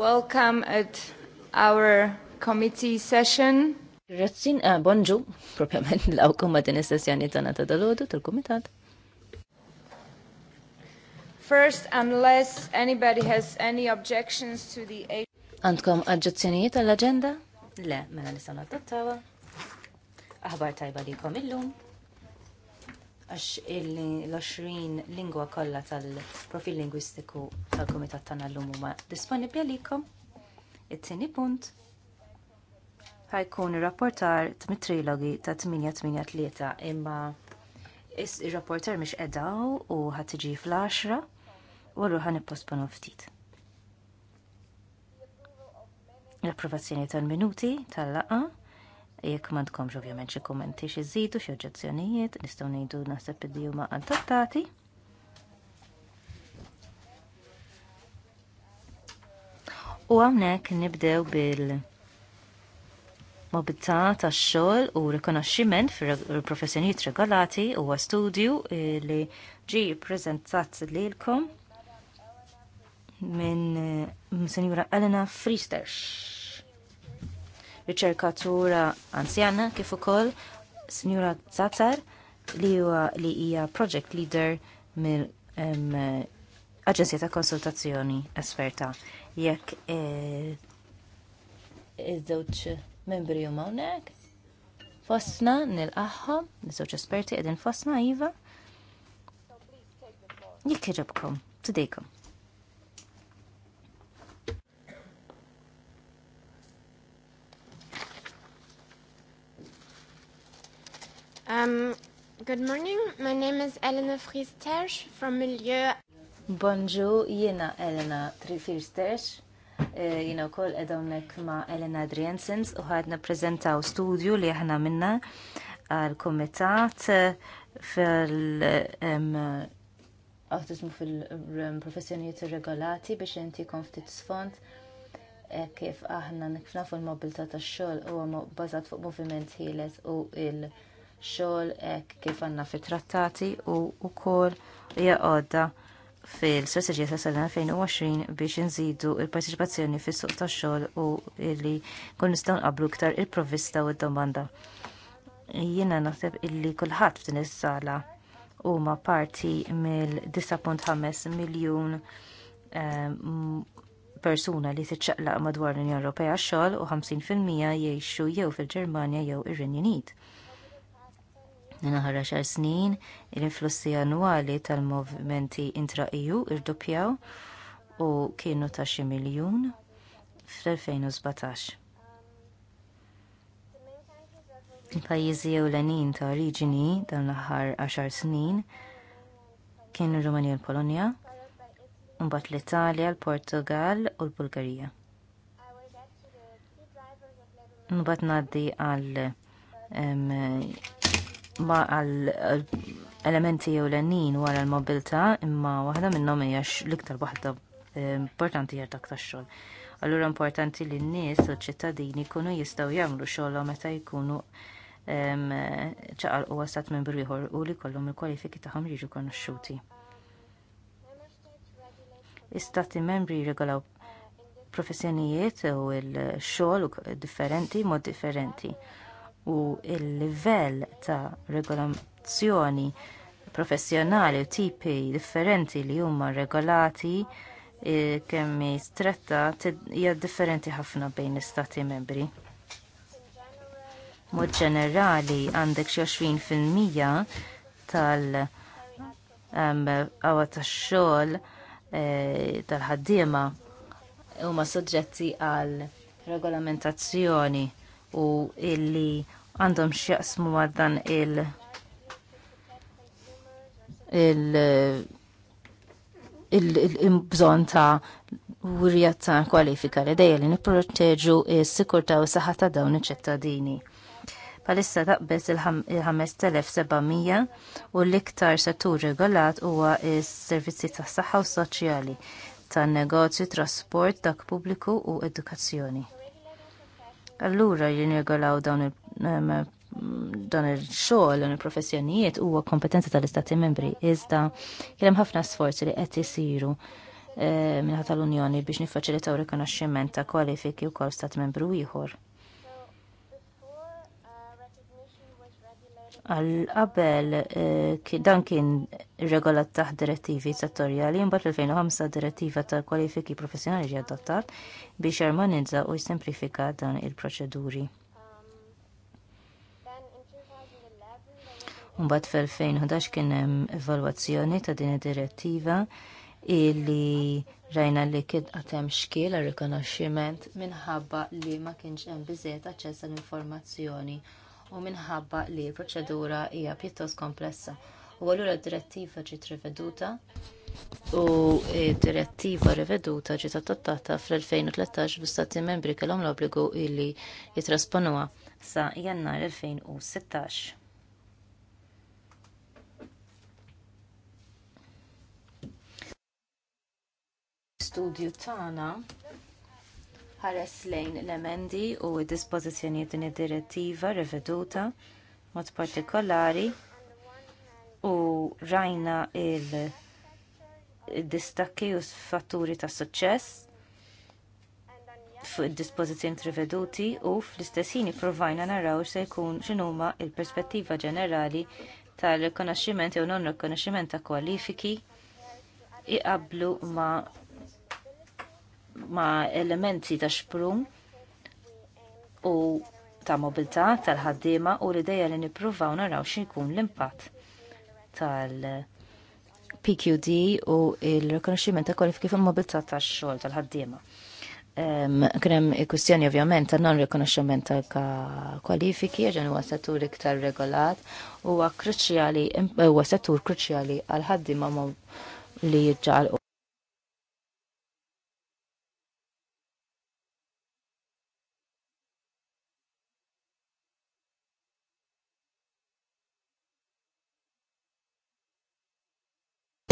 Welcome at our committee session. Razzin, eh, bonġu, propjament l-awkum ma' din is-sessjoni tagħna ta' dalodu tal-kumitat. First, unless anybody has any objections to the Għandkom aġġezzjonijiet għall-aġenda? Le, mela nistgħu nattattawa. Aħbar tajba likom illum għax l-20 lingwa kollha tal-profil lingwistiku tal-Kumitat tagħna llum huma disponibbli għalikom. It-tieni punt ħajkun ir-rapportar mit-trilogi ta' 883 imma ir-rapportar mhix qedaw u ħadd tiġi fl-10 u allura ħan ipposponu ftit. L-approvazzjoni tal-minuti tal-laqa' jekk m'għandkomx ovvjament xi kummenti xi żidu xi oġġezzjonijiet nistgħu ngħidu naħseb id huma adattati. U hawnhekk nibdew bil mobilità tax-xogħol u rikonoxximent fil-professjonijiet regolati huwa studju li ġi prezentat lilkom minn eh, Sinjura Elena Fristerx riċerkatura anzjana kif ukoll Sinjura Zazzar li huwa li hija project leader mill Aġenzija ta' Konsultazzjoni Esperta. Jekk e, iż-żewġ membri huma hawnhekk, fosna nil iż żewġ esperti qegħdin fosna iva. Jekk iġobkom, tidejkom. Um, good morning, my name is Elena Fristers from Milieu. Bonjour, jena Elena Fristers. Eh, jena u koll edawnek ma Elena Adriensens u ħadna prezentaw studio li aħna minna għal-komitat eh, fil- għatismu fil-professjonijiet regolati biex inti konftit sfond eh, kif aħna nikfna fil-mobilta ta' xol u għamu bazat fuq movimenti u il- xogħol hekk kif għandna fit-trattati u wkoll hija għodda fil-strategija ta' sal-2020 biex nżidu l parteċipazzjoni fis-suq tax-xogħol u li kun nistgħu nqablu iktar il-provvista u d-domanda. Jiena naħseb illi kulħadd f'din is-sala huma parti mill-9.5 miljun ehm, persuna li tiċċaqlaq madwar l-Unjoni Ewropea xogħol u 50% jgħixu jew fil-Ġermanja jew ir-Renju Unit. Ninaħra xar snin, l-influssi annwali tal-movimenti intra-EU irdoppjaw u kienu ta' xi miljun fl-2017. Il-pajjiżi ewlenin ta' oriġini dan l-aħħar 10 snin kienu Rumanija u l-Polonja, mbagħad l-Italja, l-Portugal u l-Bulgarija. Mbagħad ngħaddi għal ma għal eh, elementi jew l-għannin wara l-mobilta imma waħda minnhom hija l-iktar waħda eh, importanti hija dak tax-xogħol. Allura importanti li n-nies u ċittadini jkunu jistgħu jagħmlu xogħolhom meta jkunu ċaqal u għastat minn ieħor u li kollhom il-kwalifiki tagħhom jiġu konoxxuti. Istati membri jirregolaw professjonijiet u l-xogħol differenti mod differenti u l livell ta' regolazzjoni professjonali u tipi differenti li huma regolati eh, kemm stretta hija differenti ħafna bejn l-istati membri. Mod ġenerali għandek xi 20% tal- ehm, għawa tax-xogħol eh, tal ħaddiema huma soġġetti għal regolamentazzjoni u illi għandhom xjaqsmu għaddan il- il- il-bżon ta' urijat ta' kwalifika li dejja li nipproteġu s-sikurta u saħħa ta' dawn iċ-ċittadini. Palissa taqbes il-5700 u l-iktar settur regolat huwa s-servizzi tas saħħa u soċjali tan negozju, trasport, dak pubbliku u edukazzjoni. Allura jirregolaw dawn il- dan il-xogħol, dan il-professjonijiet huwa kompetenza tal-Istati membri. Iżda kien hemm ħafna sforzi li qed isiru eh, minħata tal-Unjoni biex niffaċilitaw rikonoxximent ta' kwalifiki wkoll stat membru ieħor. għal qabel eh, dan kien r-regola taħt direttivi settorjali imbagħad fil-2005 direttiva ta' kwalifiki professjonali ġie adottat biex jarmonizza u jsemplifika dan il-proċeduri. Imbagħad fil-2011 kien hemm evalwazzjoni ta' din id-direttiva illi rajna li kien għatem xkiel għal rikonoxximent minħabba li ma kienx hemm biżejjed aċċess għall-informazzjoni u minħabba li l-proċedura hija pjuttost komplessa. U allura d-direttiva ġiet riveduta u d-direttiva riveduta ġiet adottata fl-2013 b'istati membri kellhom l-obbligu illi jitrasponuha sa jannar 2016. studju tagħna ħares lejn l-emendi u d-dispożizzjoni din id-direttiva riveduta mod partikolari u rajna il-distakki u fatturi ta' suċċess fuq id-dispożizzjoni riveduti u fl-istess ħin provajna naraw se jkun x'inhuma l perspettiva ġenerali tal-rikonoxximent jew non-rikonoxximent ta' kwalifiki iqablu ma' ma' elementi ta' xprum u ta' mobilità tal-ħaddiema u l-ideja li nippruvaw naraw xinkun l-impatt tal-PQD u il rekonoximent ta' kwalifiki fil mobilità tax-xogħol tal-ħaddiema. Kien hemm kwistjoni ovvjament ta' non rikonoxximent ta' kwalifiki ġen huwa settur iktar regolat huwa kruċjali huwa settur kruċjali għal ħaddima li u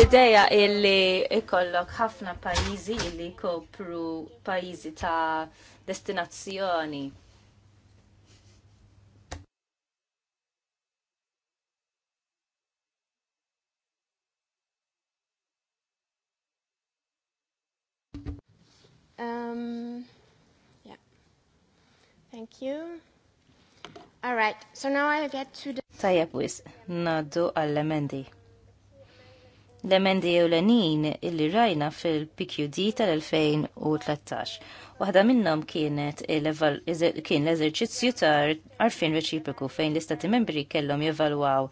l-ideja illi ikollok ħafna pajizi illi kopru pajizi ta' destinazzjoni. Um, yeah. Thank you. All right, so now I get to the... Tajab wis, naddu għall-emendi l-emendi ewlenin illi rajna fil-PQD tal-2013. Waħda minnhom kienet kien l-eżerċizzju ta' arfin reċiproku fejn l-istati membri kellhom jevalwaw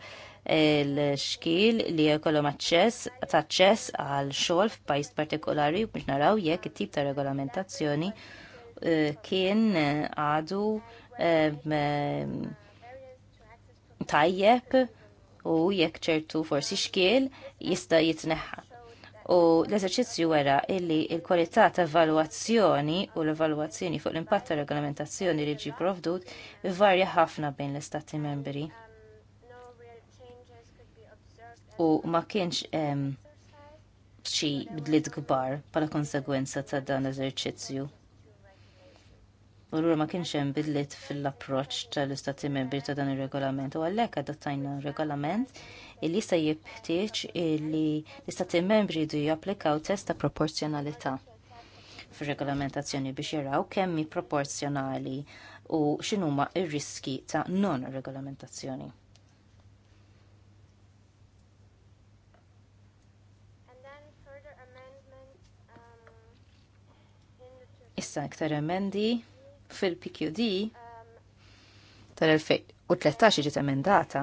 l-xkil li jkollhom aċċess ta' aċċess għal xogħol f'pajjiż partikolari biex naraw jekk it-tip ta' regolamentazzjoni eh, kien eh, għadu eh, tajjeb u jekk ċertu forsi xkiel jista' jitneħħa. U l-eżerċizzju wara illi il-kwalità ta' evalwazzjoni u l-evalwazzjoni fuq l-impatt ta' regolamentazzjoni li ġi provdut varja ħafna bejn l-istati membri. U ma kienx xi bdliet kbar bħala konsegwenza ta' dan l-eżerċizzju. U l ma kienx hemm bidliet fil-approċċ tal-istati membri ta' dan ir-regolament u għalhekk adattajna regolament illi se jibtieġ li l-istati membri du japplikaw test ta' proporzjonalità fir-regolamentazzjoni biex jaraw kemm hi proporzjonali u x'inhuma r-riski ta' non-regolamentazzjoni. Um, Issa iktar emendi fil-PQD tal-2013 ġiet emendata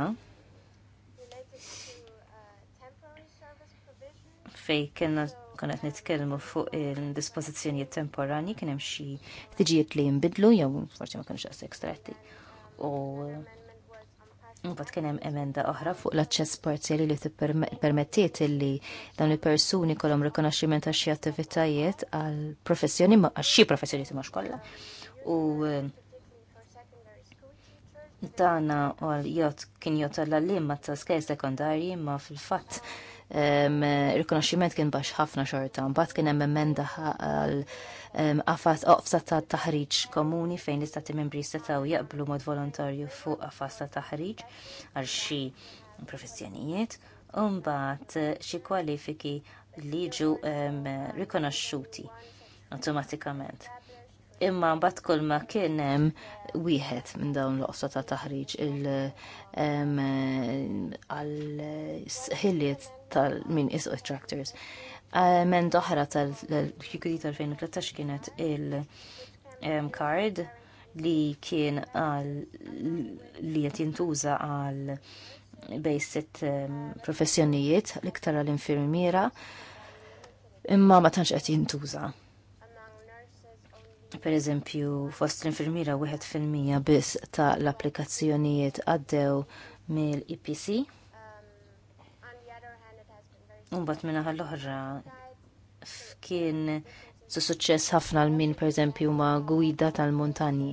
fej kena konet nitkelmu fuq il dispozizjoni temporani kien hemm xi ħtiġijiet li jinbidlu jew forsi ma kienx daqshekk stretti. U Mbagħad kien hemm emenda oħra fuq l-aċċess parzjali li tippermettiet li dawn il-persuni kollhom rikonoxximent għax xi attivitajiet għal professjoni ma għax xi professjoni ma xkollha. U eh, dana għal jot kien jot għall ma ta' skej sekondarji ma fil-fatt il-rikonoxximent kien bax ħafna xorta. Mbagħad kien hemm emenda għal qafas oqfsa ta' taħriġ komuni fejn l-istati membri setgħu jaqblu mod volontarju fuq afas ta' taħriġ għal xi professjonijiet u eh, xi kwalifiki li ġu rikonoxxuti awtomatikament imma mbagħad kull ma kien hemm wieħed minn dawn l qosta ta' taħriġ il għal ħiliet tal-min is tractors. Men doħra tal-ħikri tal-2013 kienet il-card li kien għal li jett jintuża għal bej sitt professjonijiet l-iktar għal-infirmiera imma ma tantx qed jintuża. Per eżempju, fost l-infirmiera wieħed fil-mija biss ta' l-applikazzjonijiet għaddew mill-EPC Unbat minna ħall-oħra kien su suċċess ħafna l-min per eżempju ma gwida tal-montani.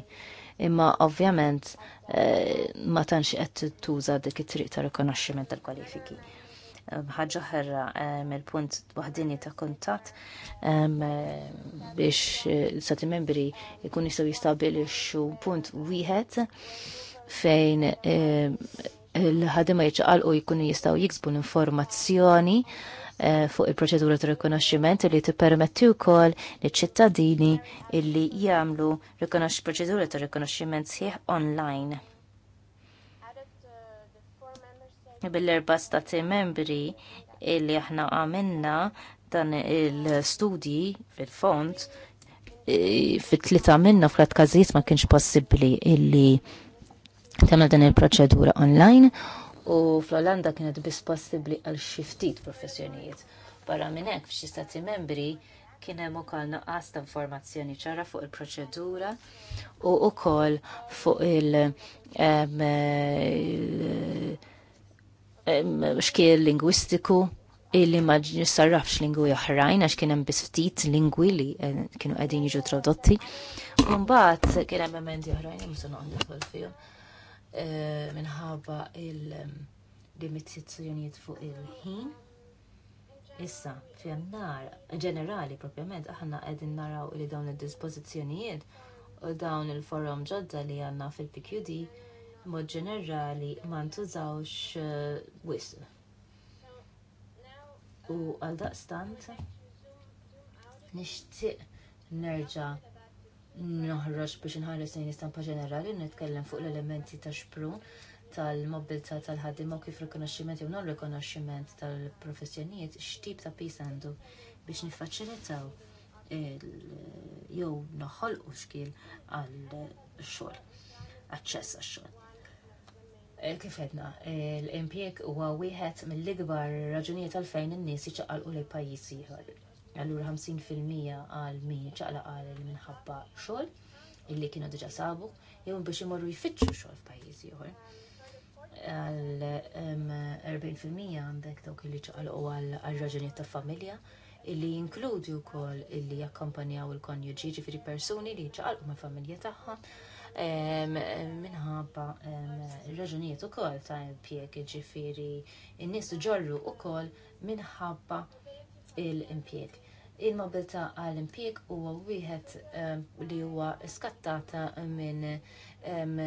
Imma ovvjament eh, ma tantx qed tuża dik it-triq ta' rikonoxximent tal-kwalifiki. Ehm, ħaġa ħerra ehm, il-punt waħdini ta' kuntatt ehm, biex eh, Sati membri jkun jistgħu jistabilixxu punt wieħed fejn l-ħadima jċaqal u jkunu jistaw jiksbu l-informazzjoni eh, fuq il-proċedura ta' rikonoxximent li tippermetti wkoll li ċittadini illi jagħmlu proċedura ta' rikonoxximent sħiħ online. Bil-erba stati membri illi aħna għamilna dan il-studji fil-font eh, fit-tlita minna fl-għat ma kienx possibli illi Tagħmel dan il-proċedura online u fl-Olanda kienet biss possibbli għal xi ftit professjonijiet. Barra minn hekk f'xi stati membri kien hemm ukoll nuqqas ta' informazzjoni ċara fuq il-proċedura u wkoll fuq il- xkiel lingwistiku illi ma sarrafx lingwi oħrajn għax kien hemm biss ftit lingwi li eh, kienu qegħdin jiġu tradotti. U mbagħad kien hemm emendi oħrajn hemm se noqgħod fiju. Eh, minħabba il-limitazzjonijiet fuq il-ħin. Issa, fjannar, ġenerali propjament, aħna qegħdin naraw li dawn id-dispożizzjonijiet u dawn il-forum ġodda li għandna fil-PQD mod ġenerali ma ntużawx eh, wisq. U għaldaqstant nixtieq nerġa' noħroġ biex nħares lejn istampa ġenerali nitkellem fuq l-elementi ta' xprun tal-mobilità tal ħaddim u kif rikonoxximent jew non rikonoxximent tal-professjonijiet x'tip ta' pis għandu biex niffaċilitaw jew u xkil għal xogħol, aċċess għax xogħol. Eh, kif għedna, l-impjeg huwa wieħed mill-ikbar raġunijiet għalfejn in-nies jiċċaqalqu lejn pajjiż ieħor Allura 50% għal min ċaqla għal minħabba xogħol illi kienu diġa sabu, jew biex imorru jfittxu xogħol f'pajjiż ieħor. Għal 40% għandek dawk illi ċaqalqu għal raġunijiet ta' familja illi jinkludi wkoll illi jakkompanjaw il-konjuġi ġifieri persuni li ċaqalqu ma' familja tagħha, minħabba raġunijiet ukoll ta' impjeg ġifieri n-nies ġorru wkoll minħabba l-impjeg il mobilta għall impjieg huwa wieħed ehm, li huwa skattata minn ehm,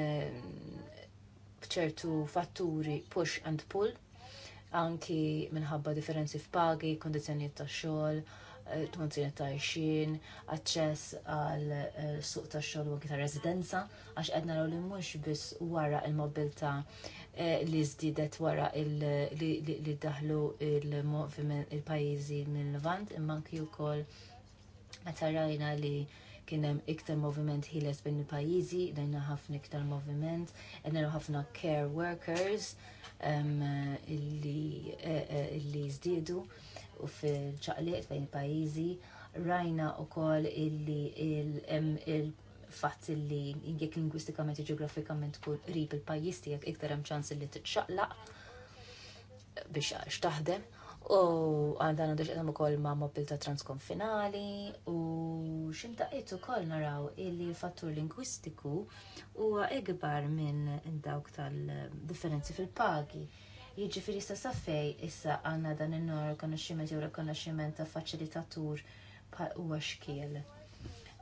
ċertu fatturi push and pull anki minħabba differenzi f'pagi, kondizjoniet ta' xogħol, kondizjoniet eh, ta' xin, aċċess għal eh, suq ta' xogħol u ta' residenza, għax qed l li mhux biss wara il-mobilta' Eh, li żdiedet wara li daħlu il-pajjiżi minn Levant imma anki wkoll meta rajna li kien hemm iktar moviment ħieles bejn il-pajjiżi, dajna ħafna iktar moviment, għedna ħafna care workers illi żdiedu eh, eh, u fil-ċaqliet bejn il-pajjiżi. Rajna wkoll illi il fatt li jekk lingwistikament u ġeografikament tkun qrib il-pajjiż tiegħek iktar hemm ċans li titxaqlaq biex għax taħdem. U għandan għandu xaqdam u koll ma' mobilta transkonfinali u ximtaqit ukoll koll naraw illi fattur lingwistiku u ikbar minn dawk tal-differenzi fil-pagi. Jiġifiri sa' saffej issa għanna dan il-nor rekonoxximent jew rekonoxximent ta' faċilitatur u għaxkiel.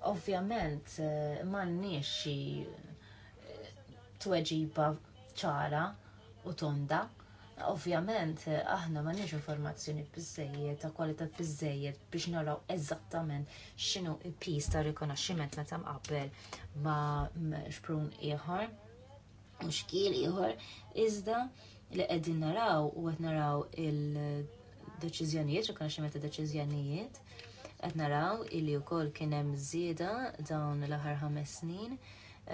Ovvjament eh, m'għandniex xi eh, tweġiba ċara u tonda. Ovvjament eh, aħna m'għandniex informazzjoni biżejjed ta' kwalità biżejjed biex naraw eżattament x'inhu il-pis ta' rikonoxximent meta mqabbel ma' xprun ieħor u xkiel ieħor iżda li qegħdin naraw u qed naraw il-deċiżjonijiet, rikonoxximent ta' deċiżjonijiet Qed naraw illi wkoll kien hemm żieda dawn l-aħħar ħames snin,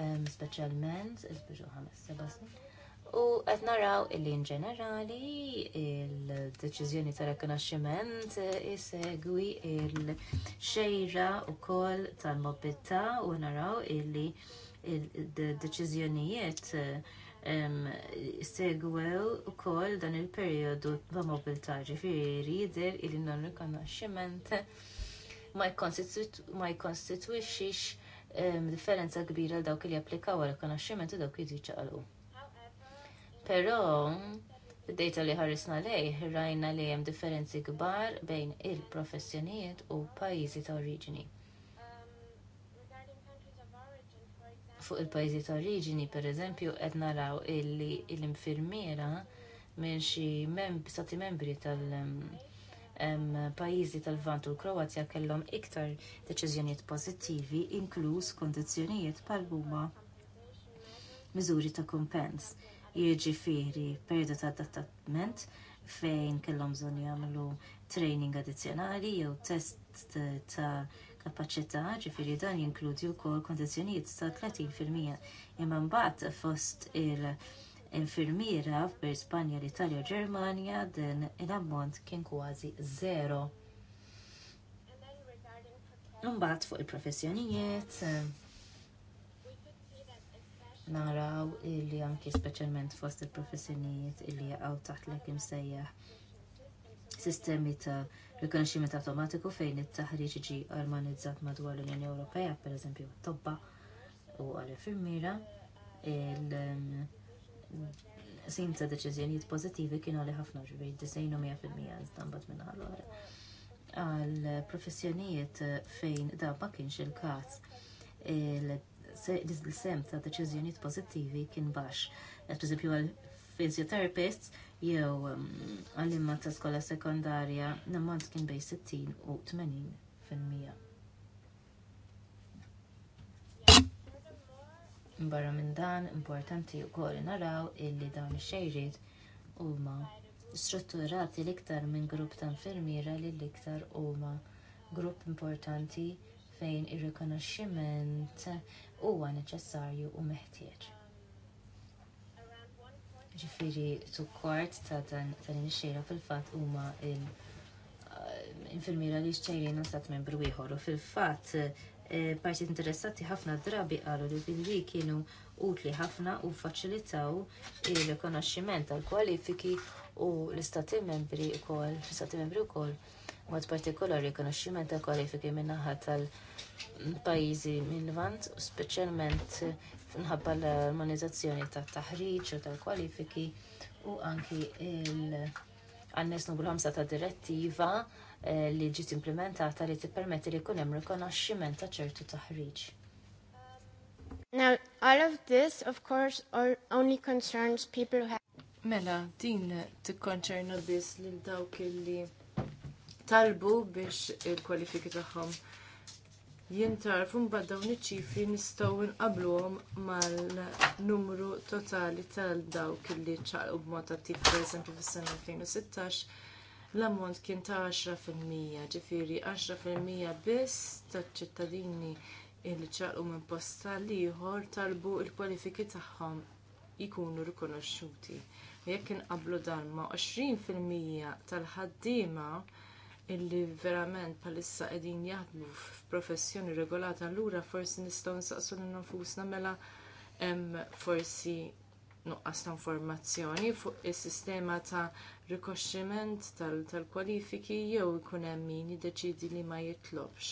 ehm, speċjalment il-biġu ħames seba' snin. U qed naraw illi in ġenerali il-deċiżjoni ta' rikonoxximent isegwi il-xejra wkoll tal-mobilità u naraw illi il-deċiżjonijiet ehm, segwew ukoll dan il-perjodu ta' mobilità ġifieri jidher illi non rikonoxximent ma jkonstitwixxix differenza kbira l dawk li japplikaw għal rikonoxximent u dawk li ċaqalqu. Però id-data li ħarisna lej rajna li hemm differenzi kbar bejn il-professjonijiet u pajjiżi ta' oriġini. Fuq il-pajjiżi ta' oriġini, pereżempju, qed naraw illi l-infirmiera minn xi stati membri tal- pajjiżi tal-Vant u l-Kroazja kellhom iktar deċiżjonijiet pożittivi, inkluż kondizzjonijiet bħal huma miżuri ta' kumpens. Jiġifieri perda ta' adattament fejn kellhom bżonn jagħmlu training addizzjonali jew test ta' kapaċità, ġifieri dan jinkludi wkoll kondizzjonijiet ta' 30% imma mbagħad fost il- infirmiera f'Ber Spanja, l-Italja u din il ammont kien kważi zero. Numbat fuq il-professjonijiet eh, naraw illi anki speċjalment fost il-professjonijiet illi għaw taħt l imsejjaħ sistemi ta' rikonoxximent automatiku fejn it-taħriġ ġi armonizzat madwar l-Unjoni Ewropea, pereżempju t-tobba u għall-infirmiera il- sim ta' deċiżjonijiet pożittivi kienu li ħafna ġifieri disejnu 100% iżda mbagħad minn ħalla għal professjonijiet fejn da ma kienx il-każ l-sem ta' deċiżjonijiet pozittivi kien baxx. Eżempju għal physiotherapists jew um, għal imma ta' skola sekondarja nammant kien bej 60 u 80 Barra minn dan, importanti wkoll naraw illi dawn ix u huma strutturati l-iktar minn grupp ta' infermiera li l-iktar huma grupp importanti fejn ir-rikonoxximent huwa neċessarju u meħtieġ. Ġifieri tukkort ta' dan ix-xejra fil-fatt huma il-infirmira li xċejrina sat membru ieħor u fil-fatt Eh, partit interessati ħafna drabi qalu li billi kienu utli ħafna u faċilitaw il-rikonoxximent tal-kwalifiki u l-istati membri wkoll, l-istati membri wkoll mod partikolari rikonoxximent tal kwalifiki min-naħa tal-pajjiżi mill-vant, u speċjalment minħabba l-armonizzazzjoni tat taħriġ u tal-kwalifiki u anki il- għannes numru 5 ta' direttiva Eh, li ġiet implementata li tippermetti li jkun hemm rikonoxximent ta' ċertu taħriġ. Now, all of this, of course, only concerns people who have... Mela, din tikkonċerna biss lil dawk li talbu biex il-kwalifiki tagħhom jintarfu mbagħad dawn iċ-ċifri nistgħu nqabluhom mal-numru totali tal dawk li ċaqgħu b'mod attiv pereżempju fis-sena 2016 l-ammont kien ta' 10%, ġifiri 10% biss taċ ċittadini li ċaqlu minn posta liħor talbu l kwalifiki tagħhom jikunu rikonoxxuti. Jekk inqablu dan ma' 20% tal-ħaddiema illi verament bħalissa qegħdin jaħdmu f'professjoni regolata allura forsi nistgħu nsaqsu lil nfusna mela hemm forsi nuqqas ta' informazzjoni fuq is-sistema ta' rikoxximent tal-kwalifiki jew ikun hemm min jiddeċiedi li ma jitlobx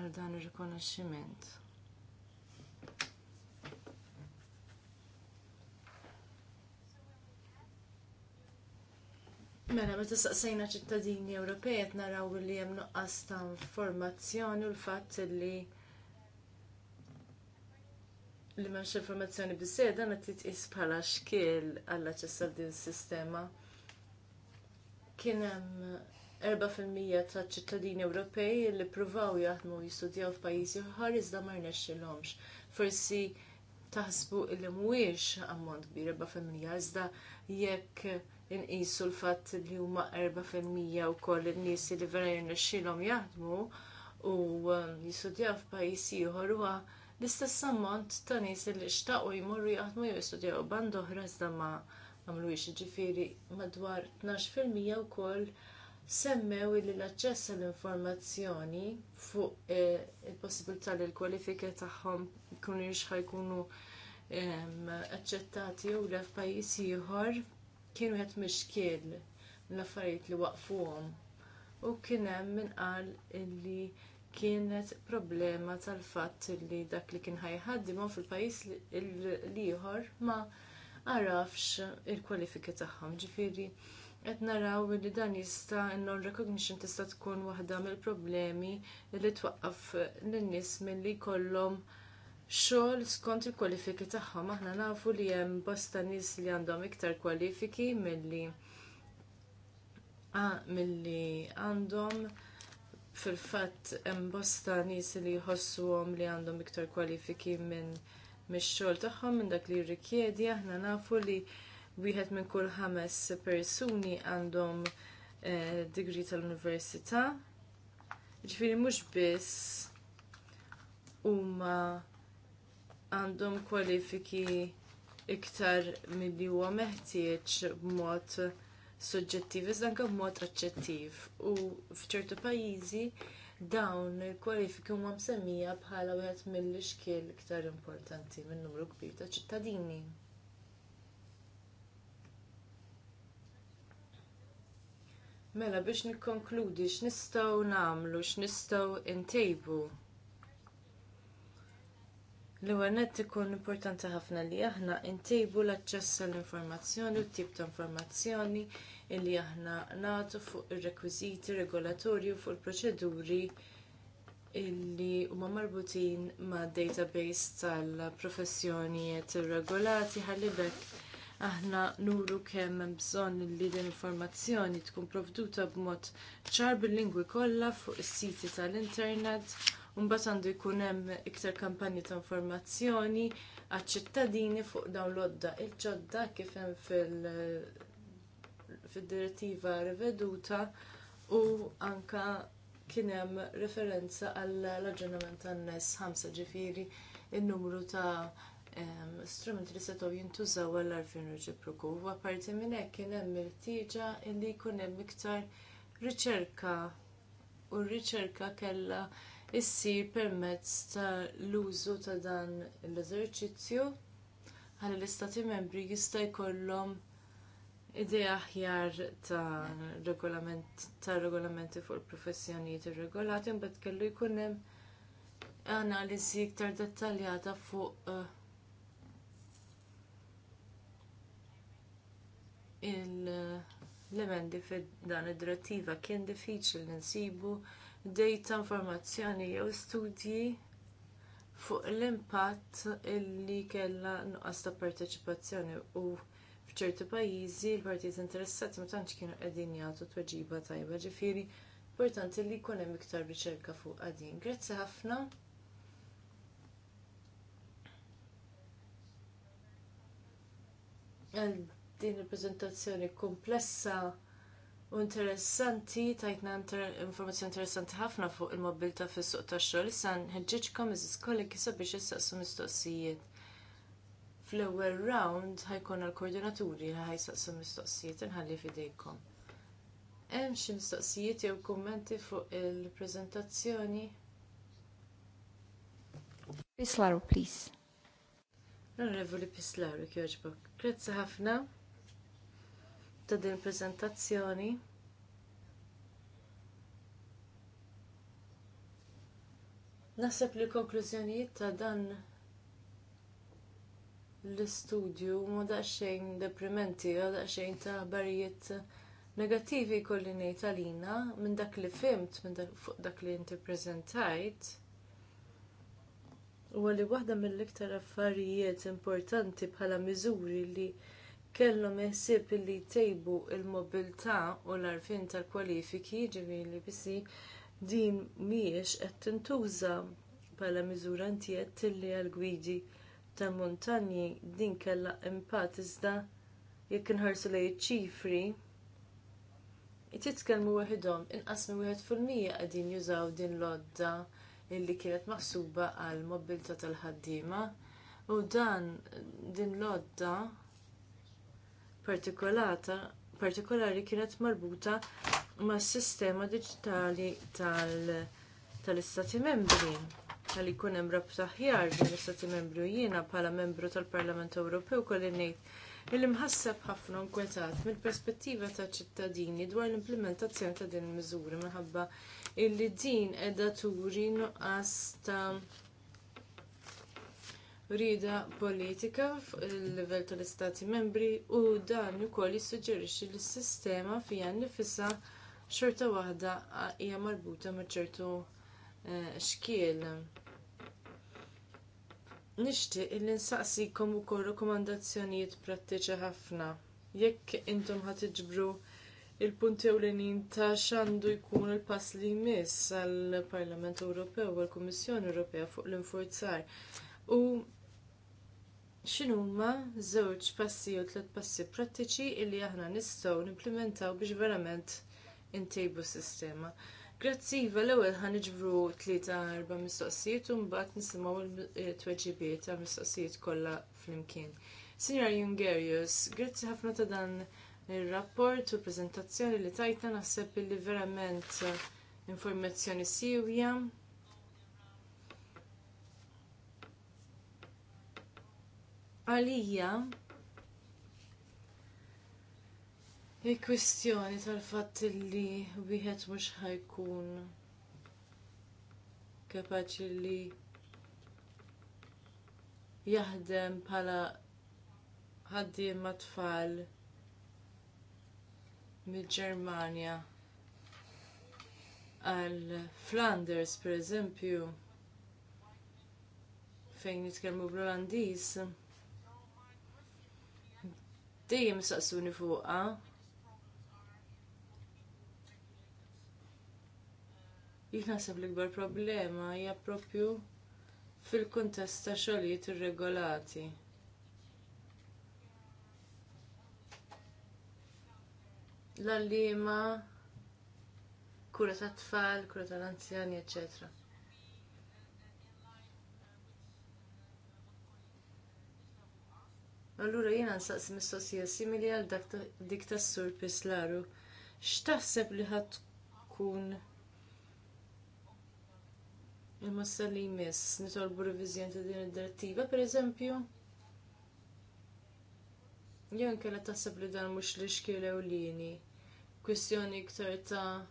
għal dan ir-rikonoxximent. Mela, meta saqsejna ċittadini Ewropej qed naraw li hemm nuqqas ta' informazzjoni u l-fatt li li m'hemmx informazzjoni biżejjed dan qed titqis bħala xkiel għall-aċċess għal din is-sistema. Kien hemm 4% ta' ċittadini Ewropej li ppruvaw jaħdmu jistudjaw f'pajjiżi oħra iżda ma rnexxilhomx. Forsi taħsbu li mhuwiex ammont kbir 4% iżda jekk inqisu l-fatt li huma 4% wkoll in-nies li vera jirnexxilhom jaħdmu u jistudjaw f'pajjiżi ieħor huwa L-istess ammont ta' nies li xtaqu jmorru jaħdmu jew jistudjaw band oħra iżda ma għamluwix jiġifieri madwar 12% wkoll semmew li l-aċċess għall-informazzjoni fuq eh, il-possibilità li l-kwalifika tagħhom jkunu jkunu ehm, aċċettati jew le f'pajjiż ieħor kienu qed mixkiel l-affarijiet li waqfuhom u kien hemm min qal illi kienet problema tal-fatt li dak li kien ħajħaddimhom fil-pajjiż li ieħor ma arafx il-kwalifiki tagħhom. Ġifieri qed naraw li dan jista' non recognition tista' tkun waħda mill-problemi li twaqqaf lin-nies milli jkollhom xogħol skont il-kwalifiki tagħhom. Aħna nafu li hemm bosta nies li għandhom iktar kwalifiki milli għandhom fil-fatt hemm bosta nies li jħossuhom li għandhom iktar kwalifiki minn mix-xogħol tagħhom minn dak li jirrikjedi aħna nafu li wieħed minn kull ħames persuni għandhom eh, degree tal-università. Ġifieri mhux biss huma għandhom kwalifiki iktar milli huwa meħtieġ b'mod soġġettiv, iżda anke b'mod aċċettiv. U f'ċertu pajjiżi dawn il-kwalifiki huma msemmija bħala wieħed mill-ixkiel iktar importanti minn numru kbir ta' ċittadini. Mela biex nikkonkludi x'nistgħu nagħmlu, x'nistgħu ntejbu. L-ewwel nett ikun importanti ħafna li aħna ntejbu l-aċċess għall-informazzjoni u t-tip ta' informazzjoni illi aħna nagħtu fuq ir-rekwiżiti regolatorju fuq il-proċeduri illi huma marbutin mad database tal-professjonijiet irregolati ħallibek. aħna nuru kemm hemm bżonn li din informazzjoni tkun provduta b'mod ċar bil-lingwi kollha fuq is-siti tal-internet u mbagħad għandu jkun hemm iktar kampanji ta' informazzjoni għaċ-ċittadini fuq dawn l-odda il-ġodda kif hemm fil- fid-direttiva riveduta u anke kien hemm referenza għall-aġġornament tan-nes 5 ġifieri n-numru ta' strumenti li setgħu jintużaw għall għarfien reċiproku. U apparti minn hekk kien hemm il li jkun hemm iktar riċerka u r-riċerka kellha issir permezz ta' l-użu ta' dan l-eżerċizzju għal l-istati membri jista' jkollhom idea aħjar ta' regolament ta' regolamenti fuq il-professjonijiet irregolati mbagħad kellu jkun hemm analiżi iktar dettaljata fuq eh, l-emendi fid-dan id-direttiva kien diffiċli nsibu data informazzjoni jew studji fuq l-impatt illi kellha nuqqas ta' parteċipazzjoni u F'ċerti pajjiżi l-partijiet interessati ma tantx kienu qegħdin jagħtu tweġiba tajba ġifieri importanti li jkun hemm iktar riċerka fuq qadin. Grazzi ħafna. Għal din il-preżentazzjoni komplessa u interessanti tajtna informazzjoni interessanti ħafna fuq il-mobilta fis-suq tax-xogħol issa nħeġġiġkom iżis kollegi sabiex issaqsu mistoqsijiet fl-ewwel round ħajkun għall-koordinaturi li ħajsaqsu mistoqsijiet inħalli f'idejkom. Hemm xi mistoqsijiet jew kummenti fuq il-preżentazzjoni? Pislaru, please. Onorevoli Pislaru, kjoġbok. Grazzi ħafna ta' din il-preżentazzjoni. Naħseb li l konklużjonijiet ta' dan l-istudju ma xejn deprimenti, u daqsxejn ta' barijiet negattivi kolli ngħid għalina minn dak li fimt minn dak fuq dak li inti prezentajt. Huwa li waħda mill-iktar affarijiet importanti bħala miżuri li kellhom ħsieb li jtejbu l mobilità u l għarfien tal-kwalifiki ġifieri bisi din mhijiex qed tintuża bħala miżura antijiet tilli għall-gwidi tal-muntanji din kellha impatt iżda jekk inħarsu lejn iċ ċifri titkellmu waħedhom inqas minn wieħed fil-mija qegħdin jużaw din l-odda illi kienet maħsuba għal mobilità tal-ħaddiema u dan din l-odda partikolari kienet marbuta mas sistema diġitali tal-istati membri ħalli jkun hemm rabta aħjar bejn l-Istati Membri u jiena bħala membru tal-Parlament Ewropew kolli ngħid li mħasseb ħafna nkwetat mill-perspettiva ta' ċittadini dwar l-implementazzjoni ta' din il miżuri minħabba illi din qiegħda turi nuqqas ta' rida politika fuq il-livell tal-Istati Membri u dan ukoll jissuġġerixxi li s-sistema fiha nifisha xorta waħda hija marbuta ma' ċertu eh, xkiel. Uh, Nixtieq illi nsaqsikom ukoll rakkomandazzjonijiet prattiċi ħafna. Jekk intom ħad iġbru il-punti ewlenin ta' x'għandu jkun il-pass li jmiss għall parlament Ewropew u l-Kummissjoni Ewropea fuq l-infurzar. U x'inhuma żewġ passi u tliet passi prattiċi illi aħna nistgħu nimplementaw biex verament intejbu s sistema. Grazzi, iva, l-ewwel ħan iġbru tlieta erba' mistoqsijiet u mbagħad nisimgħu l tweġibiet ta' mistoqsijiet kollha flimkien. Signora Jungerius, grazzi ħafna ta' dan ir-rapport u preżentazzjoni li tajta naħseb li verament informazzjoni siwja. Għalija, Il-kwistjoni tal-fatt li wieħed mhux ħajkun kapaċi li jaħdem bħala ħaddiem tfal mill-Ġermanja għal Flanders pereżempju fejn nitkellmu bl-Olandiż dejjem saqsuni fuqha Jinaħseb l-ikbar problema hija proprju fil-kuntest ta' xogħlijiet irregolati. L-allima, kura tat tfal, kura tal-anzjani, eccetera. Allura jiena nsaqsi mistoqsija simili għal dik tas-sur Laru. X'taħseb li ħadd tkun imma s salli jmiss nitolbu revizjon ta' din id-direttiva, pereżempju. Jew inkella taħseb li dan mhux li xkiel ewlieni. Kwistjoni iktar ta'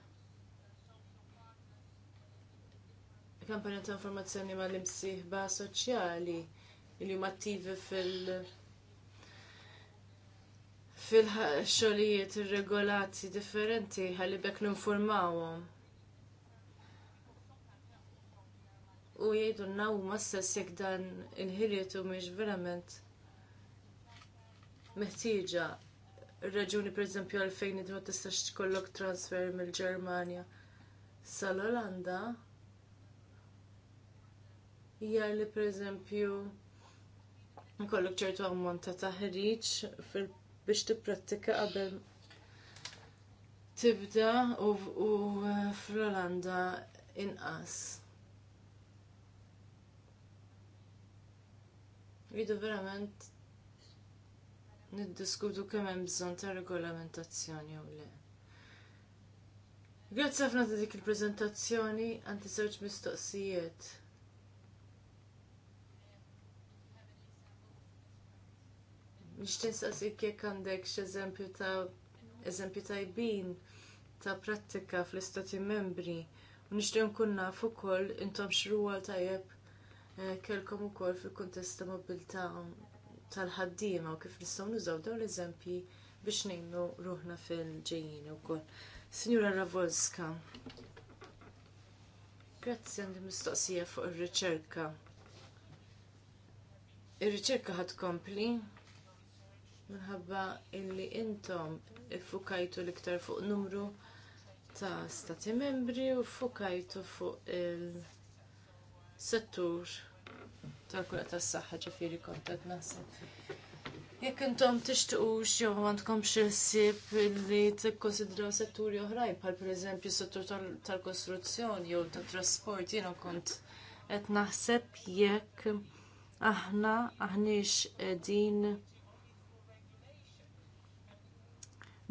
kampanja ta' informazzjoni mal ba' soċjali li huma attivi fil- fil-xogħlijiet irregolati differenti ħalli bekk ninformawhom u jgħidu naw ma stess jekk dan il u mhix verament meħtieġa. Ir-raġuni pereżempju għalfejn id ma tistax tkollok transfer mill-Ġermanja sal-Olanda hija li pereżempju nkollok ċertu ammont ta' taħriġ biex tipprattika qabel tibda u eh, fl-Olanda inqas. Ridu verament niddiskutu kemm hemm bżonn ta' regolamentazzjoni jew le. Grazzi ħafna ta' dik il-preżentazzjoni għandi żewġ mistoqsijiet. Nixtieq saqsik jekk għandek x'eżempju ta' eżempju tajbin ta' prattika fl-istati membri u nixtieq nkun naf ukoll intom x'ruwal tajjeb Eh, kelkom ukoll fil-kuntest ta' mobilità tal-ħaddiema u kif nistgħu nużaw dawn l-eżempji biex ngħinu ruħna fil-ġejjin ukoll. Signora Ravolska, grazzi għandi mistoqsija fuq ir-riċerka. Ir-riċerka ħad kompli minħabba illi intom iffukajtu l-iktar fuq numru ta' stati membri u ffukajtu fuq il-settur tal-kura tas-saħħa ġifieri kontat naħseb. Jekk intom tixtiqux jew għandkom xi ħsieb li tikkonsidraw setturi oħrajn bħal pereżempju settur tal-kostruzzjoni jew tat-trasport jiena kont qed naħseb jekk aħna aħniex qegħdin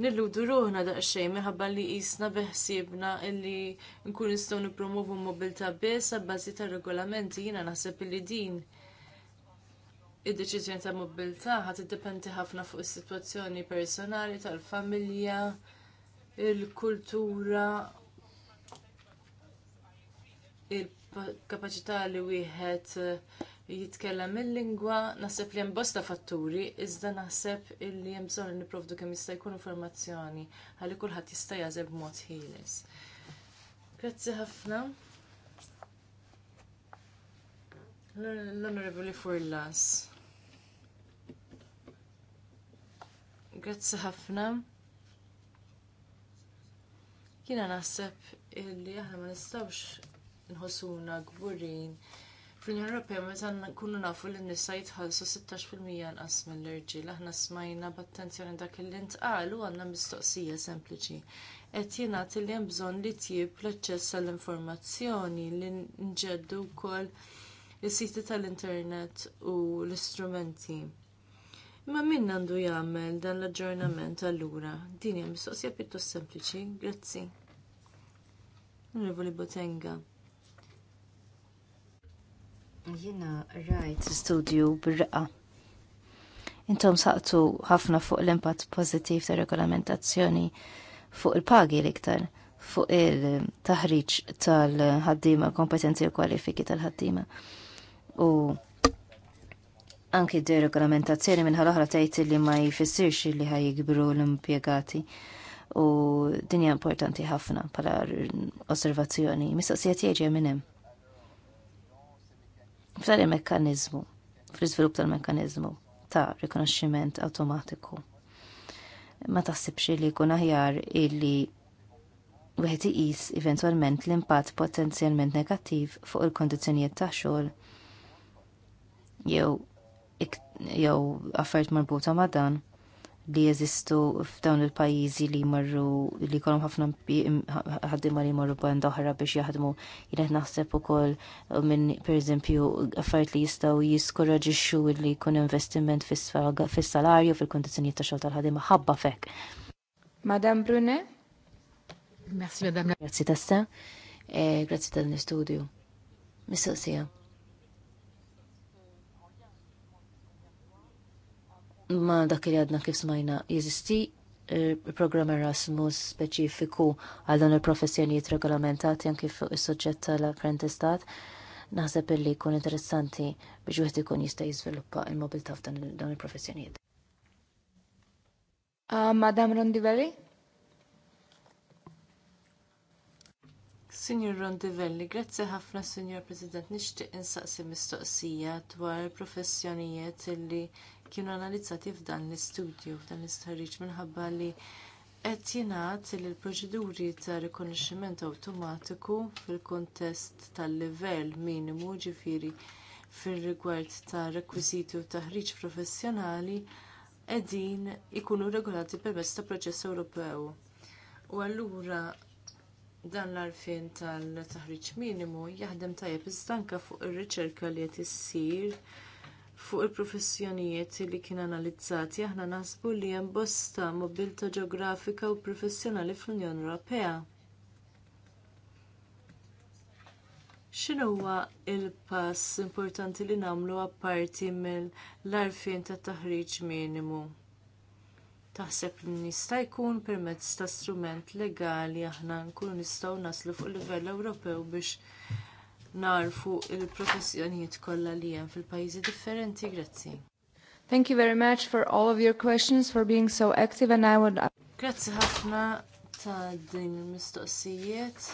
nilludu ruħna daqxej minħabba li jisna beħsiebna illi nkun nistgħu nipromovu mobilità biss abbażi ta' regolamenti jiena naħseb illi din id-deċiżjoni ta' mobilità ħadd dependi ħafna fuq is-sitwazzjoni personali tal-familja, il-kultura, il-kapaċità li wieħed jitkellem il-lingwa, naħseb li hemm bosta fatturi, iżda naħseb li hemm bżonn nipprovdu kemm jista' jkun informazzjoni ħalli kulħadd jista' jażel b'mod ħieles. Grazzi ħafna. L-Onorevoli Furlas. Grazzi ħafna. Jiena naħseb li aħna ma nistgħux nħossuna gburin fil unjoni Ewropea meta nkunu nafu li n-nisa jitħallsu 16% nqas mill-irġiel, aħna smajna b'attenzjoni dak li ntqal u għandna mistoqsija sempliċi qed jingħad li hemm bżonn li tjib l-aċċess għall-informazzjoni li nġeddu wkoll is-siti tal-internet u l-istrumenti. Imma min għandu jagħmel dan l-aġġornament allura? Din hija mistoqsija pjuttost sempliċi, grazzi. Onorevoli Botenga. Jina rajt studju bir-raqqa. Intom saqtu ħafna fuq l-impatt pozittiv ta' regolamentazzjoni fuq il-pagi l-iktar fuq il-taħriġ tal-ħaddima, kompetenzi u kwalifiki tal-ħaddima. U anki d-regolamentazzjoni minn ħal-oħra tajt li ma jfissirx li ħaj jikbru l-impiegati u dinja importanti ħafna pala osservazzjoni. Mistoqsija jieġi minnem f'dan il mekkaniżmu, fl-iżvilupp tal mekkaniżmu ta' rikonoxximent awtomatiku. Ma taħsibx li jkun aħjar illi wieħed iqis eventwalment l-impatt potenzjalment negattiv fuq il-kondizzjonijiet ta' xogħol jew jew affarijiet marbuta ma' dan li jeżistu f'dawn il-pajjiżi li marru li kolom ħafna ħaddima li marru band oħra biex jaħdmu jiret naħseb ukoll minn pereżempju affarijiet li jistgħu jiskoraġixxu li jkun investiment fis-salarju fil kundizzjonijiet ta' xogħol tal-ħadima ħabba fek. Madam Brune? Merci, Madam. Grazzi tassa. Eh, grazzi tal-istudju. Mistoqsija. ma dak li għadna kif smajna jeżisti il-programm eh, Erasmus speċifiku għal dan il-professjonijiet regolamentati anki fuq is-soġġett tal-apprentistat, naħseb illi jkun interessanti biex wieħed ikun jista' jiżviluppa il-mobilità f'dan dan il-professjonijiet. Uh, Madam Rondivelli? Signor Rondivelli, grazzi ħafna Signor President, nixtieq insaqsi mistoqsija dwar il-professjonijiet illi kienu analizzati f'dan l-istudju, f'dan l-istħarriġ minħabba li qed jingħad li l-proċeduri ta' rikonoxximent awtomatiku fil-kuntest tal-livell minimu ġifieri fir-rigward ta' rekwiżiti u taħriġ professjonali qegħdin ikunu regolati permezz ta' proċess Ewropew. U allura dan l għarfien tal-taħriġ minimu jaħdem tajjeb iżda anke fuq ir-riċerka li qed issir fuq il-professjonijiet li kien analizzati aħna naħsbu li hemm bosta mobilta ġeografika u professjonali fl-Unjoni Ewropea. X'inhu huwa l-pass importanti li nagħmlu apparti mill-arfien tat taħriġ minimu? Taħseb li nista' jkun permezz ta' strument legali aħna nkunu nistgħu naslu fuq livell Ewropew biex narfu il-professjonijiet kollha li hemm fil-pajjiżi differenti. Grazzi. Thank you very much for all of your questions for being so active and I would Grazzi ħafna ta' din il-mistoqsijiet.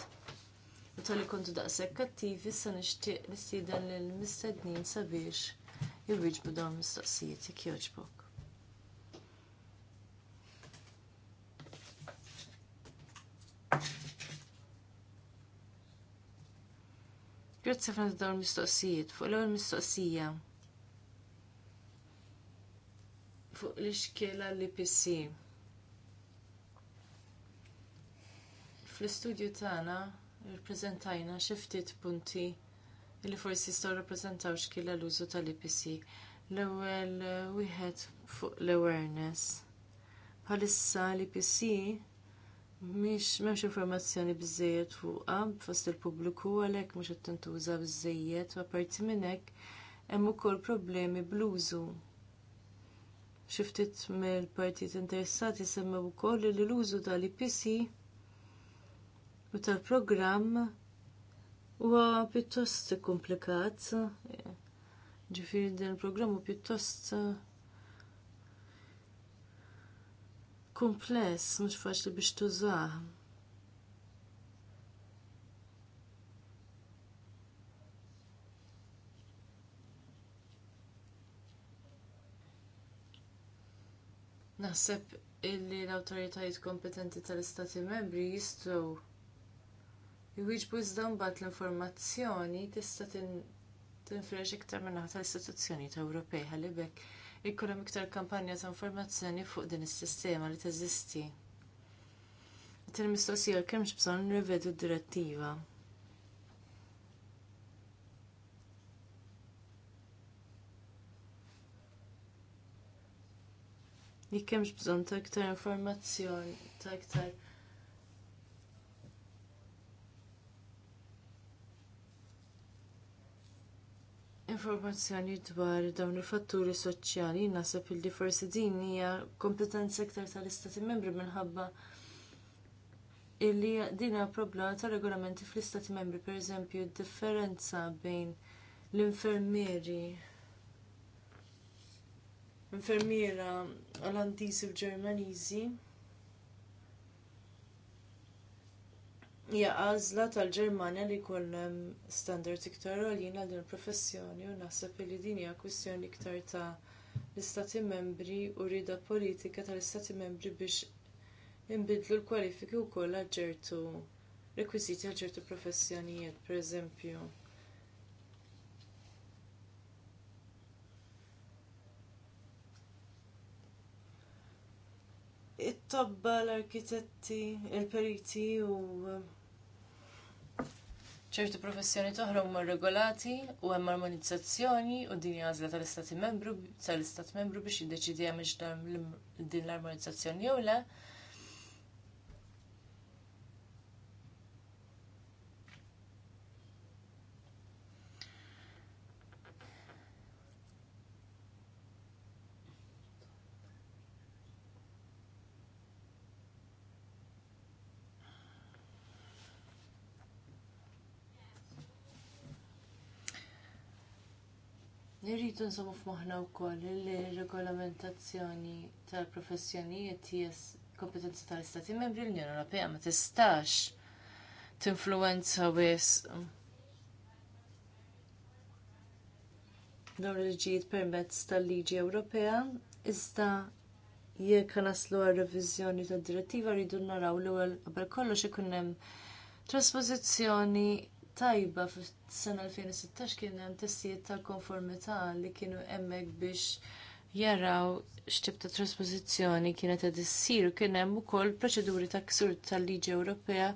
U tal-li kontu daqshekk kattivi sa nixtieq nistieden lill mistednin sabiex jwieġbu dawn mistoqsijiet jekk jogħġbok. Grazie per aver dawn mistoqsijiet. Fuq l-ewwel mistoqsija. Fuq l-iskela li PC. Fl-istudju tagħna rippreżentajna xi ftit punti li forsi jistgħu rappreżentaw xkiela l-użu tal-IPC. L-ewwel wieħed fuq l-awareness. Bħalissa l-IPC Mhix m'hemmx informazzjoni biżżejjed fuqha fost il-pubbliku għalhekk mhux qed tintuża biżżejjed u għaparti minn hekk hemm ukoll problemi bl-użu. Xi ftit mill-partit interessati semmew ukoll li l-użu tal-IPC u tal-programm huwa pjuttost komplikat. Ġifieri din il-programm u pjuttost kumpless mhux faċli biex tużah. Naħseb illi l awtoritajiet kompetenti tal-Istati membri jistgħu jwieġbu iżda mbagħad l-informazzjoni tista' tinfreġ iktar minn naħa tal-istituzzjonijiet Ewropej ħalibek hemm iktar kampanja ta' informazzjoni fuq din is-sistema li teżisti. Tin mistoqsija kemm bżonn nirvedu d-direttiva. Jekk hemmx bżonn ta' iktar informazzjoni, ta' iktar informazzjoni dwar dawn il-fatturi soċjali naħseb li forsi din hija kompetenza iktar tal-istati membri minħabba illi din hija problema ta' regolamenti fl-istati membri, pereżempju d differenza bejn l-infermieri infermiera Olandiżi u Ġermaniżi hija għażla tal-Ġermanja li jkun hemm standard iktar għaljin għal din il-professjoni u naħseb li din hija kwistjoni iktar ta' l-istati membri u rieda politika tal-istati membri biex inbidlu l-kwalifiki wkoll għal ċertu rekwiżiti għal ċertu professjonijiet, pereżempju. it-tobba l-arkitetti, il-periti u um, ċertu professjoni toħra huma regolati u hemm armonizzazzjoni u din għażla tal-istati membru tal-istat membru biex jiddeċidi hemm din l-armonizzazzjoni jew le, Rridu nżommu u wkoll li regolamentazzjoni tal-professjonijiet jes kompetenza tal-Istati Membri l-Unjoni Ewropea ma tistax tinfluwenza wisq dawn il-ġid permezz tal-liġi Ewropea, iżda jekk naslu għal reviżjoni tad direttiva rridu naraw l ewwel qabel kollox ikun hemm trasposizzjoni tajba fis-sena 2016 kien hemm testijiet tal-konformità li kienu hemmhekk biex jaraw x'tib ta' trasposizzjoni kienet qed issir u kien hemm ukoll proċeduri ta' ksur tal-Liġi Ewropea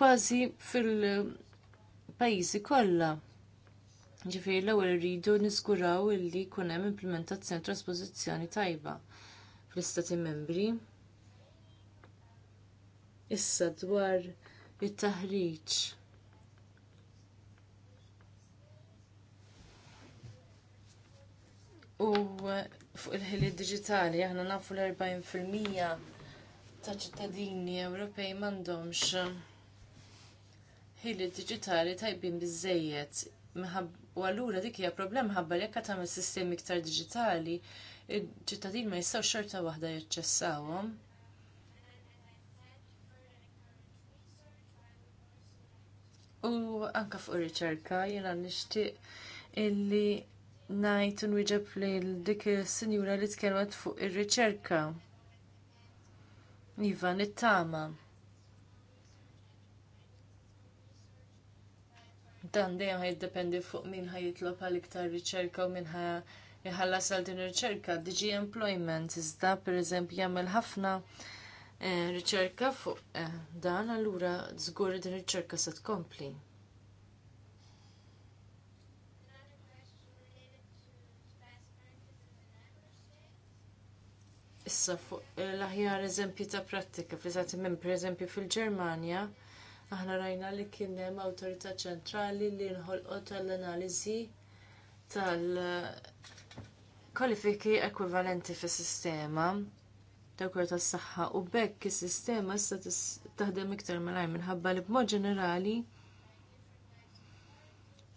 kważi fil-pajjiżi kollha. Ġifieri l-ewwel irridu niżguraw illi jkun hemm implementazzjoni trasposizzjoni tajba fl-istati membri. Issa dwar it-taħriġ U eh, fuq il-ħili digitali aħna nafu l-40% ta' ċittadini Ewropej m'għandhomx eh, ħili digitali tajbin biżżejjed. U allura dik hija problema ħabba jekk qed tagħmel sistemi iktar diġitali, il-ċittadin ma jistgħu xorta waħda jaċċessawhom. U anke fuq ir-riċerka jiena nixtieq illi najt unwiġeb li dik il-sinjura li tkellmet fuq ir-riċerka. Iva, nittama. Dan dejjem ħajdependi fuq min ħajitlob għal iktar riċerka u min ħallas għal din ir-riċerka. diġi Employment iżda pereżempju jagħmel ħafna eh, riċerka fuq eh, dan allura żgur din ir-riċerka se tkompli. Issa fuq eh, l-aħjar eżempju ta' prattika fl-istati membri, eżempju fil-Ġermanja, aħna rajna li kien hemm awtorità ċentrali li nħolqot l analiżi tal-kwalifiki ekwivalenti fis-sistema dawkur tas-saħħa u bekk is-sistema issa taħdem iktar malajr minħabba li b'mod ġenerali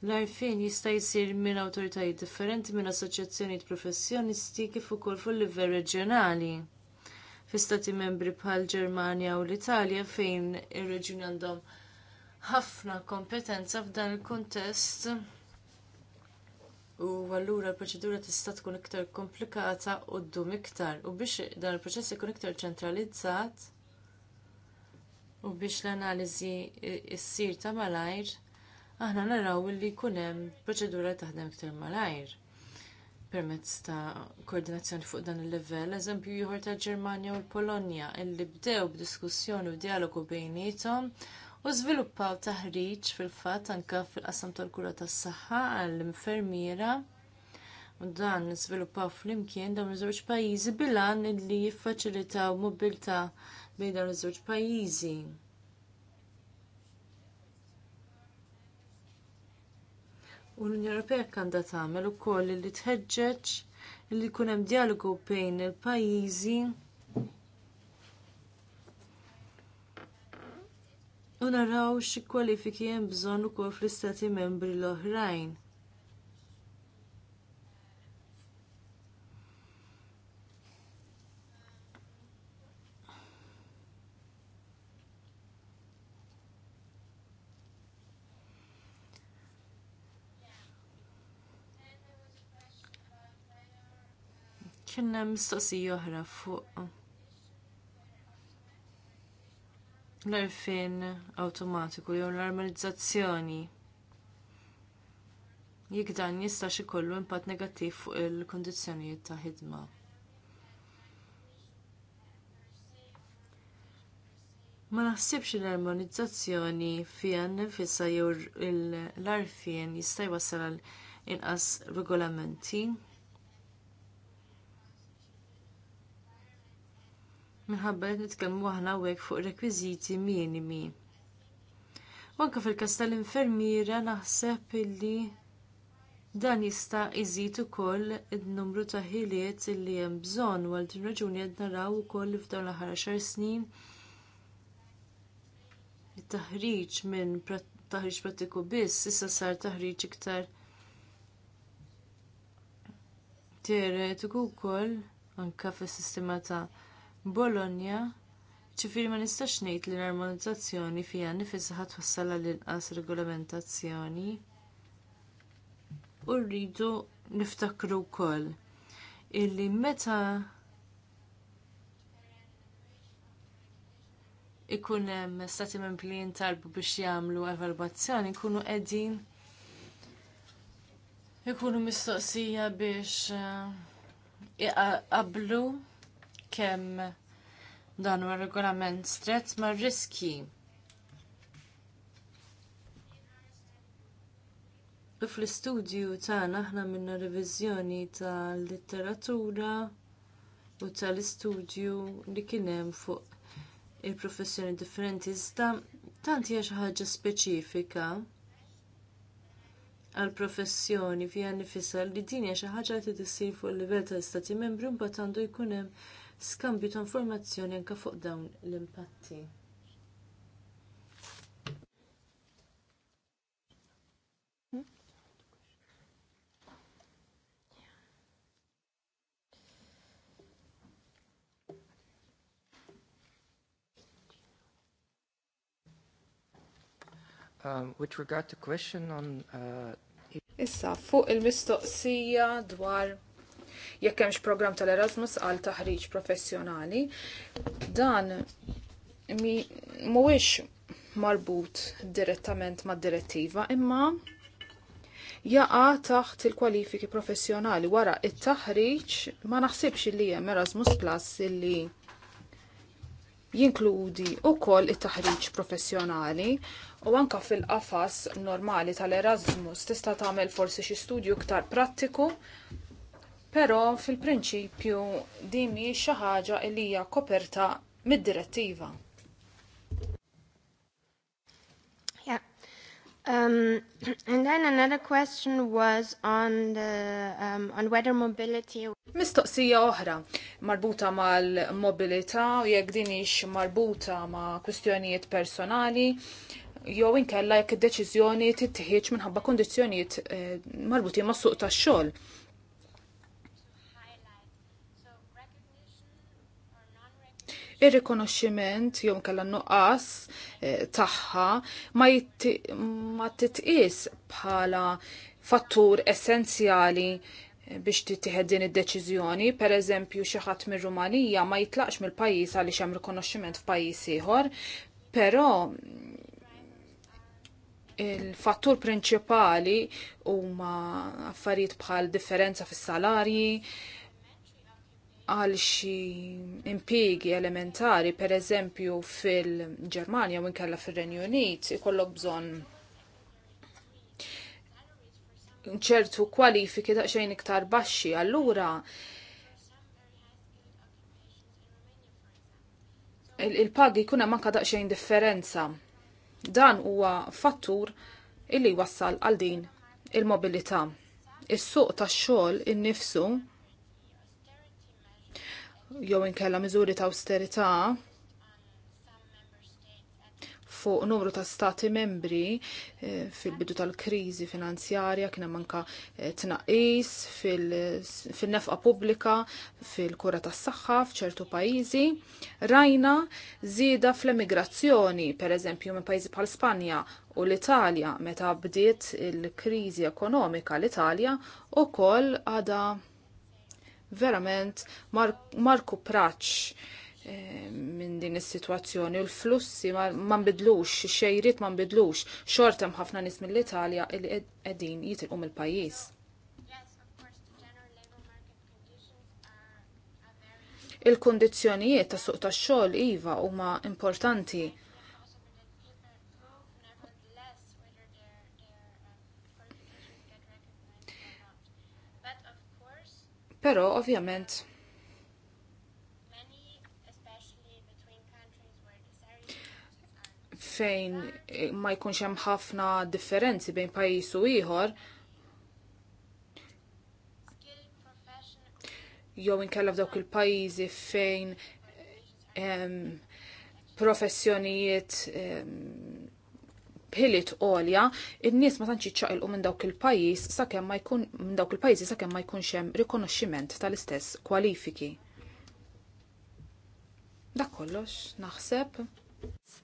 L-arfin jista' jsir minn awtoritajiet differenti minn assoċjazzjonijiet professjonisti kif ukoll fuq livell reġjonali. Fi membri bħal Ġermanja u l-Italja fejn ir-reġjuni għandhom ħafna kompetenza f'dan il-kuntest u allura l-proċedura tista' tkun iktar komplikata u ddum iktar u biex dan il-proċess ikun iktar ċentralizzat u biex l-analiżi ssir ta' malajr aħna naraw li jkun hemm proċedura taħdem ktar malajr permezz ta' koordinazzjoni fuq dan il-livell, eżempju ieħor ta' Ġermanja u l-Polonja, illi bdew b'diskussjoni u dialogu bejnietom u żviluppaw taħriġ fil-fatt anke fil-qasam tal-kura tas-saħħa għall-infermiera u dan niżviluppaw flimkien dawn iż-żewġ pajjiżi bilan li jiffaċilitaw mobilità bejn dawn iż-żewġ pajjiżi. U l-Unjoni Ewropea għandha tagħmel ukoll li tħeġġeġ li jkun hemm dialogu bejn il-pajjiżi u naraw xi kwalifiki hemm bżonn ukoll fl-istati membri l-oħrajn Kien hemm mistoqsija oħra fuq l-arfin awtomatiku jew l-armonizzazzjoni jekk dan xi kollu impatt negattiv fuq il-kondizzjonijiet ta' ħidma. Ma naħsibx l-armonizzazzjoni fiha nifissa jew l-arfien jista' jwassal għal inqas regolamenti minħabba li nitkellmu aħna hawnhekk fuq rekwiżiti minimi. Anke fil-każ tal-infermiera naħseb illi dan jista' iżid ukoll in-numru ta' ħiliet li hemm bżonn għal din raġuni qed naraw ukoll li f'dawn l-aħħar xar snin it-taħriġ minn taħriġ pratiku biss issa sar taħriġ iktar teoretiku wkoll anke fis-sistema ta' Bologna ċifiri ma nistax ngħid li l-armonizzazzjoni fiha nifisha ħadd wassal l inqas regolamentazzjoni. U rridu niftakru wkoll illi meta ikun hemm stati membri li jintalbu biex jagħmlu evalwazzjoni jkunu qegħdin ikunu mistoqsija biex eh, iqablu kemm dan huwa regolament stret mar riski. U fl-istudju tagħna aħna minna reviżjoni tal-litteratura u tal-istudju li kien hemm fuq il-professjoni differenti iżda tant hija xi ħaġa speċifika għal professjoni fiha nifisa li din hija xi ħaġa li tissir fuq il livell tal-Istati Membri mbagħad għandu jkun hemm skambju ta' informazzjoni anka fuq dawn l-impatti. Um, with regard to question on uh... Issa, fuq il-mistoqsija dwar jekk hemmx programm tal-Erasmus għal taħriġ professjonali, dan mhuwiex marbut direttament mad-direttiva imma jaqa taħt il-kwalifiki professjonali wara it-taħriġ ma naħsibx li hemm Erasmus Plus illi jinkludi wkoll it-taħriġ professjonali u anka fil-qafas normali tal-Erasmus tista' tagħmel forsi xi studju iktar prattiku però fil-prinċipju din mhijiex xi ħaġa li hija koperta mid-direttiva. Um, and then another question was on the um, on whether mobility Mistoqsija oħra marbuta mal-mobilità u jekk din marbuta ma' kwistjonijiet personali jew inkella jekk id-deċiżjoni tittieħed minħabba kondizzjonijiet eh, marbuti mas-suq tax-xogħol ir-rikonoxximent jew kellha nuqqas eh, tagħha ma titqies bħala fattur essenzjali eh, biex tittieħed din id-deċiżjoni, pereżempju xi ħadd mir-Rumanija ma jitlaqx mill-pajjiż għaliex hemm rikonoxximent f'pajjiż ieħor, però il-fattur prinċipali huma affarijiet bħal differenza fis-salarji, għal xi impjiegi elementari, per eżempju fil-Ġermanja u nkella fir-Renju Unit, ikollok bżonn ċertu kwalifiki daqsxejn iktar baxxi, allura il-pagi jkun hemm manka daqsxejn differenza. Dan huwa fattur illi wassal għal din il-mobilità. Is-suq tax-xogħol innifsu il jew inkella miżuri ta' austerità fuq numru ta' stati membri eh, fil-bidu tal-krizi finanzjarja kien hemm anke eh, tnaqqis fin-nefqa pubblika fil-kura tas-saħħa f'ċertu pajjiżi. Rajna żieda fl-emigrazzjoni, pereżempju minn pajjiżi bħal Spanja u l-Italja meta bdiet il-kriżi ekonomika l-Italja ukoll għada verament marku praċ eh, minn din is-sitwazzjoni u l-flussi ma nbidlux, xejrit ma nbidlux, xortem ħafna nies mill-Italja li qegħdin jitilqu mill-pajjiż. il kondizjonijiet ta' suq tax-xogħol iva huma importanti Però ovvjament fejn eh, ma jkunx hemm ħafna differenzi bejn pajjiż u ieħor, jew inkella f'dawk il-pajjiżi fejn ehm, professjonijiet ehm, bħilit għolja, in-nies ma ċaqil u minn dawk il-pajjiż sakemm ma jkun minn dawk il-pajjiżi sakemm ma jkunx hemm rikonoxximent tal-istess kwalifiki. Dak kollox naħseb.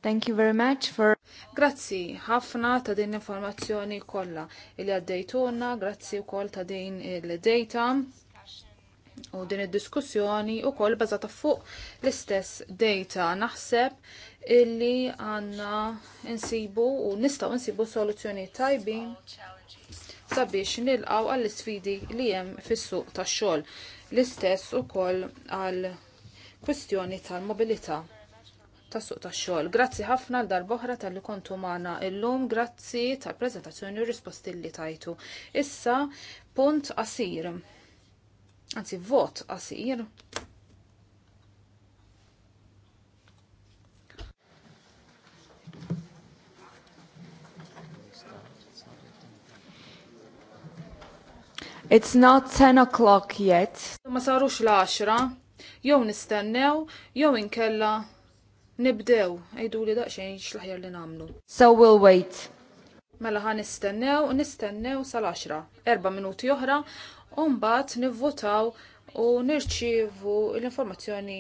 Thank you very much for Grazzi ħafna ta' din l-informazzjoni kollha li għaddejtuna, grazzi wkoll ta' din il-data. U din id-diskussjoni u koll bazata fuq l-istess data naħseb illi għanna insibu u nistaw insibu soluzzjoni tajbin sabiex nilqaw għall sfidi li jem fis-suq tax-xogħol. L-istess ukoll għal kwestjoni tal-mobilità tas-suq tax-xogħol. Grazzi ħafna l darboħra tal-li kontu magħna illum, grazzi tal-preżentazzjoni u risposti li tajtu. Issa punt qasir anzi vot għasir. It's not 10 o'clock yet. Ma sarux l-10, jew nistennew, jew inkella nibdew, Ejdu li daqxejn xlaħjar li namlu. So we'll wait. Mela ħan nistennew, nistennew sal-10, erba minuti oħra u nivvotaw u nirċievu l-informazzjoni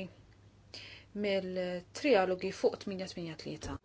mill-trialogi fuq 883.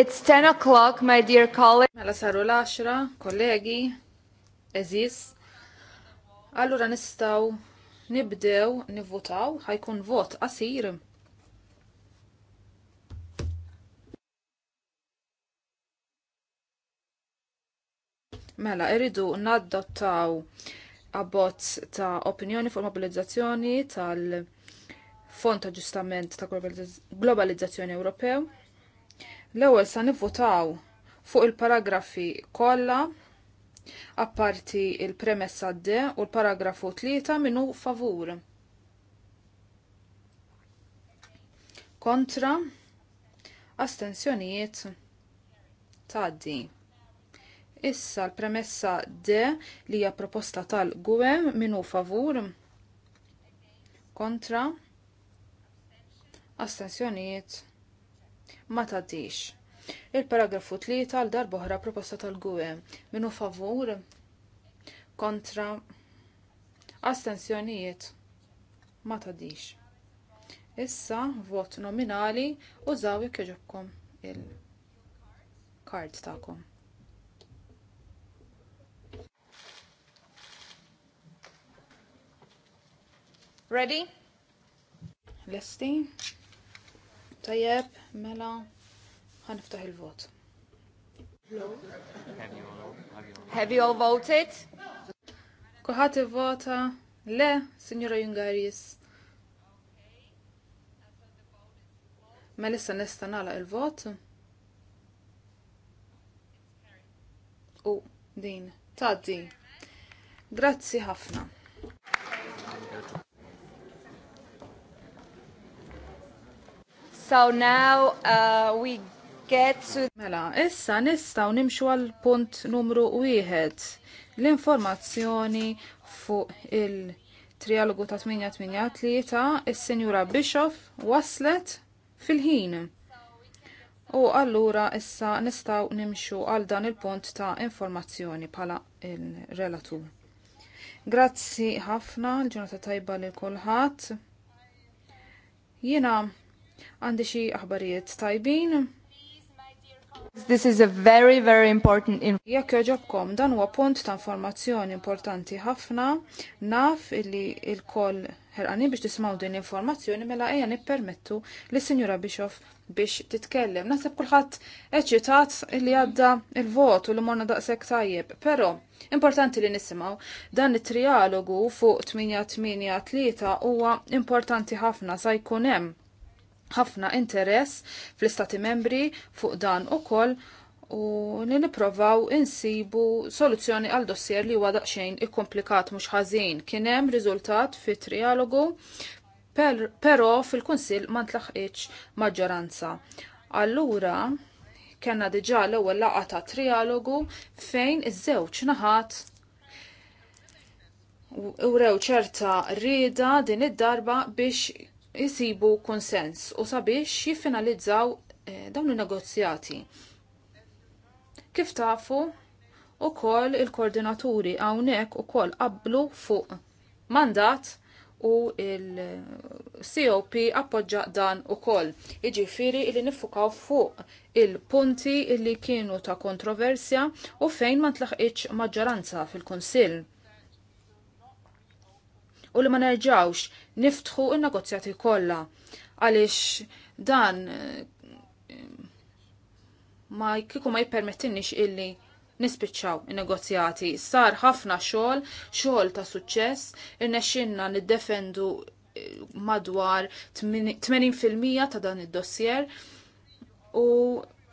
It's 10 o'clock, my dear colleague. Mela saru l-10, kollegi, eżis. Allura nistaw nibdew nivvotaw, ħajkun vot qasir. Mela, irridu naddottaw abbozz ta' opinjoni fuq mobilizzazzjoni tal-Fond ta' Ġustament ta' Globalizzazzjoni Ewropew L-ewwel sa nivvotaw fuq il-paragrafi kollha apparti il-premessa D u l-paragrafu 3 minu favur. Kontra astensjonijiet tgħaddi. Issa l-premessa D li hija proposta tal-gwem minu favur kontra astensjonijiet ma tadix. Il-paragrafu 3 għal darboħra proposta tal min minu favur kontra astensjonijiet ma tadix. Issa vot nominali u jekk jekkeġobkom il-kard ta'kom. Ready? Lesti? Tajjeb, mela, ħaniftaħ il-vot. Have you all voted? Kuħat vota le, Signora Jungaris. Melissa lissa nista nala il-vot. U din, taddi. Grazzi ħafna. So now uh, we get to... Mela, issa nistaw nimxu għal punt numru wieħed l-informazzjoni fuq il-trialogu ta' tlieta il sinjura Bishop waslet fil-ħin. U allura issa nistaw nimxu għal dan il-punt ta' informazzjoni pala il-relatur. Grazzi ħafna l-ġurnata tajba l kulħadd. Jiena Għandi xi aħbarijiet tajbin. This is a very, very important information. Jekk joġobkom dan huwa punt ta' informazzjoni importanti ħafna, naf illi il-koll ħerqani biex tismaw din informazzjoni mela ejja nippermettu li sinjura Bixof biex titkellem. Naseb kulħadd eċitat illi għadda il-vot u li morna daqshekk tajjeb. Però importanti li nisimgħu dan it-trialogu fuq 883 huwa importanti ħafna sa jkun hemm ħafna interess fl-istati membri fuq dan ukoll u li niprovaw insibu soluzzjoni għal dossier li huwa daqsxejn ikkomplikat mhux ħażin. Kien hemm riżultat fit trialogu per, però fil-Kunsill ma ntlaħqitx maġġoranza. Allura kellna diġà l-ewwel laqgħa ta' trialogu fejn iż-żewġ naħat urew ċerta rida din id-darba biex jisibu konsens u sabiex jiffinalizzaw eh, dawn il-negozjati. Kif tafu, u koll il-koordinaturi għawnek u koll qablu fuq mandat u il-COP appoġġa dan u koll. Iġifiri illi nifukaw fuq il-punti illi kienu ta' kontroversja u fejn ma tlaħqiċ maġġoranza fil-Konsil u li ma nerġawx niftħu il-negozjati kollha għaliex dan eh, ma kiku ma jippermettinix illi nispiċċaw il-negozjati. Sar ħafna xogħol, xogħol ta' suċċess, irnexxinna niddefendu eh, madwar 80% ta' dan id-dossier u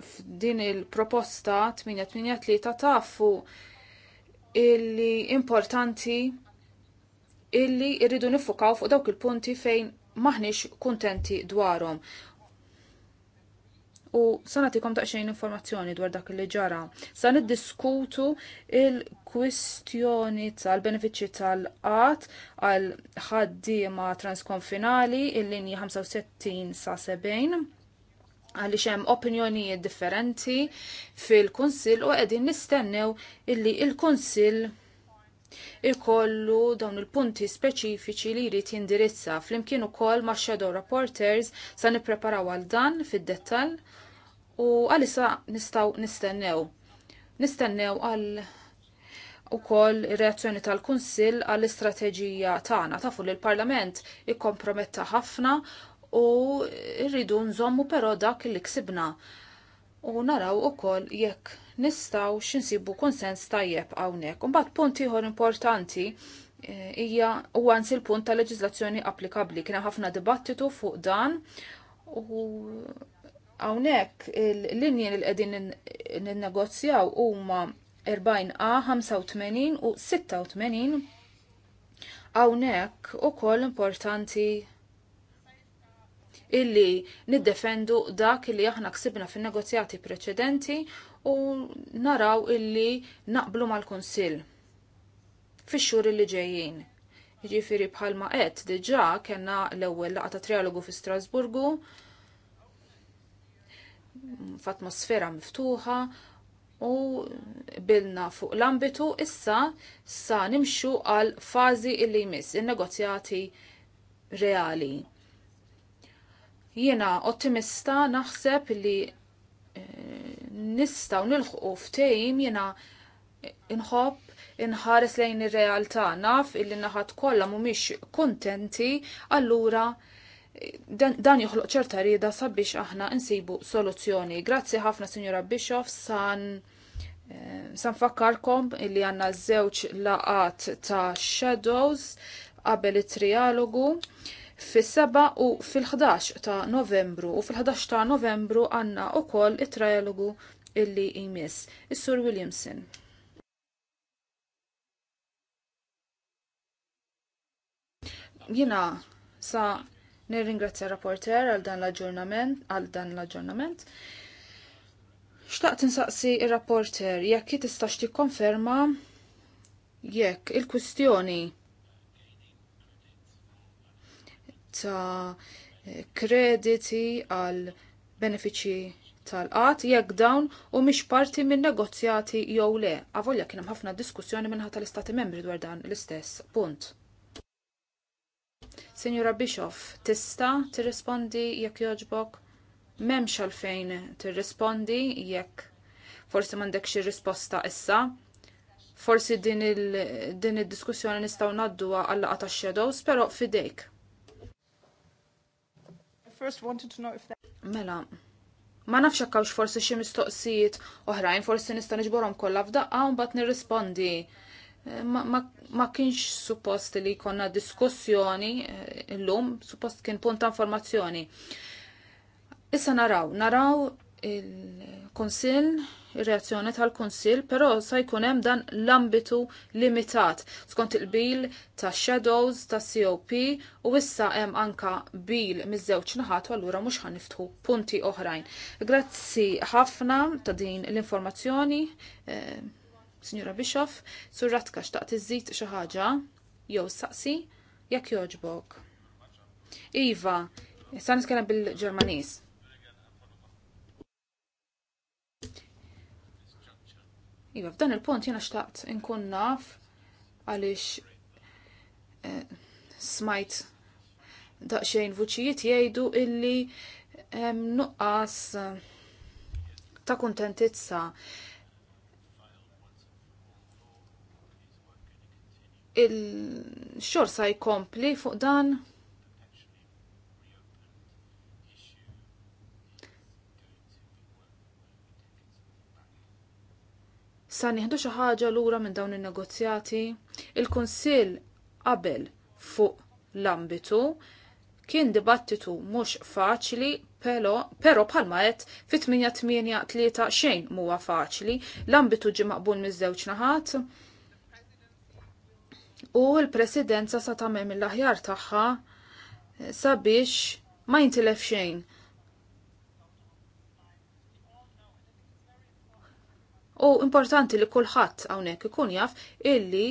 f'din il-proposta 883 tafu illi importanti illi irridu nifukaw fuq dawk il-punti fejn maħniex kuntenti dwarhom. U sanatikom taqxejn informazzjoni dwar dak li ġara. Sa niddiskutu il-kwistjoni tal-benefiċċji tal-qat għal ħaddiema transkonfinali il-linji 65 sa 70 għalli hemm opinjonijiet differenti fil-Kunsill u qegħdin nistennew illi il-Kunsill il konsil kunsill ikollu dawn il-punti speċifiċi li jrid jindirizza flimkien ukoll ma' shadow reporters sa nippreparaw għal dan fid-dettall u għalissa nistgħu nistennew. Nistennew għal u koll reazzjoni tal-Kunsill għall-istrateġija tagħna tafu li l-Parlament ikkomprometta ħafna u rridu nżommu però dak li ksibna u naraw ukoll jekk nistaw xinsibu konsens tajjeb għawnek. Umbat punt ieħor importanti eh, hija u għans il-punt ta' leġizlazzjoni applikabli. Kien ħafna dibattitu fuq dan u għawnek il-linjen il-qegħdin ninnegozjaw huma 40A, 85 u 86 għawnek u koll importanti illi niddefendu dak li aħna ksibna fin negozjati preċedenti u naraw illi naqblu mal-Kunsill fix-xhur illi ġejjin. Ġifiri bħalma qed diġà kellna l-ewwel laqgħa ta' trialogu fi Strasburgu f'atmosfera miftuħa u bilna fuq l-ambitu issa sa nimxu għal fażi illi jmiss in-negozjati reali. Jiena ottimista naħseb li nistaw nilħu f'tehim jena inħobb inħares lejn ir-realtà naf illi naħat kollha mhumiex kontenti, allura dan, dan joħloq ċerta rieda sabiex aħna insibu soluzzjoni. Grazzi ħafna Sinjora Bixof san eh, san fakkarkom illi għanna żewġ laqat ta' shadows qabel it-trialogu fis-7 u fil-11 ta' Novembru u fil-11 ta' Novembru għandna wkoll it-trialogu illi jmiss is-Sur Williamson. Jina sa nirringrazzja rapporter għal dan l-aġġornament għal dan l-aġġornament. Xtaqt insaqsi ir-rapporter jekk tista' tikkonferma jekk il-kwistjoni ta' krediti għal benefiċi tal-qat jekk dawn u mhix parti minn negozjati jew le. Avolja kien hemm ħafna diskussjoni minnħa tal-Istati Membri dwar dan l-istess punt. Sinjura Bischoff, tista tirrispondi jekk jogħġbok? M'hemmx għalfejn tirrispondi jekk forsi m'għandekx ir-risposta issa forsi din il-diskussjoni nistgħu ngħadduha għal laqgħa tax shadows, però fidejk first wanted to know if that... Mela, ma nafx akkawx forsi xi mistoqsijiet oħrajn forsi nista' niġborhom kollha f'daqqa u mbagħad nirrispondi. Eh, ma, ma, ma kienx suppost li konna diskussjoni eh, l-lum, suppost kien punt ta' informazzjoni. Issa naraw, naraw il-konsil ir-reazzjoni tal-Kunsill, però sa jkun hemm dan l-ambitu limitat skont il-bil ta' shadows ta' COP u issa hemm anka bil miż-żewġ naħat u allura mhux ħaniftħu punti oħrajn. Grazzi ħafna ta' din l-informazzjoni, eh, Signora Sur surratka xtaqt iżid xi ħaġa jew saqsi jekk jogħġbok. Iva, issa nitkellem bil-Ġermaniż. Iva, f'dan il-punt jena xtaqt inkun naf għalix eh, smajt daqxejn vuċijiet jgħidu illi nuqqas eh, ta' kontentizza il-xor sa' jkompli fuq dan sa nieħdu xi ħaġa lura minn dawn in-negozjati. Il-Kunsill qabel fuq l-ambitu kien dibattitu mhux faċli, però bħalma qed fit 8 8 xejn huwa faċli, l-ambitu ġi maqbul miż-żewġ naħat. U l-presidenza sa tagħmel mill-aħjar tagħha sabiex ma jintilef xejn U importanti li kulħadd hawnhekk ikun jaf illi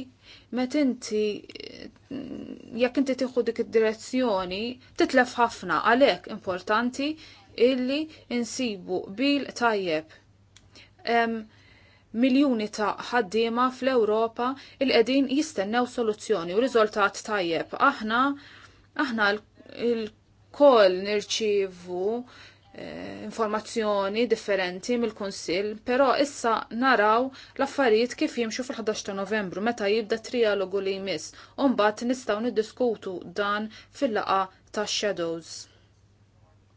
met inti eh, jekk inti tieħu dik id-direzzjoni titlef ħafna għalhekk importanti illi insibu bil tajjeb. miljoni miljuni ta' ħaddiema fl-Ewropa il qegħdin jistennew soluzzjoni u riżultat tajjeb. Aħna aħna l-koll nirċivu Eh, informazzjoni differenti mill-Kunsill, però issa naraw l-affarijiet kif jimxu fil-11 ta' Novembru meta jibda trialogu li jmiss. mbagħad nistgħu niddiskutu dan fil-laqa ta' Shadows.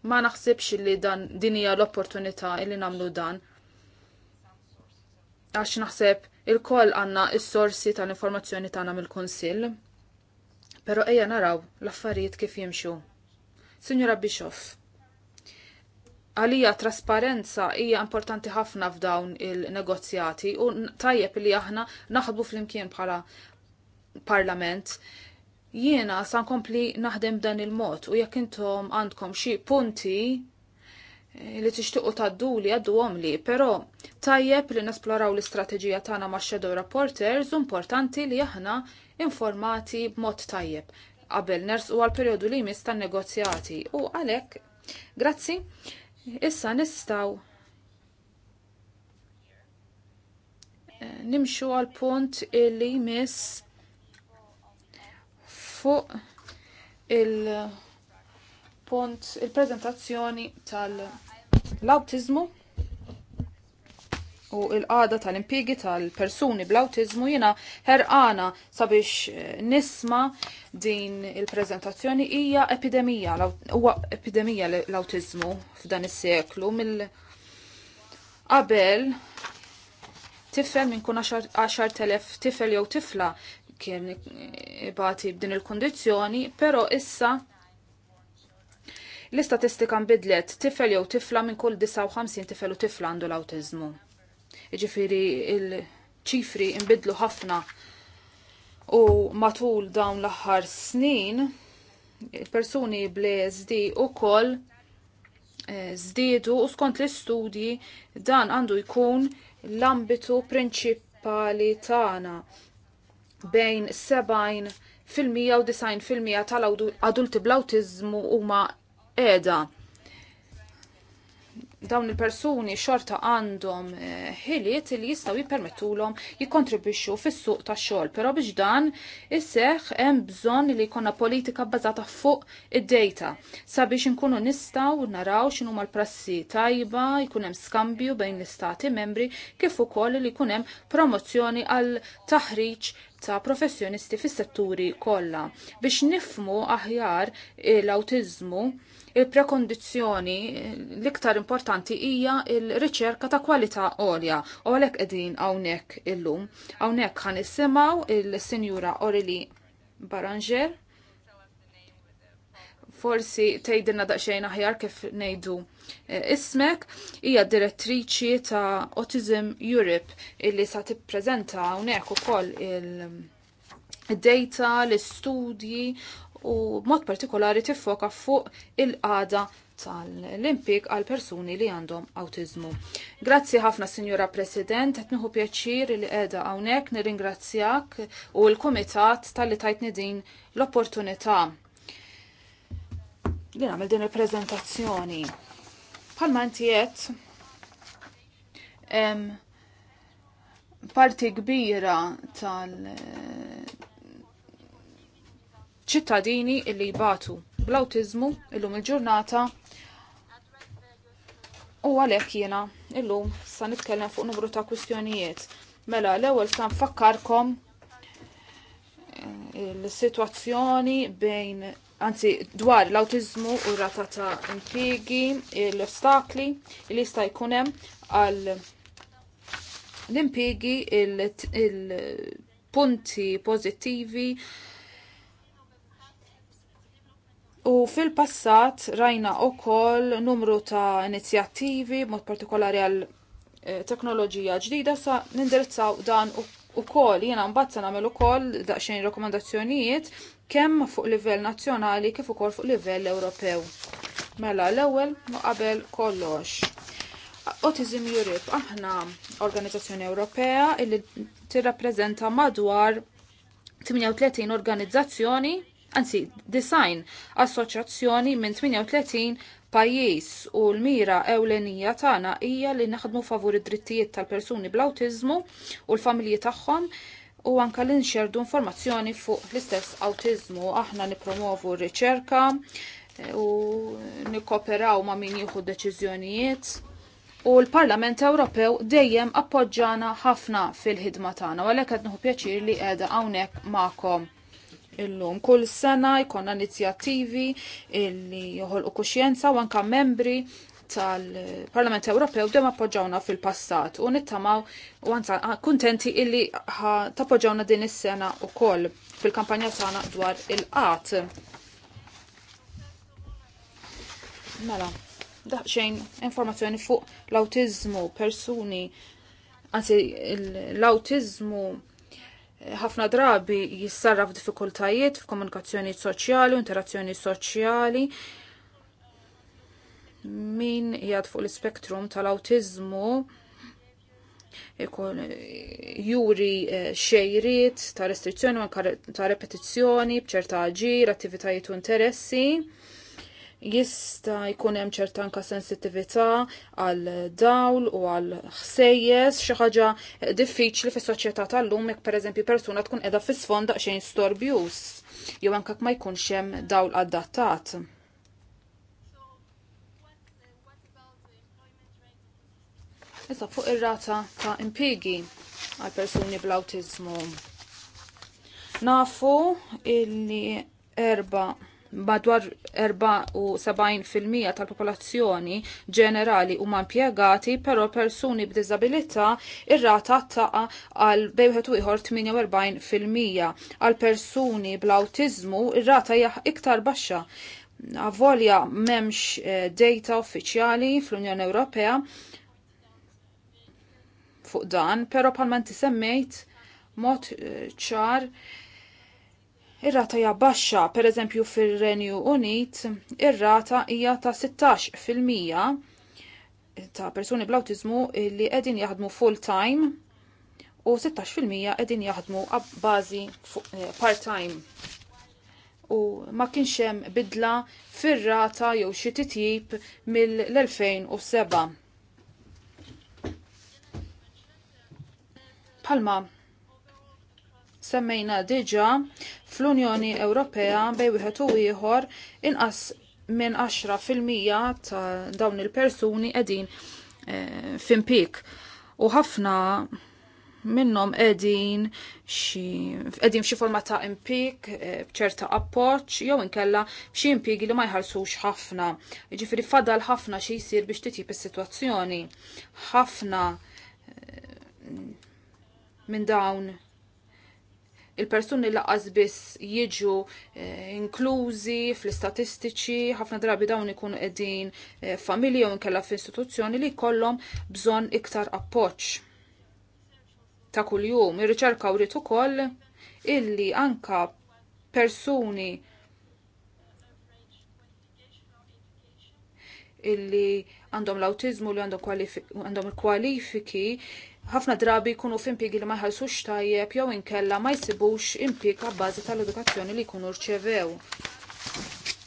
Ma naħsibx li dan din hija l-opportunità li nagħmlu dan. Għax naħseb il-koll għanna is-sorsi il koll għanna is sorsi tal informazzjoni tagħna mill-Kunsill. Però ejja naraw l-affarijiet kif jimxu. Signora Bischoff, għalija trasparenza hija importanti ħafna f'dawn il-negozjati u tajjeb li aħna naħdmu fl-imkien bħala parlament. Jiena san kompli naħdem dan il-mod u jekk intom għandkom xi punti eh, li tixtiqu taddu li għaddu li, pero tajjeb li nesploraw l-istrateġija tagħna ma' Shadow Reporters importanti li aħna informati b'mod tajjeb qabel nersqu għal periodu li jmiss tan-negozjati u għalhekk grazzi Issa nistaw eh, nimxu għal punt illi miss fuq il-punt il-prezentazzjoni tal-autizmu u il-qada tal-impigi tal-persuni bl-autizmu jina herqana sabiex eh, nisma din il-prezentazzjoni hija epidemija, huwa epidemija l-autizmu f'dan is-seklu mill qabel tifel minn kun 10,000 tifel jew tifla kien eh, bati b'din il kondizzjoni pero issa l-istatistika nbidlet tifel jew tifla minn kull 59 tifel u tifla għandu l-autizmu. Ġifiri il-ċifri imbidlu ħafna u matul dawn l-aħħar snin persuni bl-ESD u koll zdiedu eh, u skont l-istudji dan għandu jkun l-ambitu prinċipali tagħna bejn 70 fil-mija u 90 fil-mija tal-adulti bl-autizmu huma qiegħda dawn il-persuni xorta għandhom eh, ħiliet li jistaw jippermettulhom jikkontribwixxu fis-suq tax-xogħol, però biex dan isseħ hemm bżonn li jkollna politika bbażata fuq id-data sabiex inkunu nistaw naraw xinu huma l-prassi tajba, jkun hemm skambju bejn l-istati membri kif ukoll li jkun hemm promozzjoni għal taħriġ ta' professjonisti fis-setturi kollha biex nifmu aħjar l-awtiżmu il-prekondizzjoni l-iktar importanti hija il-riċerka ta' kwalità għolja u għalhekk qegħdin hawnhekk illum. Hawnhekk ħan nisimgħu il-Sinjura Orili Baranger forsi tgħidilna daqsxejn aħjar kif ngħidu eh, ismek hija direttriċi ta' Autism Europe illi sa tippreżenta hawnhekk ukoll il-data, l-istudji u b'mod partikolari tiffoka fuq il-qada tal-Olimpik għal persuni li għandhom autizmu. Grazzi ħafna, Sinjora President, għetniħu nieħu pjaċir li qiegħda hawnhekk nirringrazzjak u l-Kumitat tal-li tajtni din l-opportunità li nagħmel din il prezentazzjoni Palma inti parti kbira tal- ċittadini illi jibatu bl-autizmu illum il-ġurnata u għalek jena illum sa nitkellem fuq numru ta' kwistjonijiet. Mela, l-ewel sa' nfakkarkom eh, l-situazzjoni bejn anzi dwar l-autizmu u rata ta' impiegi, l-ostakli li jista' jkunem għal l impiegi il-punti pozittivi. U fil-passat rajna u koll numru ta' inizjattivi, mod partikolari għal eh, teknoloġija ġdida sa' nindirizzaw dan u u kol jena mbazza namel u kol daqxen rekomendazzjonijiet kemm fuq livell nazzjonali kif ukoll fuq livell Ewropew. Mela l-ewwel qabel kollox. Autism Europe aħna organizzazzjoni Ewropea illi tirrappreżenta madwar 38 organizzazzjoni anzi design assoċjazzjoni minn 38 pajjiż u l-mira ewlenija tagħna hija li naħdmu favur id-drittijiet tal-persuni bl-awtiżmu u l-familji tagħhom u anka l nxerdu informazzjoni fuq l-istess awtiżmu aħna nipromovu r-riċerka eh, u nikoperaw ma' min jieħu deċiżjonijiet u l-Parlament Ewropew dejjem appoġġana ħafna fil-ħidma tagħna u għalhekk qed nħu pjaċir li qiegħda hawnhekk magħkom illum. Kull sena jkonna inizjattivi illi joħolqu kuxjenza u anka membri tal-Parlament Ewropew dem appoġġawna fil-passat u nittamaw u għanza kontenti illi tappoġġawna din is-sena u koll fil-kampanja tagħna dwar il-qat. Mela, daħxejn informazzjoni fuq l-autizmu, persuni, anzi l-autizmu ħafna drabi jissarraf diffikultajiet f'komunikazzjoni soċjali u interazzjoni soċjali min jgħad fuq l-spektrum tal-autizmu ikun juri eh, xejriet ta' restrizzjoni ta' repetizzjoni bċerta ġir, attivitajiet u interessi jista jkun hemm ċerta anka sensittività għal dawl u għal ħsejjes xi ħaġa diffiċli fis-soċjetà tal-lum jekk pereżempju persuna tkun qiegħda fi sfond daqsxejn storbjus jew anke ma jkunx hemm dawl adattat. Issa fuq ir-rata ta' impigi għal persuni bl-awtiżmu. Nafu illi erba' madwar 74% tal-popolazzjoni ġenerali huma impjegati, però persuni b'diżabilità ir-rata taqa għal bejħet ieħor 48%. Għal persuni bl autizmu ir-rata hija iktar baxxa. Avolja memx eh, data uffiċjali fl-Unjoni Ewropea fuq dan, però palma tisemmejt semmejt mod eh, ċar uh, ir-rata hija baxxa, pereżempju fir-Renju Unit, ir-rata hija ta' 16 fil ta' persuni bl-awtiżmu li qegħdin jaħdmu full time u 16 fil-mija qegħdin jaħdmu bażi eh, part time. U ma kienx hemm bidla fir-rata jew xi titjib mill-2007. Palma semmejna diġa fl-Unjoni Ewropea bej wieħed u ieħor inqas minn 10% ta' dawn il-persuni qegħdin eh, fimpik. U ħafna minnhom qegħdin xi qegħdin f'xi forma ta' impik eh, b'ċerta appoġġ jew inkella xi impigi li ma jħarsux ħafna. Jiġifieri fadal ħafna xi jsir biex titjib is-sitwazzjoni. Ħafna eh, minn dawn il-persuni laqas biss jiġu eh, inklużi fl-istatistiċi, ħafna drabi dawn ikun qegħdin eh, familja u nkella f'istituzzjoni li jkollhom bżonn iktar appoġġ ta' kuljum. Irriċerka u rritu ukoll illi anka persuni illi għandhom l-autizmu li għandhom il-kwalifiki ħafna drabi jkunu f'impjiegi li ma jħallsux tajjeb jew inkella ma jsibux impjieg għabbażi tal-edukazzjoni li jkunu rċevew.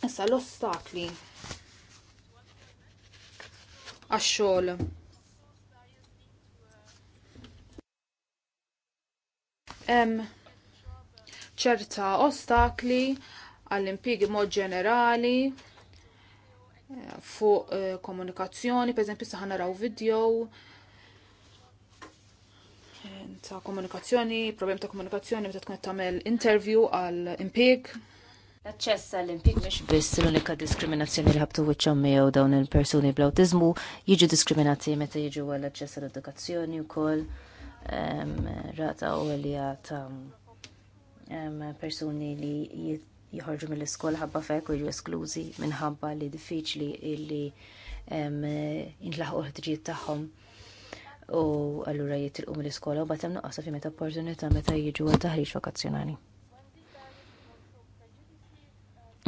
Issa l-ostakli għax-xogħol. Hemm ċerta ostakli għall-impjiegi mod ġenerali eh, fuq eh, komunikazzjoni, per eżempju, naraw video, ta' komunikazzjoni, problem ta' komunikazzjoni meta tkun tagħmel interview għal impig. L-aċċess għall impieg mhux biss l-unika diskriminazzjoni li ħabtu wiċċhom miegħu dawn il-persuni bl autizmu jiġu diskriminati meta jiġu għall aċċess għall-edukazzjoni wkoll rata u li ta' persuni li jħorġu mill-iskola ħabba fek u jiġu esklużi minħabba li diffiċli illi intlaħqu l-ħtiġijiet tagħhom u allura jitilqu mill-iskola u batem naqsa fi meta opportunità meta jiġu għal taħriġ vakazzjonali.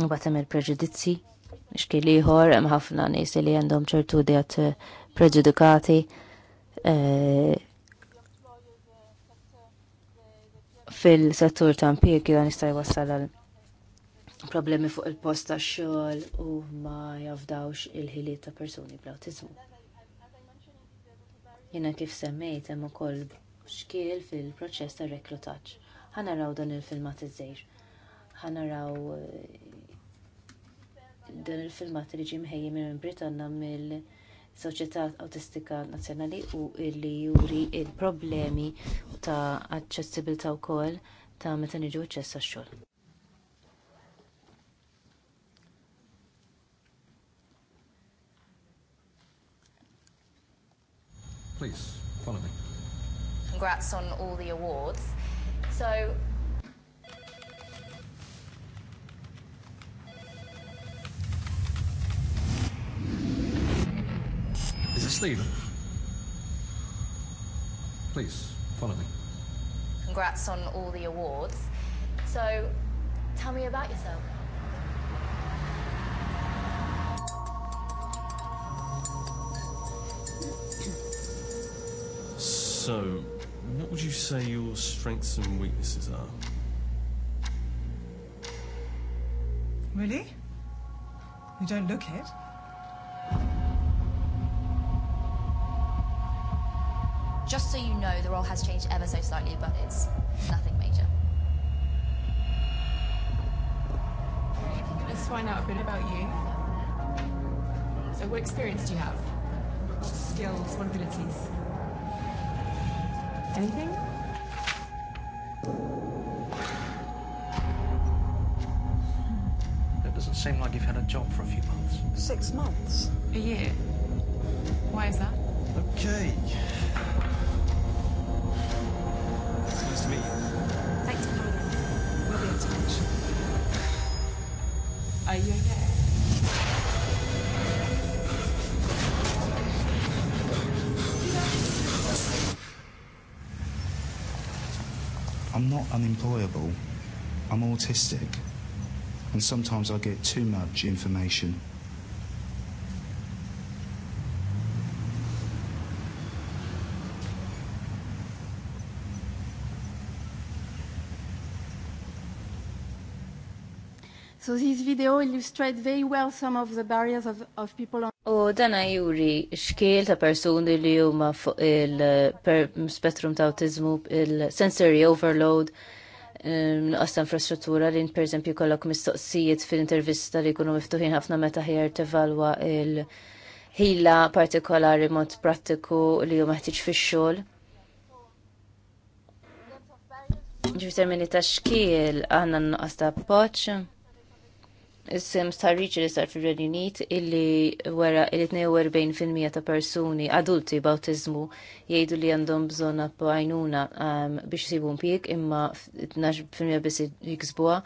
U batem il-preġudizzi, xkien liħor, hemm ħafna nies li għandhom ċertu dejat eh, preġudikati. Eh, fil-settur ta' impjiegi dan jista' wassal għal problemi fuq il-post tax xogħol u ma jafdawx il-ħiliet ta' persuni bl autizmu Jiena kif semmejt hemm ukoll xkiel fil-proċess ta' reklutaġġ. Ħanaraw dan il-filmat iż-żejr. Ħanaraw eh, dan il-filmat li ġie mħejji minn Britanna mill Soċjetà Awtistika Nazzjonali u li juri l problemi ta' aċċessibilta wkoll ta' meta niġu ċess għax-xogħol. Please, follow me. Congrats on all the awards. So, Is it Stephen? Please, follow me. Congrats on all the awards. So, tell me about yourself. So, what would you say your strengths and weaknesses are? Really? You don't look it. Just so you know, the role has changed ever so slightly, but it's nothing major. Let's find out a bit about you. So what experience do you have? What skills, what abilities? Anything? It doesn't seem like you've had a job for a few months. Six months? A year. Why is that? Okay. unemployable. I'm autistic, and sometimes I get too much information So this video illustrates very well some of the barriers of, of people on U dana juri xkiel ta' persuni li huma fuq il spectrum ta' autizmu, il-sensory overload, l um, ta' infrastruttura li per eżempju kollok mistoqsijiet fil-intervista li jkunu miftuħin ħafna meta ħjar tevalwa il-ħila partikolari mod prattiku li ju maħtiċ fix-xogħol. Ġifir termini ta' xkiel aħna nuqqas ta' poċ. Is-sims ta' li sar fir-Renju Unit illi wara il-42% ta' persuni adulti b'awtiżmu jgħidu li għandhom bżonn għajnuna um, biex sibu impjieg imma 12% biss jiksbuha.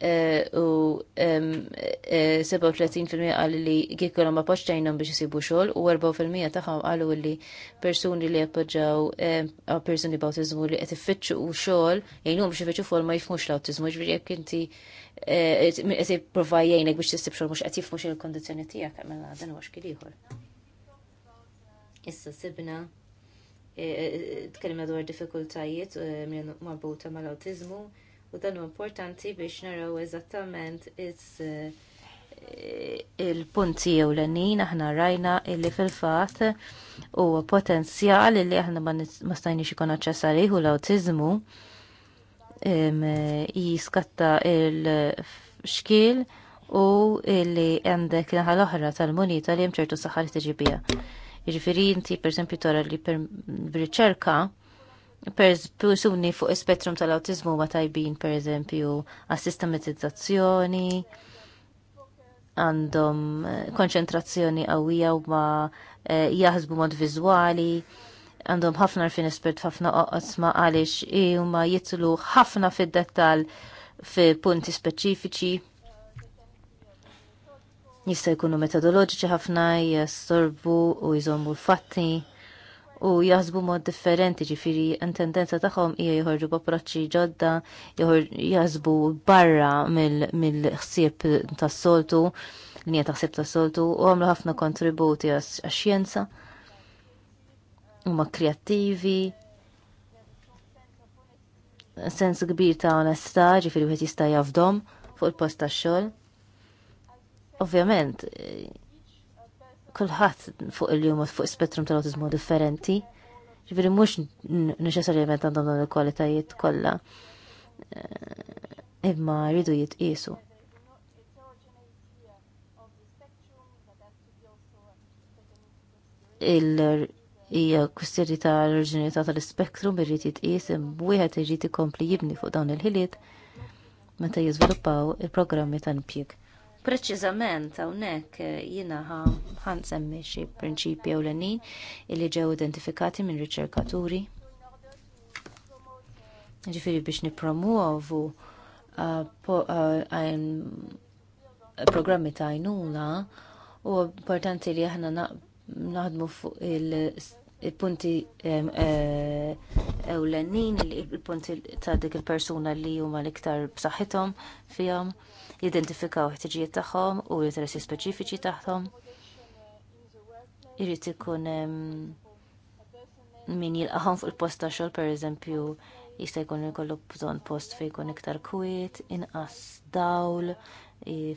Eh, u 37% eh, għal li ma' appoċċajnom biex jisibu xol u 4% taħħom għallu li personi li appoġġaw personi b'autizmu li għet ifittxu u xol jgħinum biex ifittxu forma jifmux l-autizmu ġviri jek inti eh, għet provajjajnek biex tisib xol mux għet jifmux il-kondizjoni tijak għamela dan u għaxkiliħor. Issa sibna tkellimna dwar diffikultajiet marbuta mal-autizmu u dan huwa importanti biex naraw eżattament eh, il-punti jew l-għanin aħna rajna illi fil-fat u potenzjal illi aħna ma stajniex ikon aċċessarih u l-autizmu jiskatta il-xkil u illi għandek naħa l-oħra tal-munita li jemċertu saħħar t-ġibija. bija. Jiġifieri inti per esempio tora li per riċerka persuni fuq is-spettrum tal-autizmu ma tajbin per eżempju għas-sistematizzazzjoni, għandhom eh, konċentrazzjoni qawwija u ma eh, jaħsbu mod viżwali, għandhom ħafna rfin espert ħafna oqsma għaliex huma jitlu ħafna fid-dettal fi punti speċifiċi jista' jkunu metodoloġiċi ħafna jassorbu u jżommu l-fatti u jazbu mod differenti ġifiri tendenza tagħhom hija joħorġu b'approċċi ġodda, jazbu barra mill-ħsieb tas-soltu, l ta' ħsieb tas-soltu u għamlu ħafna kontributi għax-xjenza. Huma kreattivi, sens kbir ta' onestà, ġifiri wieħed jista' jafdom fuq il-post tax-xogħol. Ovvjament, kulħadd fuq il-jum fuq spettrum tal-autizmu differenti. Ġifiri mhux neċessarjament għandhom dawn il-kwalitajiet kollha. Eh, imma rridu jitqisu. il kustjeri ta' l-oriġinità tal-spektrum irrid jitqies wieħed irid ikompli jibni fuq dawn il-ħiliet meta jiżviluppaw il-programmi tan impjieg. Preċiżament hawnhekk eh, jiena ħan semmi xi prinċipji ewlenin li ġew identifikati minn riċerkaturi. Ġifieri biex nippromuovu eh, eh, programmi ta' għajnuna u importanti li aħna naħdmu fuq il-punti ewlenin, il-punti ta' dik il-persuna li huma l-iktar b'saħħithom fihom jidentifikaw ħtiġijiet tagħhom u l-interessi speċifiċi tagħhom. Irid ikun min jilqahom fuq il-post ta' xogħol pereżempju jista' jkun ikollu bżonn post fejn jkun iktar kwiet, inqas dawl,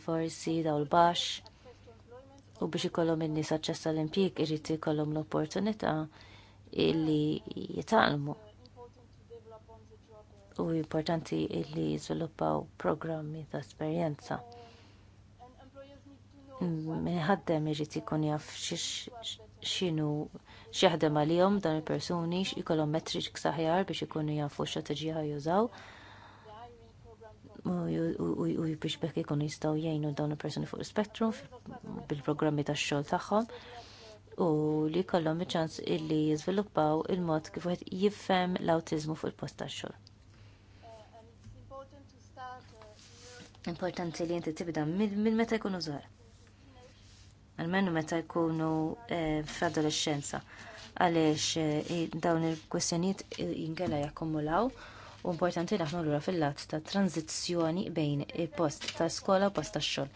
forsi dawl baxx. U biex ikollhom in-nies aċċess tal impjieg irid ikollhom l-opportunità illi jitgħallmu u importanti li jiżviluppaw programmi ta' esperjenza. Minħaddem irid ikun jaf x'inhu jaħdem għalihom dan il-persuni ikollhom metriċ saħjar biex ikunu jafu x'strateġija jużaw u biex bekk ikun jistgħu jgħinu dawn il-persuni fuq l-spettrum bil-programmi tax-xogħol tagħhom u li jkollhom iċ-ċans illi jiżviluppaw il-mod kif wieħed jifhem l-awtiżmu fuq il-post tax-xogħol. Importanti li inti tibda minn meta jkunu żgħar. Almenu meta jkunu eh, fl Għalix Għaliex eh, dawn il kwestjoniet eh, jingela jakkumulaw u importanti naħnu lura fil-lat ta' tranzizjoni bejn il-post ta' skola u post ta' xogħol.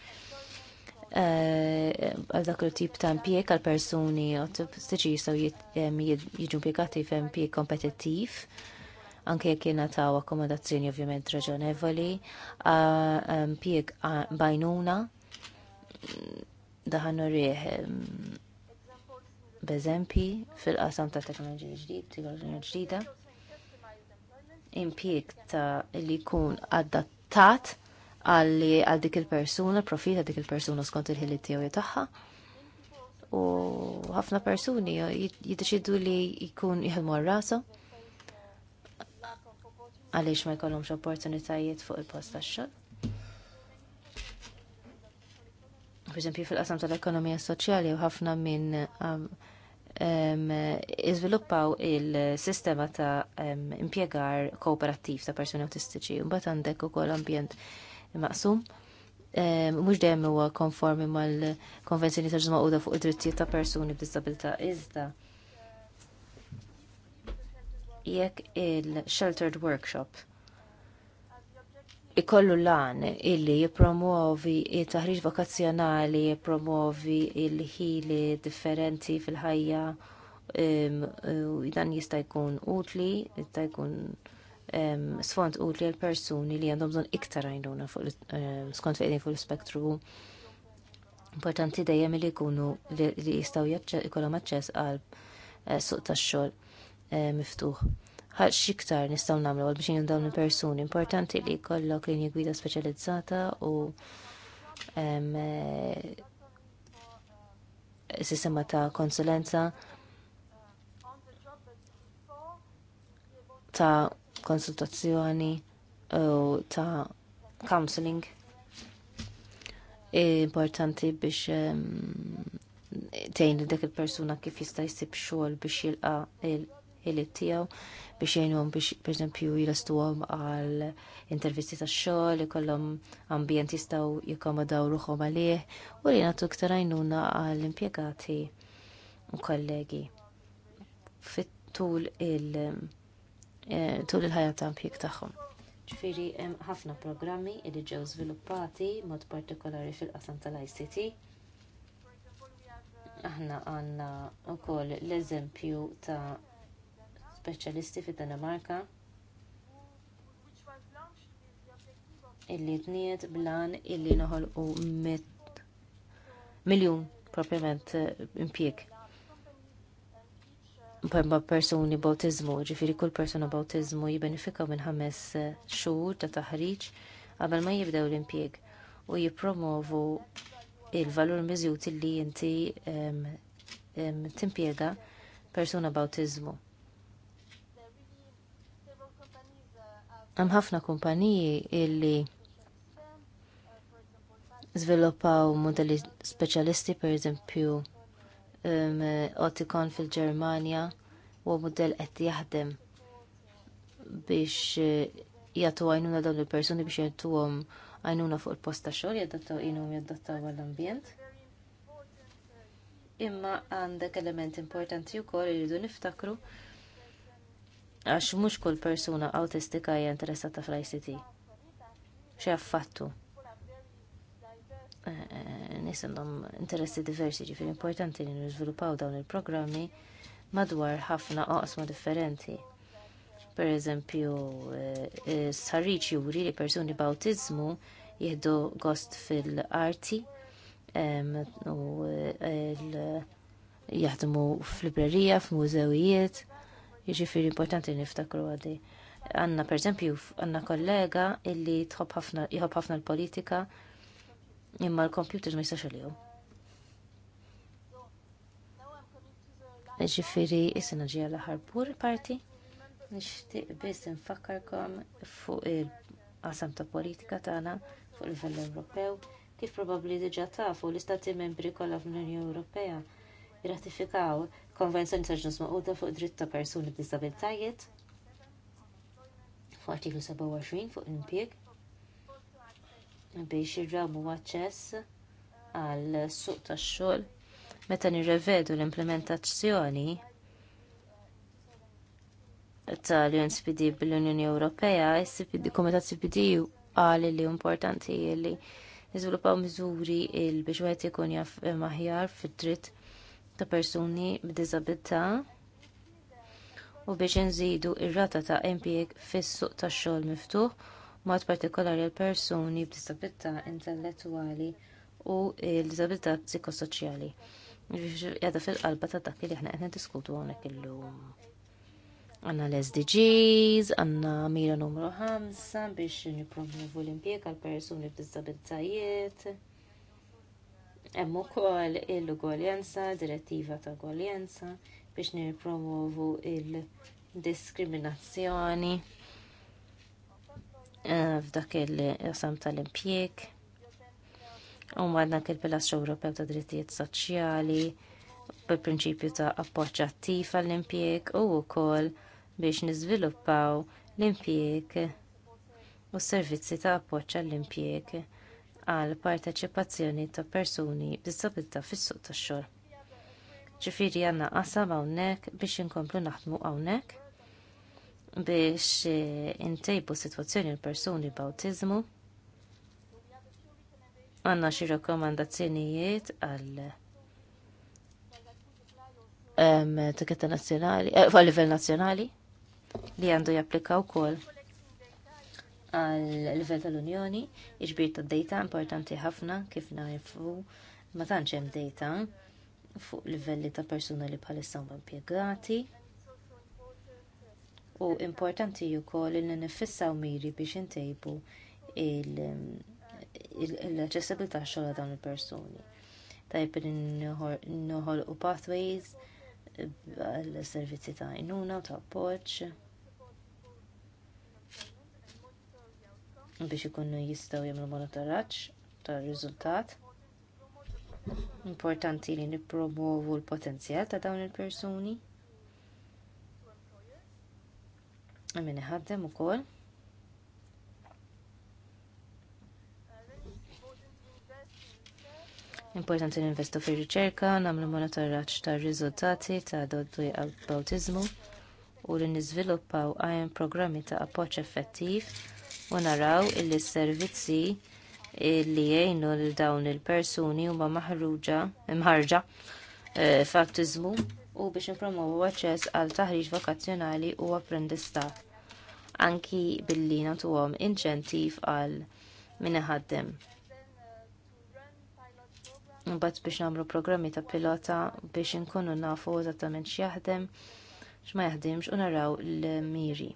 Għal dak tip ta' impjeg għal persuni tiġi jistgħu jiġu impjegati f'impjeg kompetittiv anke jekk nataw akkomodazzjoni ovvjament raġonevoli, impjieg bajnuna daħan rieħ b'eżempi fil-qasam ta' teknoloġija ġdid, teknoloġija ġdida, impjieg ta' li jkun adattat għal dik il-persuna, profit ta' dik il-persuna skont il-ħiliet tiegħu tagħha u ħafna persuni jiddeċidu li jkun għal rasa għaliex ma jkollhomx opportunitajiet fuq il-post tax-xogħol. Per fil-qasam tal-ekonomija soċjali u ħafna minn um, iżviluppaw il-sistema ta' impjegar kooperattiv ta' persuni autistiċi. Mbagħad għandek ukoll ambjent maqsum. Mhux dejjem huwa konformi mal-konvenzjoni ta' ġimgħa fuq id-drittijiet ta' persuni b'disabilità iżda jekk il-sheltered workshop ikollu lan illi jipromuovi il-taħriġ vokazzjonali, jipromuovi il-ħili differenti fil-ħajja, u dan jista' jkun utli, jista' jkun sfond utli għal persuni li għandhom bżonn iktar għajnuna skont fejn fuq l-spektru importanti dejjem li jkunu li jistgħu jkollhom aċċess għal eh, suq tax-xogħol Eh, miftuħ. Ħax xiktar nistgħu nagħmlu għal biex dawn il-persuni importanti li jkollok linja gwida speċjalizzata u eh, sistema ta' konsulenza ta' konsultazzjoni u ta' counseling importanti biex tgħin dik il-persuna kif jista' jsib xogħol biex jilqa' il lib tiegħu biex jgħinhom biex pereżempju għom għal intervisti tax-xogħol ikollhom ambjent jistgħu jikomodaw ruħom għalih u li natu ktar għajnuna għall impjegati u kollegi. Fit-tul il- eh, tul il-ħajja ta' impjieg tagħhom. Ġifieri hemm ħafna programmi li ġew żviluppati mod partikolari fil-qasam tal-ICT aħna għanna u koll l-eżempju ta' speċjalisti fid-Danimarka illi tniet blan illi noħolqu miljun propjament eh, impjieg bħemba persuni bautizmu, ġifiri kull persona bautizmu jibenifika minn ħames eh, xhur ta' taħriġ qabel ma jibdew l-impjeg u jipromovu il-valur miżjut li inti timpiega persuna bautizmu. Hemm ħafna kumpaniji illi żviluppaw modelli speċjalisti pereżempju um, Oticon fil-Ġermanja u modell qed jaħdem biex eh, jagħtu għajnuna dawn il-persuni biex jagħtuhom għajnuna fuq il posta xogħol jaddattaw inhom jaddattaw għall-ambjent. Imma għandek element importanti wkoll irridu niftakru għax mhux kull persuna awtistika hija interessata fl-ICT. Xi affattu. Eh, eh, nies għandhom interessi diversi ġifier importanti li niżviluppaw dawn il-programmi madwar ħafna oqsma differenti. Pereżempju eh, sħarriċ juri li persuni b'awtiżmu jieħdu gost fil-arti u jaħdmu f'librerija, f'mużewijiet Jiġifieri importanti niftakru għadi. Għanna perżempju għandna kollega illi tħobb ħafna jħobb ħafna l-politika imma l-computers ma jistax il Ġifiri, jisina ġija l-ħarbur parti. Nixtieq biss nfakkarkom fuq il-qasam ta' politika tagħna fuq il livell Ewropew kif probabbli diġà fuq l-istati membri kollha fl-Unjoni Ewropea irratifikaw konvenzjoni ta' ġnus maquda fuq dritt ta' persuni b'disabilitajiet fuq artiklu 27 fuq il impjeg biex jirrabu aċċess għal suq tax-xogħol meta nirrevedu l-implementazzjoni tal-UNCPD bil-Unjoni Ewropea, il-Komitat CPD għal li importanti li jizvilupaw miżuri il biex wieħed ikun jaf maħjar fid-dritt ta' persuni b'diżabilità u biex inżidu r rata ta' impjieg fis-suq tax-xogħol miftuħ mod partikolari għal persuni b'diżabilità intellettwali u l-diżabilità psikosoċjali. Għada fil-qalba ta' dak li aħna qed niddiskutu hawnhekk illum. Għanna l-SDGs, għanna mira numru 5 biex nipromovu l-impjeg għal persuni b'diżabilitajiet Hemm ukoll il-gwaljenza, direttiva ta' gwaljenza biex nirpromovu il-diskriminazzjoni eh, f'dak il-qasam tal-impjieg. U għadna il-pilastru Ewropew ta' drittijiet soċjali bil-prinċipju ta' appoġġ attiv għall-impjieg u wkoll biex niżviluppaw l-impjieg u s-servizzi ta' appoġġ għall-impjieg għal parteċipazzjoni ta' persuni b'disabilità fis-suq tax-xogħol. Ġifieri għandna qasam hawnhekk biex inkomplu naħdmu hawnhekk biex eh, intejbu sitwazzjoni l persuni b'awtiżmu. Għandna xi rakkomandazzjonijiet għal ehm, tiketta nazzjonali, eh, livell nazzjonali li għandu japplika wkoll għal livell tal-Unjoni, iġbir ta' data importanti ħafna kif nafu ma tantx hemm data fuq livelli ta' persuna li bħalissa huma impjegati. U importanti wkoll li nifissaw miri biex intejbu l-aċċessibilità xogħol dawn il-persuni. Tajb noħolqu pathways għal servizzi ta' inuna u ta' appoġġ biex ikunu jistgħu jagħmlu monitoraċ tar-riżultat. Importanti li nippromovu l-potenzjal ta' dawn il-persuni. ħaddem u kol. Importanti li investu fir riċerka nagħmlu monitoraċ tar-riżultati ta' doddu għal bautizmu u li niżviluppaw għajn programmi ta' appoġġ effettiv u naraw il s-servizzi li jgħinu lil dawn il-persuni huma maħruġa imħarġa eh, fattizmu u biex nipromovu aċċess għal taħriġ vakazzjonali u apprendistat. Anki billi nagħtuhom inċentiv għal min iħaddem. Imbagħad biex nagħmlu programmi ta' pilota biex inkunu nafu eżattament x'jaħdem, x'ma jaħdimx u naraw l-miri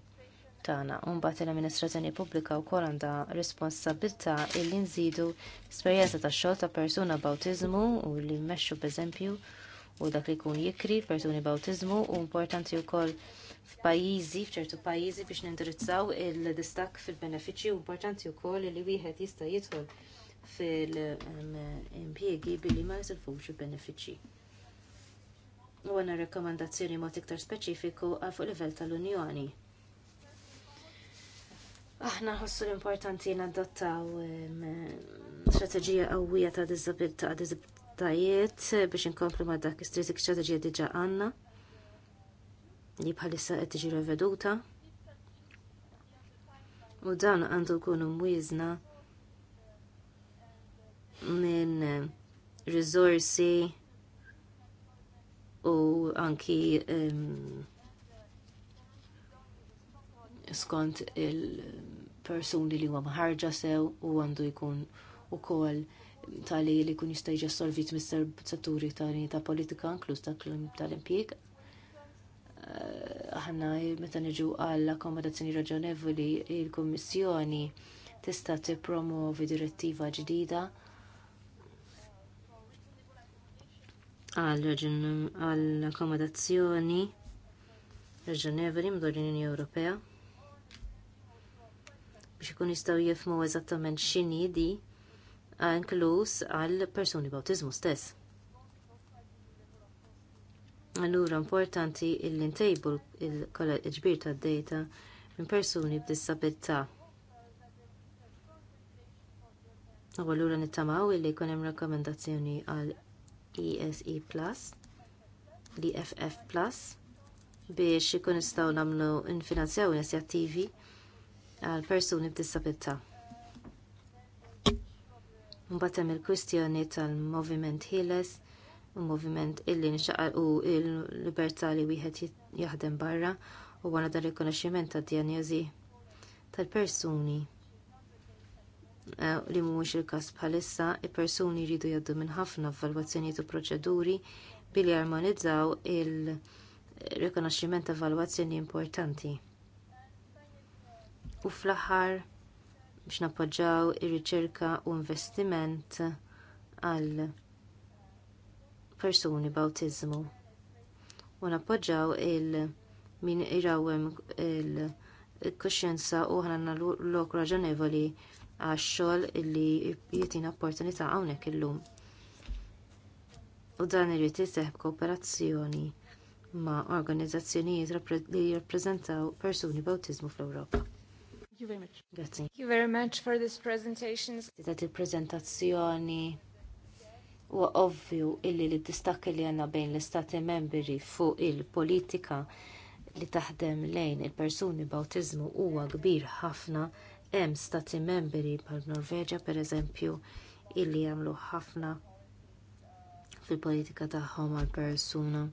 tagħna. u mbagħad l-amministrazzjoni pubblika wkoll għandha responsabilità illi nżidu esperjenza tax-xogħol ta' persuna b'awtiżmu u li jmexxu pereżempju u dak li jkun jikri persuni b'awtiżmu u importanti wkoll f'pajjiżi, f'ċertu pajjiżi biex nindirizzaw il-distak fil-benefiċċji u importanti wkoll li wieħed jista' jidħol fil-impjiegi billi ma jisilfux il-benefiċċji. U għanna rekomandazzjoni mod iktar speċifiku għal fuq livell tal-Unjoni Aħna ħossu l-importanti nadottaw ehm, strategija qawwija ta' dizabilta'jiet biex inkomplu ma' dak istrizik strategija diġa għanna li bħalissa qed tiġi reveduta. U dan għandu kunu mwizna minn ehm, risorsi u anki um, skont il-persuni li huwa maħarġa sew u għandu jkun ukoll tali li kun jista' jiġi assolvit mis-setturi tali ta' politika inkluż tal-impjieg. Eh, aħna meta niġu għall akkomodazzjoni raġonevoli il-Kummissjoni tista' tippromovi direttiva ġdida għall akkomodazzjoni raġonevoli mdor l-Unjoni Ewropea biex ikun jistgħu jifmu eżattament xini di inkluż għal persuni bautizmu stess. Allura importanti illi ntejbu l-ġbir tad-dejta minn persuni b'disabilità. U allura nittamaw illi jkun hemm rakkomandazzjoni għal ESE e Plus, l-EFF Plus, biex ikun nistgħu nagħmlu nfinanzjaw inizjattivi għal persuni b'disabilità. Mbagħad hemm il-kwistjoni tal-moviment ħieles u moviment illi nixaqal u l-libertà li wieħed jaħdem barra u għana dan rikonoxximent tad djanjozi tal-persuni eh, li mhuwiex il-każ bħalissa, il-persuni jridu jgħaddu minn ħafna valwazzjonijiet u proċeduri billi jarmonizzaw il rikonoximent ta' valwazzjoni importanti u fl-aħħar biex nappoġġaw ir-riċerka u investiment għal persuni b'awtiżmu u nappoġġaw il min irawem il kuxjenza u ħanna l-ok raġonevoli għax-xogħol illi jitina opportunità hawnhekk illum. U dan irid iseħħ kooperazzjoni ma' organizzazzjonijiet li jirrappreżentaw persuni b'awtiżmu fl-Ewropa. Thank you very much. Grazie. Thank you very much for this presentation. Titat il-prezentazzjoni u ovvju illi li distak li għanna bejn l-istati membri fuq il-politika li taħdem lejn il-persuni b'awtiżmu huwa kbir ħafna hemm stati membri bħal Norveġa pereżempju illi jagħmlu ħafna fil-politika tagħhom għal persuna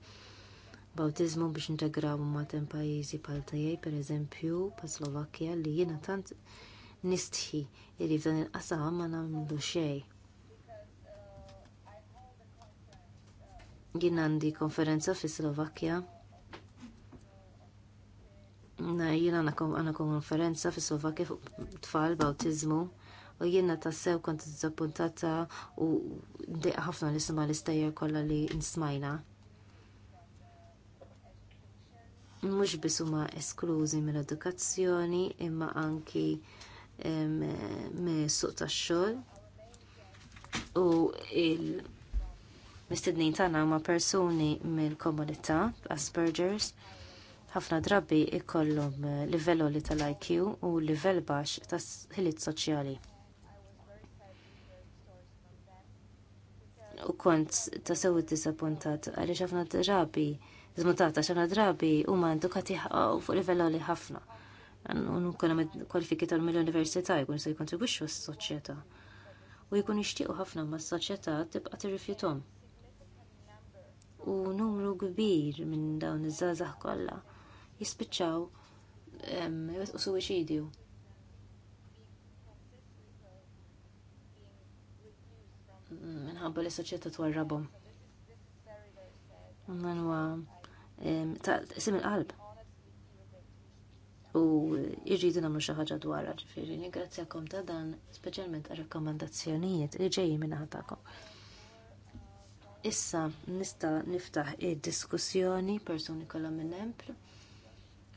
bawtiżmu biex integraw maten pajjiżi bħal per pereżempju pa' Slovakkja li jiena tant nistħi li f'dan il-qasam ma nagħmlu xej. Jien għandi konferenza fi Slovakkja. Jiena għana konferenza fi Slovakkja fuq tfal bawtiżmu u jiena tassew kont zappuntata u ndeqa ħafna isma l istajer kollha li nsmajna. mhux biss huma esklużi mill-edukazzjoni imma anki mis-suq tax-xogħol u l mistednin tagħna huma persuni mill-komunità Asperger's ħafna drabi jkollhom livell li tal-IQ u livell baxx tas ħiliet soċjali. U kont ta' sewi disappuntat għaliex ħafna drabi zmutata xana drabi u ma edukati fuq livello li ħafna. Unu kolla kwalifiki tal mill universita jkun se jkontribwixxu s-soċjetà. U jkun ixtiequ ħafna ma s-soċjetà tibqa' tirrifjutom. U numru kbir minn dawn iż-żgħażagħ kollha jispiċċaw jwettqu suwiċidju. Minħabba li s-soċjetà twarrabhom. Dan ta' il-qalb. U irridu nagħmlu xi ħaġa dwarha ġifieri ningrazzjakom ta' dan speċjalment għal rakkomandazzjonijiet li ġejjin minn ħatakom. Issa nista' niftaħ id-diskussjoni persuni kollha minn empl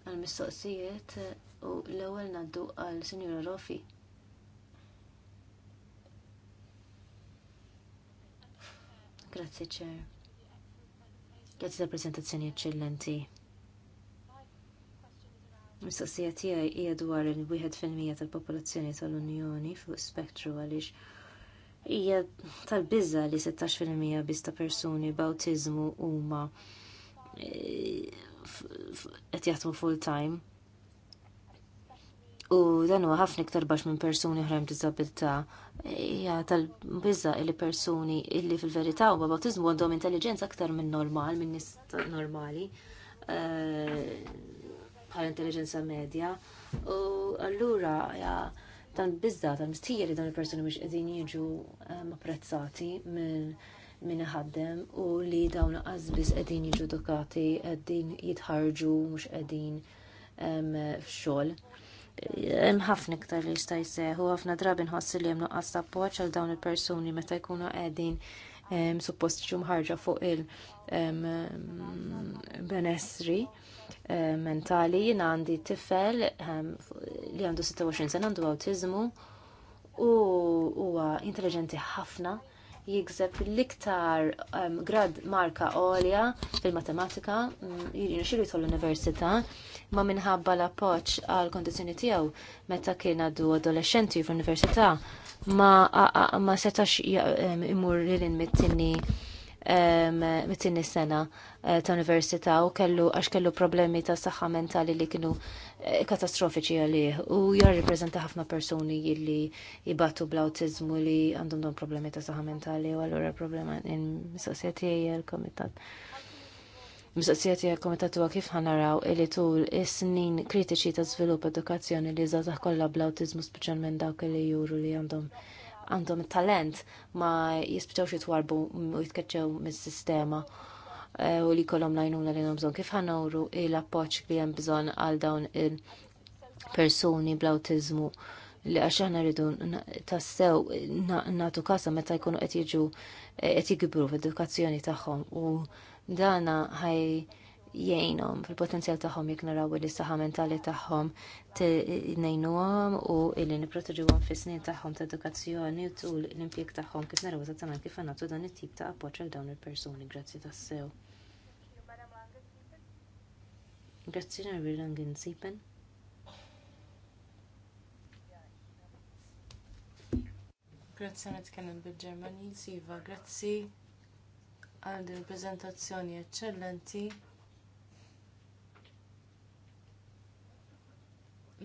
għal mistoqsijiet u l-ewwel ngħaddu għal Sinjura Rofi. Grazzi ċer. Grazzi tal prezentazzjoni eccellenti. Mistoqsija tiegħi hija dwar il-1 fil-mija tal-popolazzjoni tal-Unjoni fuq spektru għaliex hija tal-biża li 16 fil-mija biss ta' persuni b'awtiżmu huma eh, qed jaħdmu full time U dan huwa ħafna iktar baxx minn persuni oħrajn b'diżabilità. Hija tal-biża li persuni illi fil-verità u battizmu għandhom intelligenza aktar minn normal, minn nis normali eh, bħal intelligenza medja. U allura ja, dan biżda tal li dan il-persuni mhux qegħdin jiġu eh, apprezzati minn minn ħaddem u li dawn għazbis qegħdin jiġu edukati, qegħdin jitħarġu mhux qegħdin f'xogħol hemm ħafna iktar li jista' jseħħu, ħafna drabi nħossi li hemm nuqqas ta' appoġġ għal dawn il-persuni meta jkunu qegħdin ehm, suppost ġum ħarġa fuq il-benessri ehm, ehm, mentali jiena għandi tifel li għandu 26 sena għandu awtiżmu u huwa intelligenti ħafna jikseb l-iktar grad marka għolja fil-matematika, mm, jirin xiru jitol l-università, ma minħabba l-appoġġ għal kondizzjoni tiegħu meta kien għadu adolescenti fl-università ma ma setax imur lil mit tini mit-tinni sena eh, ta' università u kellu għax kellu problemi ta' saħħa mentali li kienu eh, katastrofiċi għalih u jirrappreżenta ħafna persuni li jibatu bl-autizmu li għandhom problemi ta' saħħa mentali u allura problema in-sosjeti l-komitat. Mistoqsijiet tiegħek komitat huwa kif ħanaraw illi tul is-snin kritiċi ta' żvilupp edukazzjoni li żgħażagħ kollha bl-awtiżmu speċjalment dawk li juru li għandhom għandhom talent ma jispiċawx jitwarbu u jitkeċċew mis-sistema eh, u li kolom lajnuna li bżon kif ħanawru il-appoċ li hemm bżon għal dawn il-persuni bl-autizmu li għax aħna rridu tassew natu kasa meta jkunu qed jiġu qed jikbru f'edukazzjoni tagħhom u Dana ħaj jgħinhom fil-potenzjal tagħhom jekk naraw li saħħa mentali tagħhom nejnum u illi nipproteġuhom fis-snin tagħhom ta' edukazzjoni u l-impjeg tagħhom kif naraw eżattament kif għanatu dan it-tip ta' appoġġ għal dawn il-persuni grazzi ta' sew Grazzi narri l-angin sipen. Grazzi għana t bil-ġermani, Siva, grazzi għandi prezentazzjoni il eċċellenti.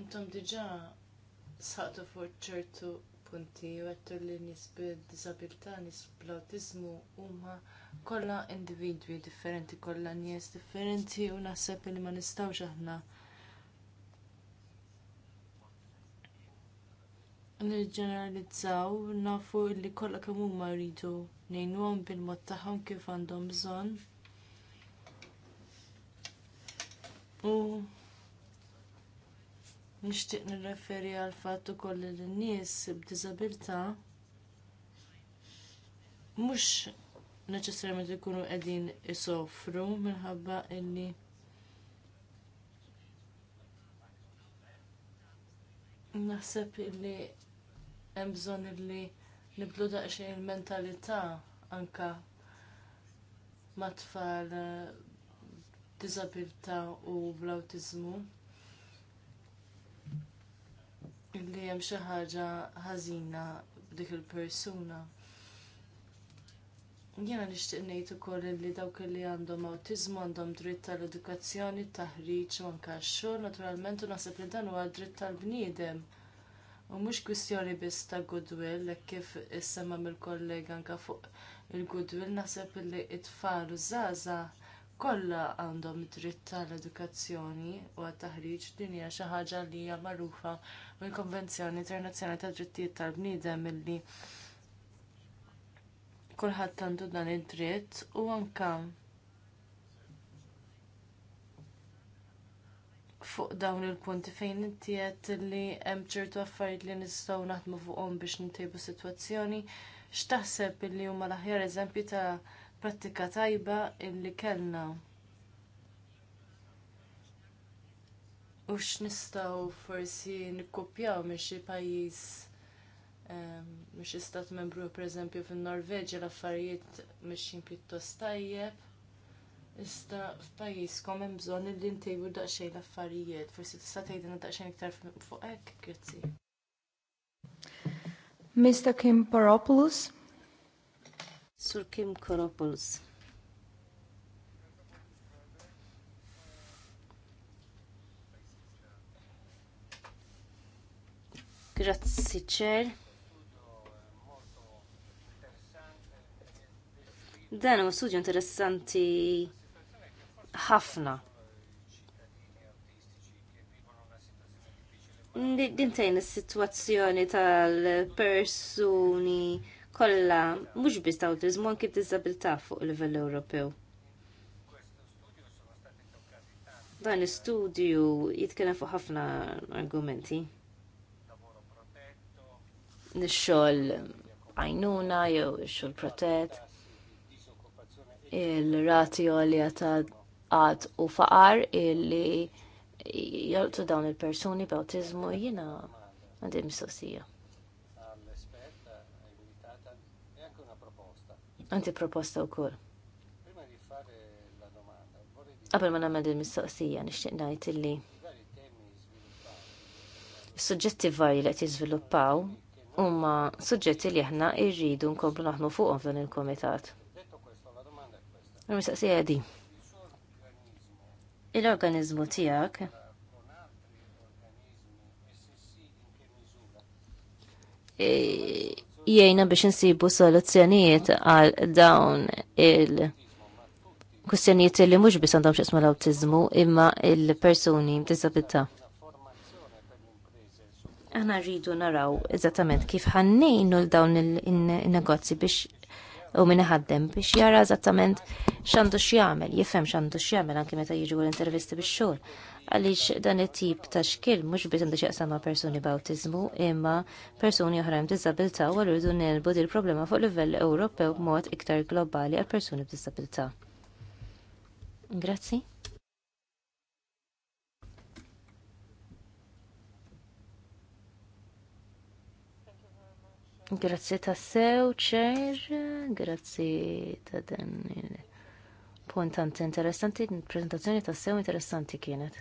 Intom diġà saqtu fuq ċertu punti u għattu li nies bid-disabilità, nies bl-autizmu huma kollha individwi differenti, kollha nies differenti u naħseb li ma nistgħux aħna nirġeneralizzaw nafu li kolla kemm huma rridu nejnuhom bil-mod tagħhom kif għandhom bżonn. U nixtieq nirreferi għal fatt ukoll li nies b'diżabilità mhux neċessarjament ikunu qegħdin isofru minħabba illi naħseb illi hemm bżonn illi nibdlu daqsxejn il-mentalità anka mat-tfal bdiżabilità eh, u bl-awtiżmu. Illi hemm xi ħaġa ħażina b'dik il-persuna. Jiena nixtieq ngħid ukoll li dawk li għandhom awtiżmu għandhom dritt tal-edukazzjoni, taħriġ u anke x-xogħol, naturalment u naħseb li dan huwa dritt tal-bniedem. U mhux kwistjoni biss ta' goodwill, kif issemma mill-kollega anke fuq il-goodwill naħseb li t tfal u żgħażagħ kollha għandhom dritt tal-edukazzjoni u għat-taħriġ din hija xi ħaġa li hija magħrufa mill-Konvenzjoni Internazzjonali tad Drittijiet tal-Bniedem milli kulħadd għandu dan id-dritt u anke fuq dawn il-punti fejn inti li hemm ċertu affarijiet li nistgħu naħdmu fuqhom biex nintejbu sitwazzjoni, x'taħseb li huma l-aħjar eżempji ta' prattika tajba illi kellna? U x'nistgħu forsi nikkupjaw minn xi pajjiż ehm, minn xi stat membru pereżempju fin-Norveġja l-affarijiet mixjin pjuttost tajjeb. Iżda f'pajjiżkom hemm bżon li ntejbu daqsxejn l-affarijiet, forsi tista' tgħidilna daqsxejn iktar fuq hekk, grazzi. Mr. Kim Poropoulos. Sur Kim Koropoulos. Grazzi ċer. Dan huwa studio interessanti ħafna. Dintajn is-sitwazzjoni tal-persuni kollha mhux biss ta' awtiżmu anke diżabilità fuq livell Ewropew. Dan l-istudju jitkellem fuq ħafna argumenti. Nix-xogħol għajnuna jew ix-xogħol protett il-ratio li għata għad u faqar illi jgħaltu dawn il-persuni b'autizmu jina għandi mistoqsija. Għandi proposta u kol. Qabel ma nagħmel il-mistoqsija nixtieq ngħid illi suġġetti varji li għati zviluppaw huma suġġetti li aħna irridu nkomplu naħnu fuqhom f'dan il komitat Il-mistoqsija din il-organizmu tiegħek e, Jiejna biex insibu soluzzjonijiet għal dawn il- kustjonijiet li mhux biss għandhom x'isma l autizmu imma il-persuni disabilità. Aħna rridu naraw eżattament kif ħannejnu l dawn il negozzi biex u minn ħaddem biex jara eżattament x'għandu x'jagħmel, jifhem x'għandu x'jagħmel anke meta jiġu l-intervisti bix-xogħol. Għaliex dan it-tip ta' xkil mhux biss għandu x'jaqsam ma' persuni b'awtiżmu imma persuni oħrajn b'diżabilità u rridu nelbu il problema fuq livell Ewropew b'mod iktar globali għal persuni b'diżabilità. Grazzi. Grazzi ta' sew, ċer, grazzi ta' dan puntant interessanti, prezentazzjoni ta' sew interessanti kienet.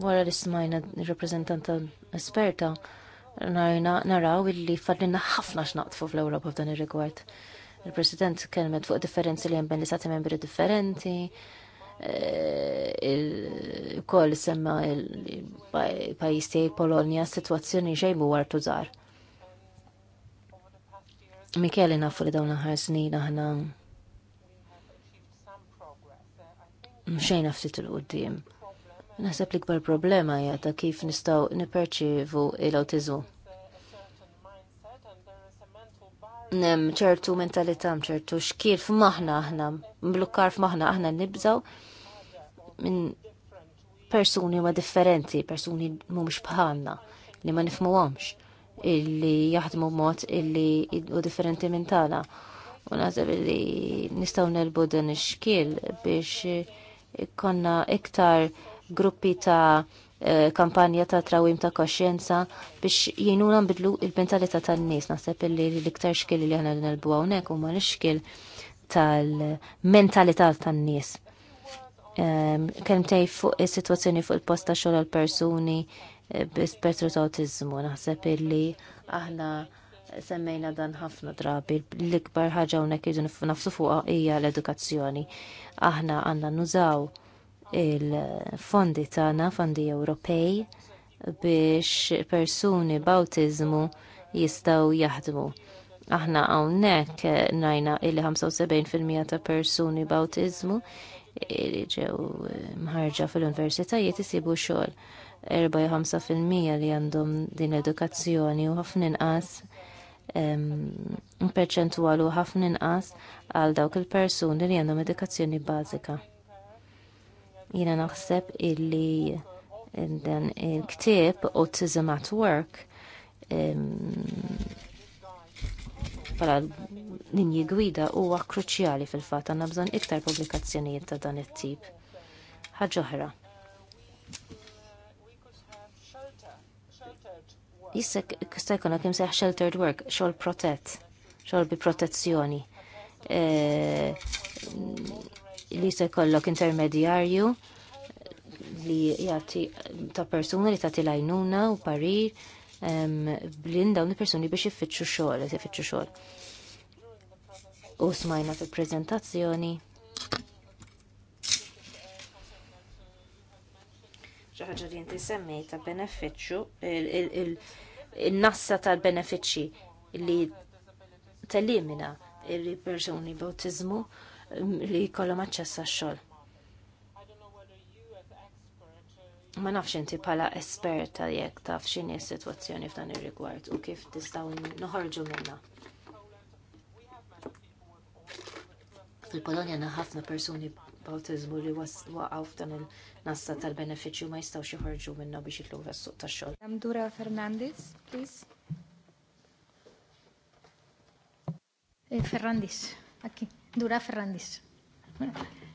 Wara li smajna rappresentanta esperta, naraw illi fadlinna ħafna x'naqtfu fl-Ewropa f'dan ir-rigward. Il-President kelmet fuq differenzi li hemm bejn li stati membri differenti, Eh, il-koll semma il-pajis tiegħi situazzjoni ġejmu għartu żgħar. Mikeli nafu li dawn ħarsni naħna aħna xejn ftit il-qudiem. Naħseb li kbar problema hija ta' kif nistgħu nipperċievu l-awtiżmu nem ċertu mentalità, ċertu xkil f'maħna aħna, mblukkar f'maħna aħna nibżaw minn persuni ma differenti, persuni mhumiex bħalna li ma nifmuhomx, illi jaħdmu mod illi u differenti minn tagħna. U nazab illi nistgħu nelbu dan xkiel biex konna iktar gruppi ta' Eh, kampanja ta' trawim ta' koxjenza biex jienuna nbidlu il-mentalità tan-nies. Naħseb li l-iktar xkil li għana nelbu hawnhekk huma l-xkil tal-mentalità tan-nies. tej fuq is-sitwazzjoni fuq il-post ta' xogħol għal-persuni eh, b'ispettru ta' autizmu, Naħseb illi aħna semmejna dan ħafna drabi. L-ikbar ħaġa hawnhekk irridu nafsu fuq hija l-edukazzjoni. Aħna għandna nużaw il-fondi tagħna, fondi Ewropej, biex persuni b'awtiżmu jistgħu jaħdmu. Aħna hawnhekk najna il-75% ta' persuni b'awtiżmu li ġew mħarġa fil-universitajiet isibu xogħol. 4-5% li għandhom din l-edukazzjoni u ħafna inqas perċentwalu ħafna inqas għal dawk il-persuni li għandhom edukazzjoni bażika. Jiena naħseb illi dan il-ktieb Autism at Work pala linji gwida huwa kruċjali fil-fatt għandna bżonn iktar publikazzjonijiet ta' dan it-tip. Ħaġa oħra. Jissek kista jkun kemm seħ sheltered work, xogħol protett, xogħol bi protezzjoni. Eh, li se jkollok intermedjarju li jati ta' persuna li tagħti tilajnuna u parir blin dawn il-persuni biex jiffittxu xogħol, jiffittxu xogħol. U smajna fil-preżentazzjoni. ħaġa li inti semmejta benefiċċju il-nassa tal-benefiċċji li telimina il-persuni b'autizmu li jkollhom aċċess għax-xogħol. Ma nafx inti pala esperta jekk taf x'inhi s-sitwazzjoni f'dan ir-rigward u kif tistaw noħorġu minnha. Fil-Polonja għandna ħafna persuni b'autizmu li waqaw f'dan il-nassa tal-benefiċċju ma jistaw xieħorġu minna biex jitlu għessu ta' tax-xogħol. Amdura Fernandez, please. Eh, Ferrandis, Okay. Dura Ferrandis.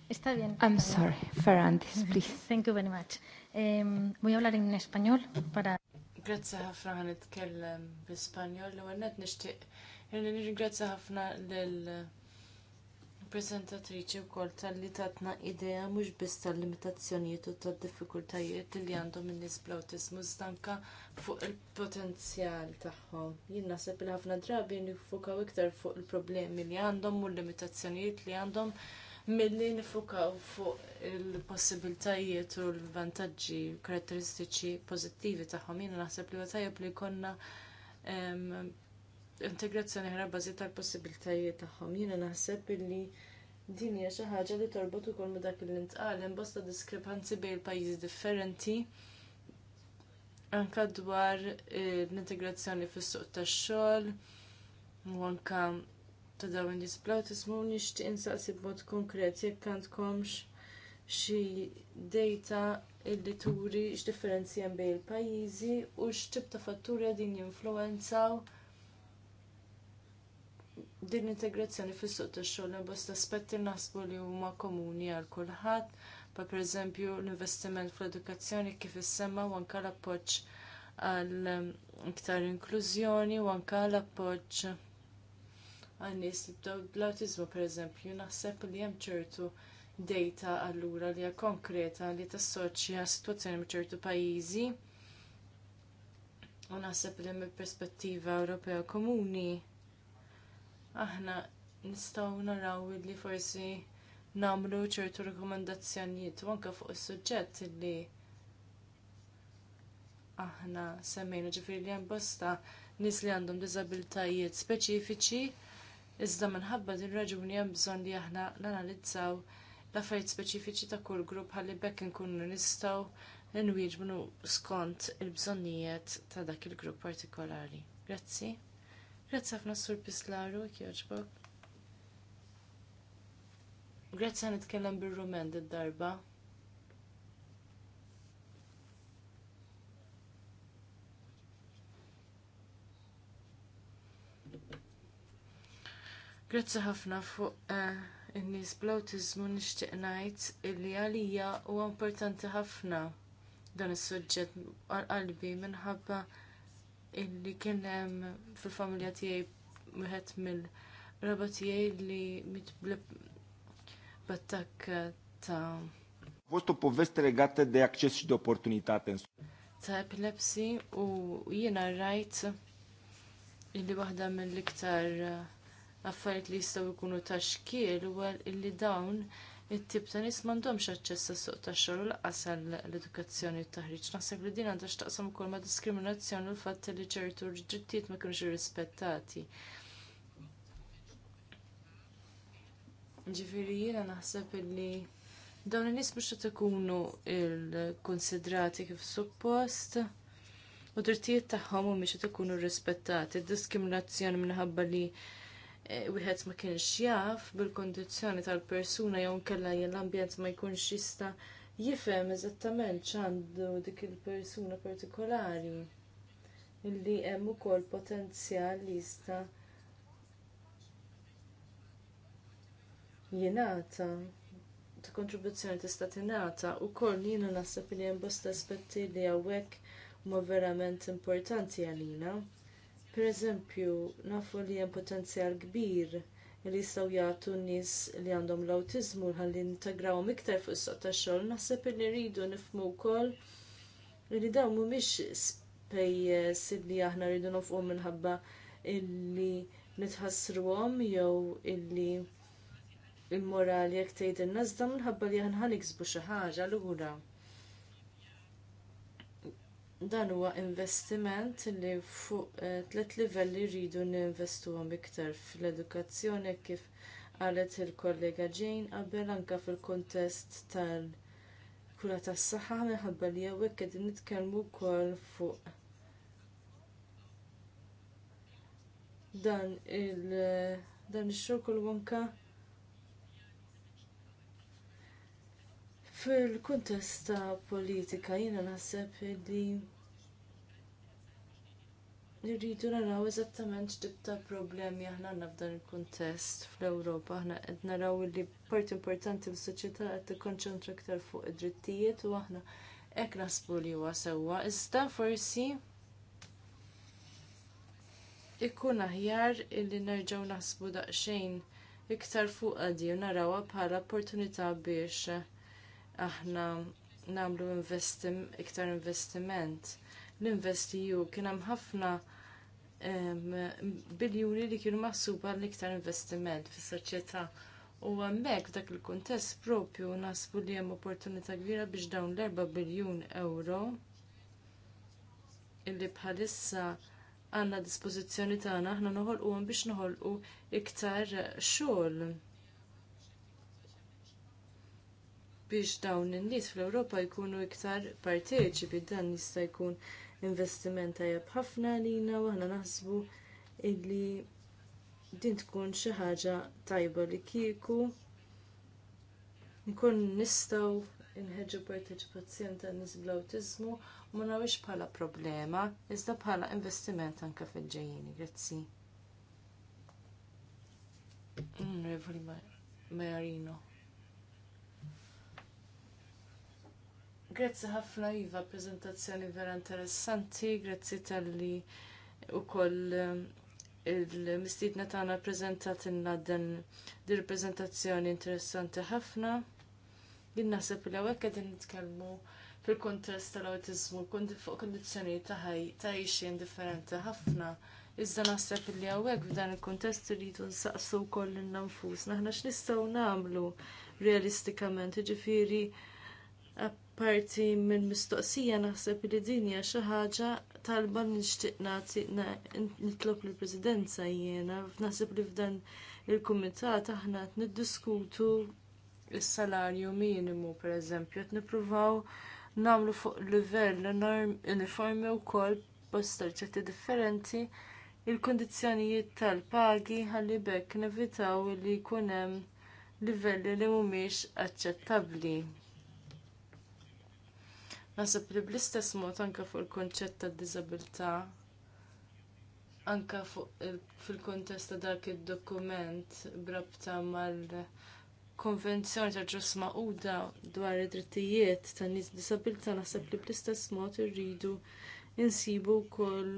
Está bien. I'm sorry, Ferrandis, please. Thank you very much. Um, voy a hablar en español para... Grazie ħafna ħan nitkellem bl-Ispanjol, l-għannet nishtiq. Nirringrazza ħafna l prezentatriċi wkoll talli tatna ideja mhux biss tal-limitazzjonijiet u tad-diffikultajiet li għandhom in-nies bl stanka fuq il-potenzjal tagħhom. Jien naħseb li ħafna drabi nifukaw iktar fuq il-problemi li għandhom u l-limitazzjonijiet li għandhom milli nifukaw fuq il-possibiltajiet u l-vantaġġi karatteristiċi pożittivi tagħhom. Jinnna naħseb li huwa li konna integrazzjoni ħra bażi tal-possibilitajiet tagħhom. Jiena naħseb billi din hija xi ħaġa li torbot ukoll ma' dak li ntqal hemm bosta diskrepanzi bejn pajjiżi differenti anka dwar eh, l-integrazzjoni fis-suq tax-xogħol u anka ta' dawn nies bl-awtiżmu nixtieq insaqsi b'mod konkret jekk għandkomx xi data illi turi x'differenzi hemm bejn il-pajjiżi u x'tip ta' fatturi din jinfluwenzaw din integrazzjoni fis-suq tax-xogħol hemm bosta aspetti naħsbu li huma komuni għal kulħadd, pa pereżempju l-investiment fl-edukazzjoni kif issemma u anke l-appoġġ għal ehm, iktar inklużjoni u anke l-appoġġ għan nies li bdew bl-awtiżmu pereżempju naħseb li hemm ċertu data allura li hija konkreta li tassoċja sitwazzjoni b'ċertu ċertu pajjiżi u naħseb li hemm perspettiva Ewropea komuni aħna nistgħu naraw li forsi nagħmlu ċertu rekomendazzjonijiet u anke fuq is-suġġett li aħna semmejna ġifiri li hemm bosta nies li għandhom diżabilitajiet speċifiċi iżda minħabba din raġuni hemm bżonn li aħna nanalizzaw l-affarijiet speċifiċi ta' kull grupp ħalli bekk inkunu nistgħu n-nwieġbnu skont il-bżonnijiet ta' dak il-grupp partikolari. Grazzi. Grazzi ħafna sur Pislaru, kjoġbok. Grazzi għan it-kellem bil-Rumen darba Grazzi ħafna fuq uh, in-nies bl-awtiżmu nixtieq ngħid illi għalija huwa importanti ħafna dan is-suġġett għal qalbi minħabba illi kien hemm fil-familja tiegħi wieħed mill-raba tiegħi li mitbleb b'attakk ta' Vostu povesti legate de acces de opportunitate. Ta' epilepsi u jiena rajt illi waħda mill-iktar affarijiet li jistgħu jkunu ta' xkiel huwa illi dawn it-tip ta' nies m'għandhomx aċċess għas-suq tax-xogħol laqqas għall-edukazzjoni u t-taħriġ. Naħseb li din għandha x'taqsam ukoll ma' diskriminazzjoni u l-fatt li ċertu drittijiet ma kinux irrispettati. Ġifieri jiena naħseb li dawn in-nies mhux qed ikunu konsidrati kif suppost u drittijiet tagħhom mhumiex qed ikunu rrispettati. Diskriminazzjoni minħabba li Eh, wieħed ma kienx jaf bil-kondizzjoni tal-persuna jew kellha l-ambjent ma jkunx jista' jifhem eżattament x'għandu dik il-persuna partikolari illi hemm ukoll potenzjal li jista' jingħata ta' kontribuzzjoni tista' tingħata wkoll jiena naħseb li hemm bosta aspetti li hawnhekk huma verament importanti għalina. Pereżempju, nafu li hemm potenzjal kbir li jistgħu jagħtu nies li għandhom l-awtiżmu ħalli integrawhom iktar fuq is-soq tax-xogħol, naħseb li rridu nifhmu wkoll li dawn mhumiex spejjeż li aħna rridu nofqu minħabba illi nitħassruhom jew illi l-morali jekk tgħidilna iżda minħabba li aħna ħaniksbu xi ħaġa lura dan huwa investiment li fuq eh, tliet livelli rridu ninvestuhom iktar fl-edukazzjoni kif qalet il-kollega Jane qabel anke fil-kuntest tal-kura tas-saħħa minħabba li hawnhekk qegħdin nitkellmu wkoll fuq dan il dan ix-xogħol anke fil kuntesta politika jiena naħseb li Irridu naraw eżattament x'tib problemi aħna għandna f'dan il-kuntest fl-Ewropa. Aħna qed naraw li parti importanti fis-soċjetà qed tikkonċentra aktar fuq id-drittijiet u aħna hekk naħsbu li huwa sewwa. Iżda forsi ikun aħjar illi nerġgħu naħsbu daqsxejn iktar fuq għadi u narawha bħala opportunità biex aħna nagħmlu investim, iktar investiment. L-investiju kien hemm ħafna biljuni li kienu maħsuba l-iktar investiment fis-soċjetà. U hemmhekk dak il-kuntest propju nasbu li hemm opportunità kbira biex dawn l-4 biljun euro illi bħalissa għandna dispożizzjoni tagħna aħna noħolquhom biex u iktar xogħol biex dawn in-nies fl-Ewropa jkunu iktar parteċipi dan jista' jkun investiment tajjeb ħafna lina u aħna naħsbu illi din tkun xi ħaġa tajba li kieku nkun nistgħu inħeġġu parteċipazzjoni tan nies bl-awtiżmu ma nawix bħala problema, iżda bħala investiment anke fil-ġejjini. Grazzi. Onorevoli Marino. Grazzi ħafna Iva, prezentazzjoni vera interessanti, grazzi tal-li u koll um, il-mistidna tagħna prezentat inna dan di prezentazzjoni interessanti ħafna. Jien naħseb li hawnhekk qegħdin nitkellmu fil-kontest tal-awtiżmu fuq kondizzjonijiet ta' ħajxin differenti ħafna. Iżda naħseb li hawnhekk f'dan il-kontest irridu nsaqsu wkoll lil nfusna aħna x'nistgħu nagħmlu realistikament, ġifieri Apparti minn mistoqsija naħseb li din hija xi ħaġa talba li nixtieq nagħti nitlob lill-Presidenza jiena naħseb li f'dan il-kumitat aħna qed niddiskutu s-salarju minimu pereżempju qed nippruvaw nagħmlu fuq livell uniformi wkoll bosta ċerti differenti il kundizzjonijiet tal-pagi ħalli bekk nevitaw li jkun hemm livelli li mhumiex aċċettabbli. Nasib li bl-istess mod anke fuq il-konċett ta' disabilità anke fil-kontest ta' dak id-dokument brabta mal-Konvenzjoni ta' Ġus Mauda dwar id-drittijiet tan nies b'disabilità naħseb li bl-istess mod irridu insibu wkoll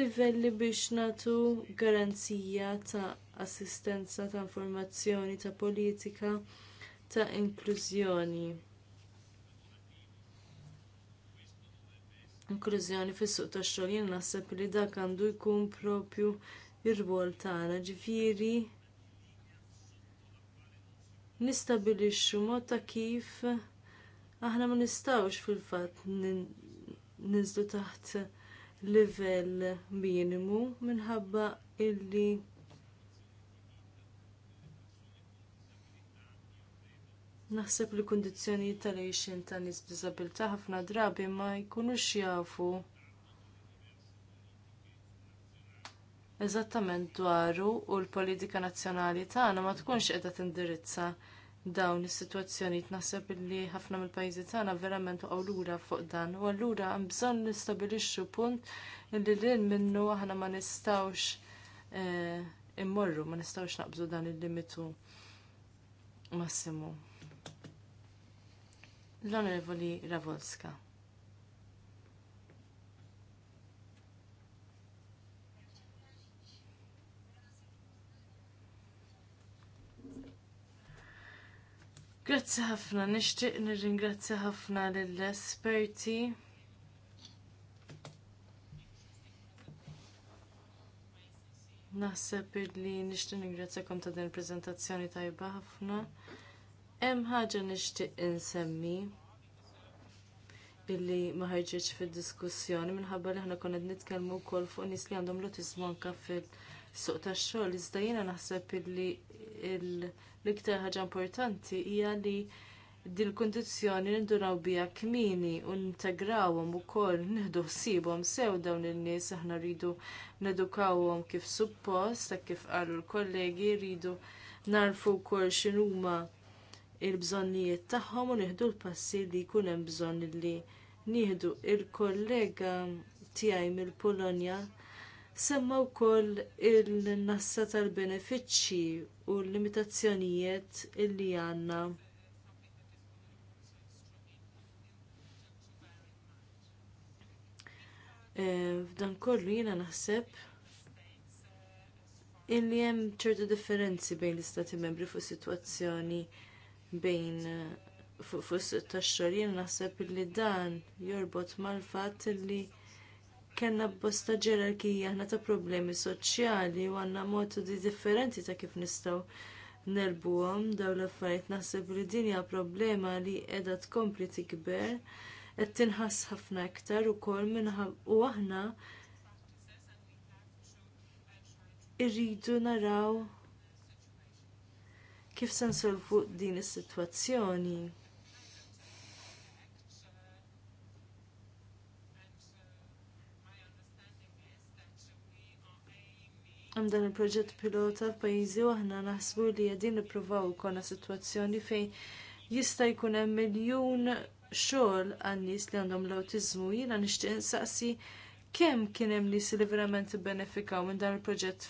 livelli biex natu garanzija ta' assistenza ta' informazzjoni ta' politika ta' inklużjoni. Inklużjoni fis-suq ta' xogħol jien naħseb li dak għandu jkun propju ir-rwol tagħna, ġifieri nistabilixxu mod ta' kif aħna ma nistgħux fil-fatt ninżlu taħt livell minimu minħabba illi Naħseb li kundizzjonijiet tal-għixin ta' nies b'diżabilità ħafna drabi ma jkunux jafu eżattament dwaru u l-politika nazzjonali tagħna ma tkunx qiegħda tindirizza dawn is-sitwazzjonijiet naħseb li ħafna mill-pajjiżi tagħna verament waqgħu lura fuq dan. U allura hemm bżonn nistabilixxu punt li lil minnu aħna ma nistgħux e, immorru, ma nistgħux naqbżu dan il-limitu massimu. L-Onorevoli Ravolska. Grazzi ħafna, nixtieq nirringrazzja ħafna lill esperti Naħseb li nixtieq nirringrazzjakom ta' din il-preżentazzjoni tajba ħafna. Hemm ħaġa nixtieq insemmi illi ma ħarġitx fid-diskussjoni minħabba li aħna konna nitkellmu wkoll fuq nies li għandhom l-otizmu anke fil-suq tax-xogħol iżda jiena naħseb illi l-iktar ħaġa importanti hija li din kundizzjoni nindunaw biha kmieni u integrawhom ukoll nieħdu ħsiebhom sew dawn in-nies aħna rridu nedukawhom kif suppost, ta' kif qalu l-kollegi rridu narfu wkoll x'inhuma il-bżonnijiet tagħhom u nieħdu l-passi li jkun hemm bżonn li nieħdu il-kollega tiegħi mill-Polonja semma wkoll il-nassa tal-benefiċċji u l-limitazzjonijiet li għandna e, F'dan kollu jiena naħseb illi hemm ċertu differenzi bejn l-istati membri fuq sitwazzjoni bejn eh, fuq fuq tax naħseb li dan jorbot mal-fatt li kellna bosta ġerarkija aħna ta' problemi soċjali u għandna metodi differenti ta' kif nistgħu nerbuhom dawn l-affarijiet naħseb li din hija problema li qiegħda tkompli tikber qed tinħass ħafna iktar ukoll u aħna irridu naraw kif se nsolvu din is-sitwazzjoni. Għam dan il-proġett pilota f'pajjiżi u aħna naħsbu li qegħdin niprovaw kona sitwazzjoni fejn jista' jkun hemm miljun xogħol għan-nies li għandhom l autizmu jiena nixtieq insaqsi kemm kien hemm nies li verament ibbenefikaw minn dan il-proġett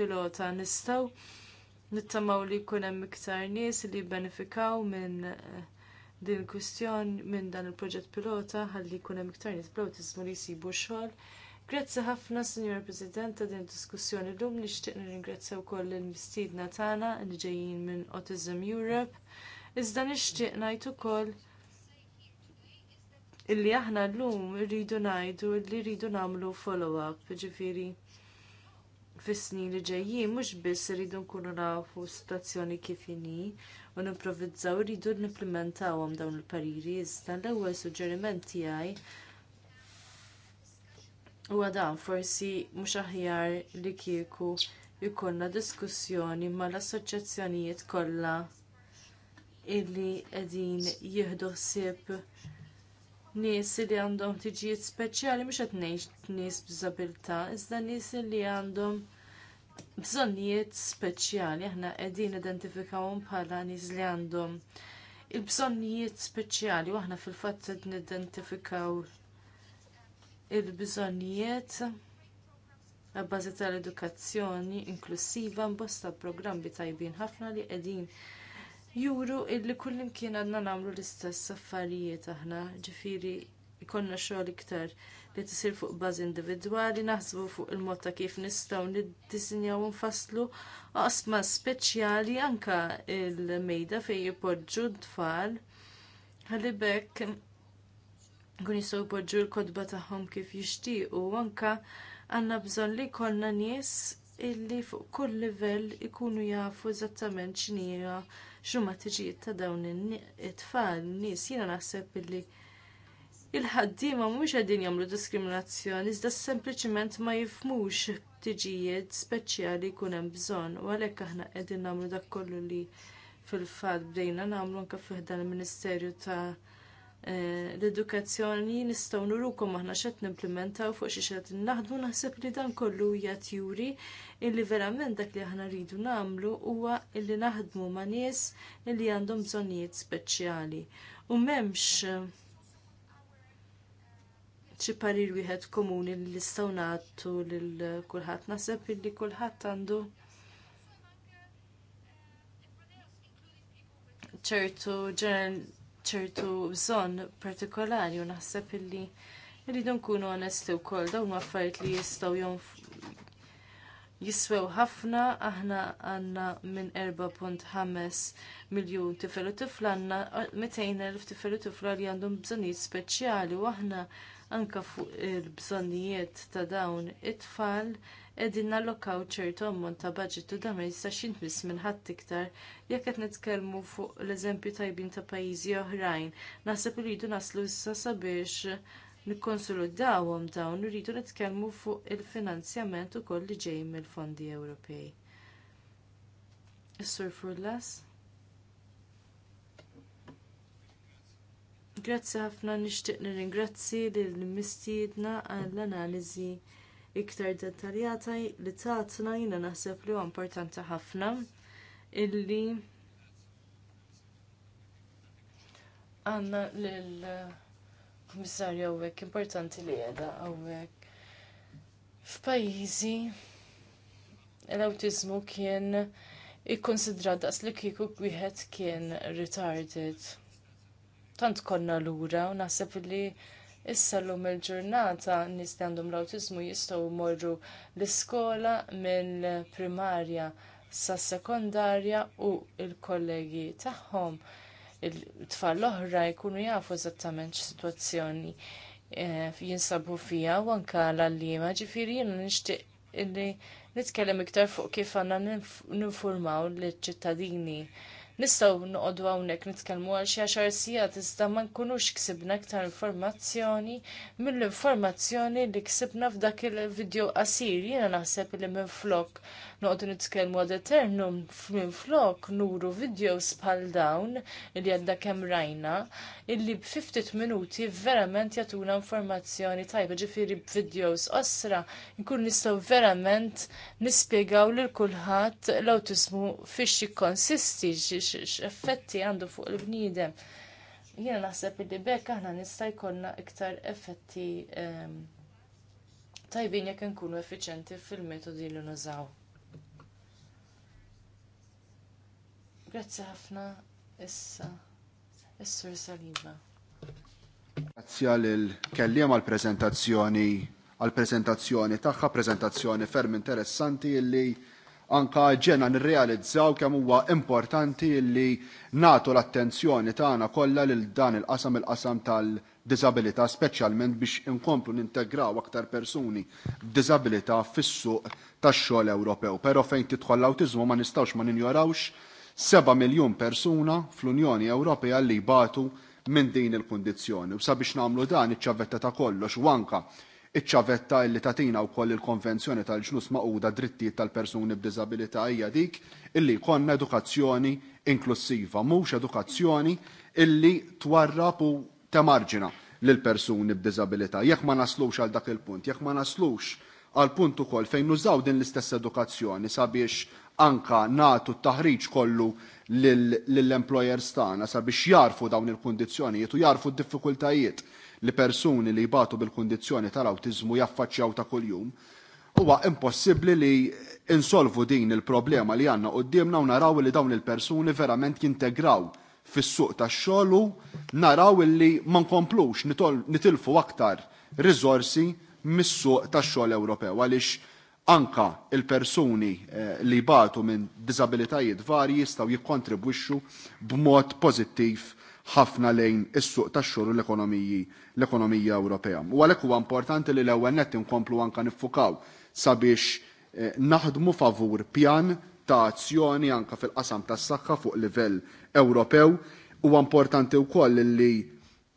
pilota nistgħu nittamaw li jkun hemm iktar nies li jibbenefikaw minn eh, din kwistjon minn dan il-proġett pilota ħalli jkun hemm iktar nies bl-awtiżmu li jsibu xogħol. Grazzi ħafna, Sinjor President, ta' din diskussjoni llum nixtieq nirringrazzja wkoll il-mistiedna tagħna li ġejjin minn Autism Europe. Iżda nixtieq ngħid ukoll illi aħna llum irridu ngħidu li rridu nagħmlu follow-up, ġifieri fis-snin li ġejjin mhux biss iridu nkunu nafu situazzjoni kif inhi u nipprovvizzaw iridu nimplementawhom dawn il-pariri iżda l-ewwel suġġeriment tiegħi huwa dan forsi mhux aħjar li kieku jkollna diskussjoni mal-assoċjazzjonijiet kollha illi qegħdin jieħdu ħsieb nies li għandhom tiġijiet speċjali mhux qed ngħid nies b'diżabilità, iżda nies li għandhom bżonnijiet speċjali aħna qegħdin identifikawhom bħala nies li għandhom il-bżonnijiet speċjali u aħna fil-fatt qed nidentifikaw il-bżonnijiet għabbażi tal-edukazzjoni inklusiva mbosta programmi tajbin ħafna li qegħdin juru illi kullimkien għadna nagħmlu l-istess affarijiet aħna, ġifiri ikonna xogħol iktar li tisir fuq bażi individwali, naħsbu fuq il-mod ta' kif nistgħu niddisinjaw nfasslu qasma speċjali anka il-mejda fejn jipoġġu d-tfal. Ħalli bekk kun jistgħu jpoġġu l-kodba tagħhom kif jixtiequ anka għandna bżonn li jkollna nies illi fuq kull livell ikunu jafu eżattament x'nija x'huma tiġijiet ta' dawn it-tfal nies jiena naħseb illi il-ħaddiema mhumiex qegħdin jagħmlu diskriminazzjoni iżda sempliċiment ma jifhmux tiġijiet speċjali jkun hemm bżonn u għalhekk aħna qegħdin nagħmlu dak kollu li fil-fatt bdejna nagħmlu anke fih dan il-Ministerju ta' Eh, l-edukazzjoni nistgħu nurukom aħna xed nimplementaw fuq xi xed naħdmu naħseb li dan kollu hija juri illi verament dak li aħna rridu nagħmlu huwa illi naħdmu ma' nies illi għandhom bżonnijiet speċjali. U m'hemmx xi parir wieħed komuni li nistgħu nagħtu lil kulħadd. Naħseb illi kulħadd għandu ċertu ċertu bżonn partikolari u naħseb illi rridu nkunu onesti wkoll dawn affarijiet li jistgħu jiswew ħafna aħna għandna minn 4.5 miljun tifel u tifla għandna 200.000 tifel u tifla li għandhom bżonnijiet speċjali u aħna anke fuq il-bżonnijiet ta' dawn it-tfal qegħdin nallokaw ċertu ammont ta' budget u dan ma jistax jintmiss minn ħadd iktar jekk qed nitkellmu fuq l-eżempju tajbin ta' pajjiżi oħrajn. Naħseb li jridu naslu issa sabiex nikkonsolidawhom dawn u rridu nitkellmu fuq il-finanzjament ukoll li ġej mill-fondi Ewropej. Is-Sur Furlas? Grazzi ħafna nixtieq nirringrazzi lill mistiedna għall-analiżi iktar dettaljata li taħtna jina naħseb li huwa importanti ħafna illi għanna lill komissarju hawnhekk importanti li qiegħda hawnhekk. F'pajjiżi l-awtiżmu kien ikkonsidrat daqs li kieku wieħed kien retarded. Tant konna lura u naħseb li Issa l-lum il-ġurnata nis li għandhom l-autizmu jistgħu jmorru l-iskola mill-primarja sas sekondarja u l kollegi tagħhom il-tfal l-oħra jkunu jafu eżattament x'sitwazzjoni eh, jinsabu fija u anka l-allima ġifiri jiena nishtiq illi nitkellem iktar fuq kif għanna ninformaw l-ċittadini nistgħu noqogħdu hawnhekk nitkellmu għal xi għaxar sigħat iżda ma nkunux ksibna aktar informazzjoni mill-informazzjoni li ksibna f'dak il-video qasir. Jiena naħseb li minflok noqogħdu nitkellmu għad minn minflok nuru videos bħal dawn li għadda kemm rajna illi b'50 minuti verament jagħtuna informazzjoni tajba ġifieri b'videos osra nkun nistgħu verament nispjegaw lil kulħadd l-awtiżmu fiex jikkonsisti x'effetti għandu fuq il-bniedem. Jiena naħseb li bekk aħna nista' jkollna iktar effetti ehm, tajbin jekk nkunu effiċenti fil-metodi li nużaw. Grazzi ħafna issa. Is-Sur Saliba. Grazzi għal-kelliem għal-prezentazzjoni għal-prezentazzjoni tagħha, prezentazzjoni ferm interessanti illi anka ġena nirrealizzaw kemm huwa importanti li natu l-attenzjoni tagħna kollha lil dan il-qasam il-qasam tal-disabilità, speċjalment biex inkomplu nintegraw aktar persuni b'disabilità fis-suq tax-xogħol Ewropew. Però fejn tidħol l-awtiżmu ma nistgħux ma ninjorawx 7 miljun persuna fl-Unjoni Ewropea li jbatu minn din il-kundizzjoni. U sabiex nagħmlu dan iċ-ċavetta ta' kollox u anka Iċċavetta illi li tatina u koll il-konvenzjoni tal-ġnus maquda drittijiet tal-persuni b'dizabilità hija dik illi konna edukazzjoni inklusiva, mhux edukazzjoni illi twarrab u temarġina lil persuni b'dizabilità. Jekk ma naslux għal dak il-punt, jekk ma naslux għal punt ukoll fejn nużaw din l-istess edukazzjoni sabiex anka natu t-taħriġ kollu lill-employers tagħna sabiex jarfu dawn il-kundizzjonijiet u jarfu d-diffikultajiet li persuni li jibatu bil-kondizjoni tal autizmu jaffaċċjaw ta' kuljum. Huwa impossibbli li insolvu din il-problema li għanna qoddimna u naraw li dawn il-persuni verament jintegraw fis-suq tax-xogħol naraw li ma nkomplux nitilfu aktar rizorsi mis-suq tax-xogħol Ewropew għaliex anka il-persuni eh, li batu minn disabilitajiet varji jistgħu jikkontribwixxu b'mod pożittiv ħafna lejn is-suq tax-xogħol u l-ekonomiji l-ekonomija Ewropea. U għalhekk huwa importanti li l-ewwel nett inkomplu anke niffukaw sabiex eh, naħdmu favur pjan ta' azzjoni anke fil-qasam tas-saħħa fuq livell Ewropew. Huwa importanti wkoll li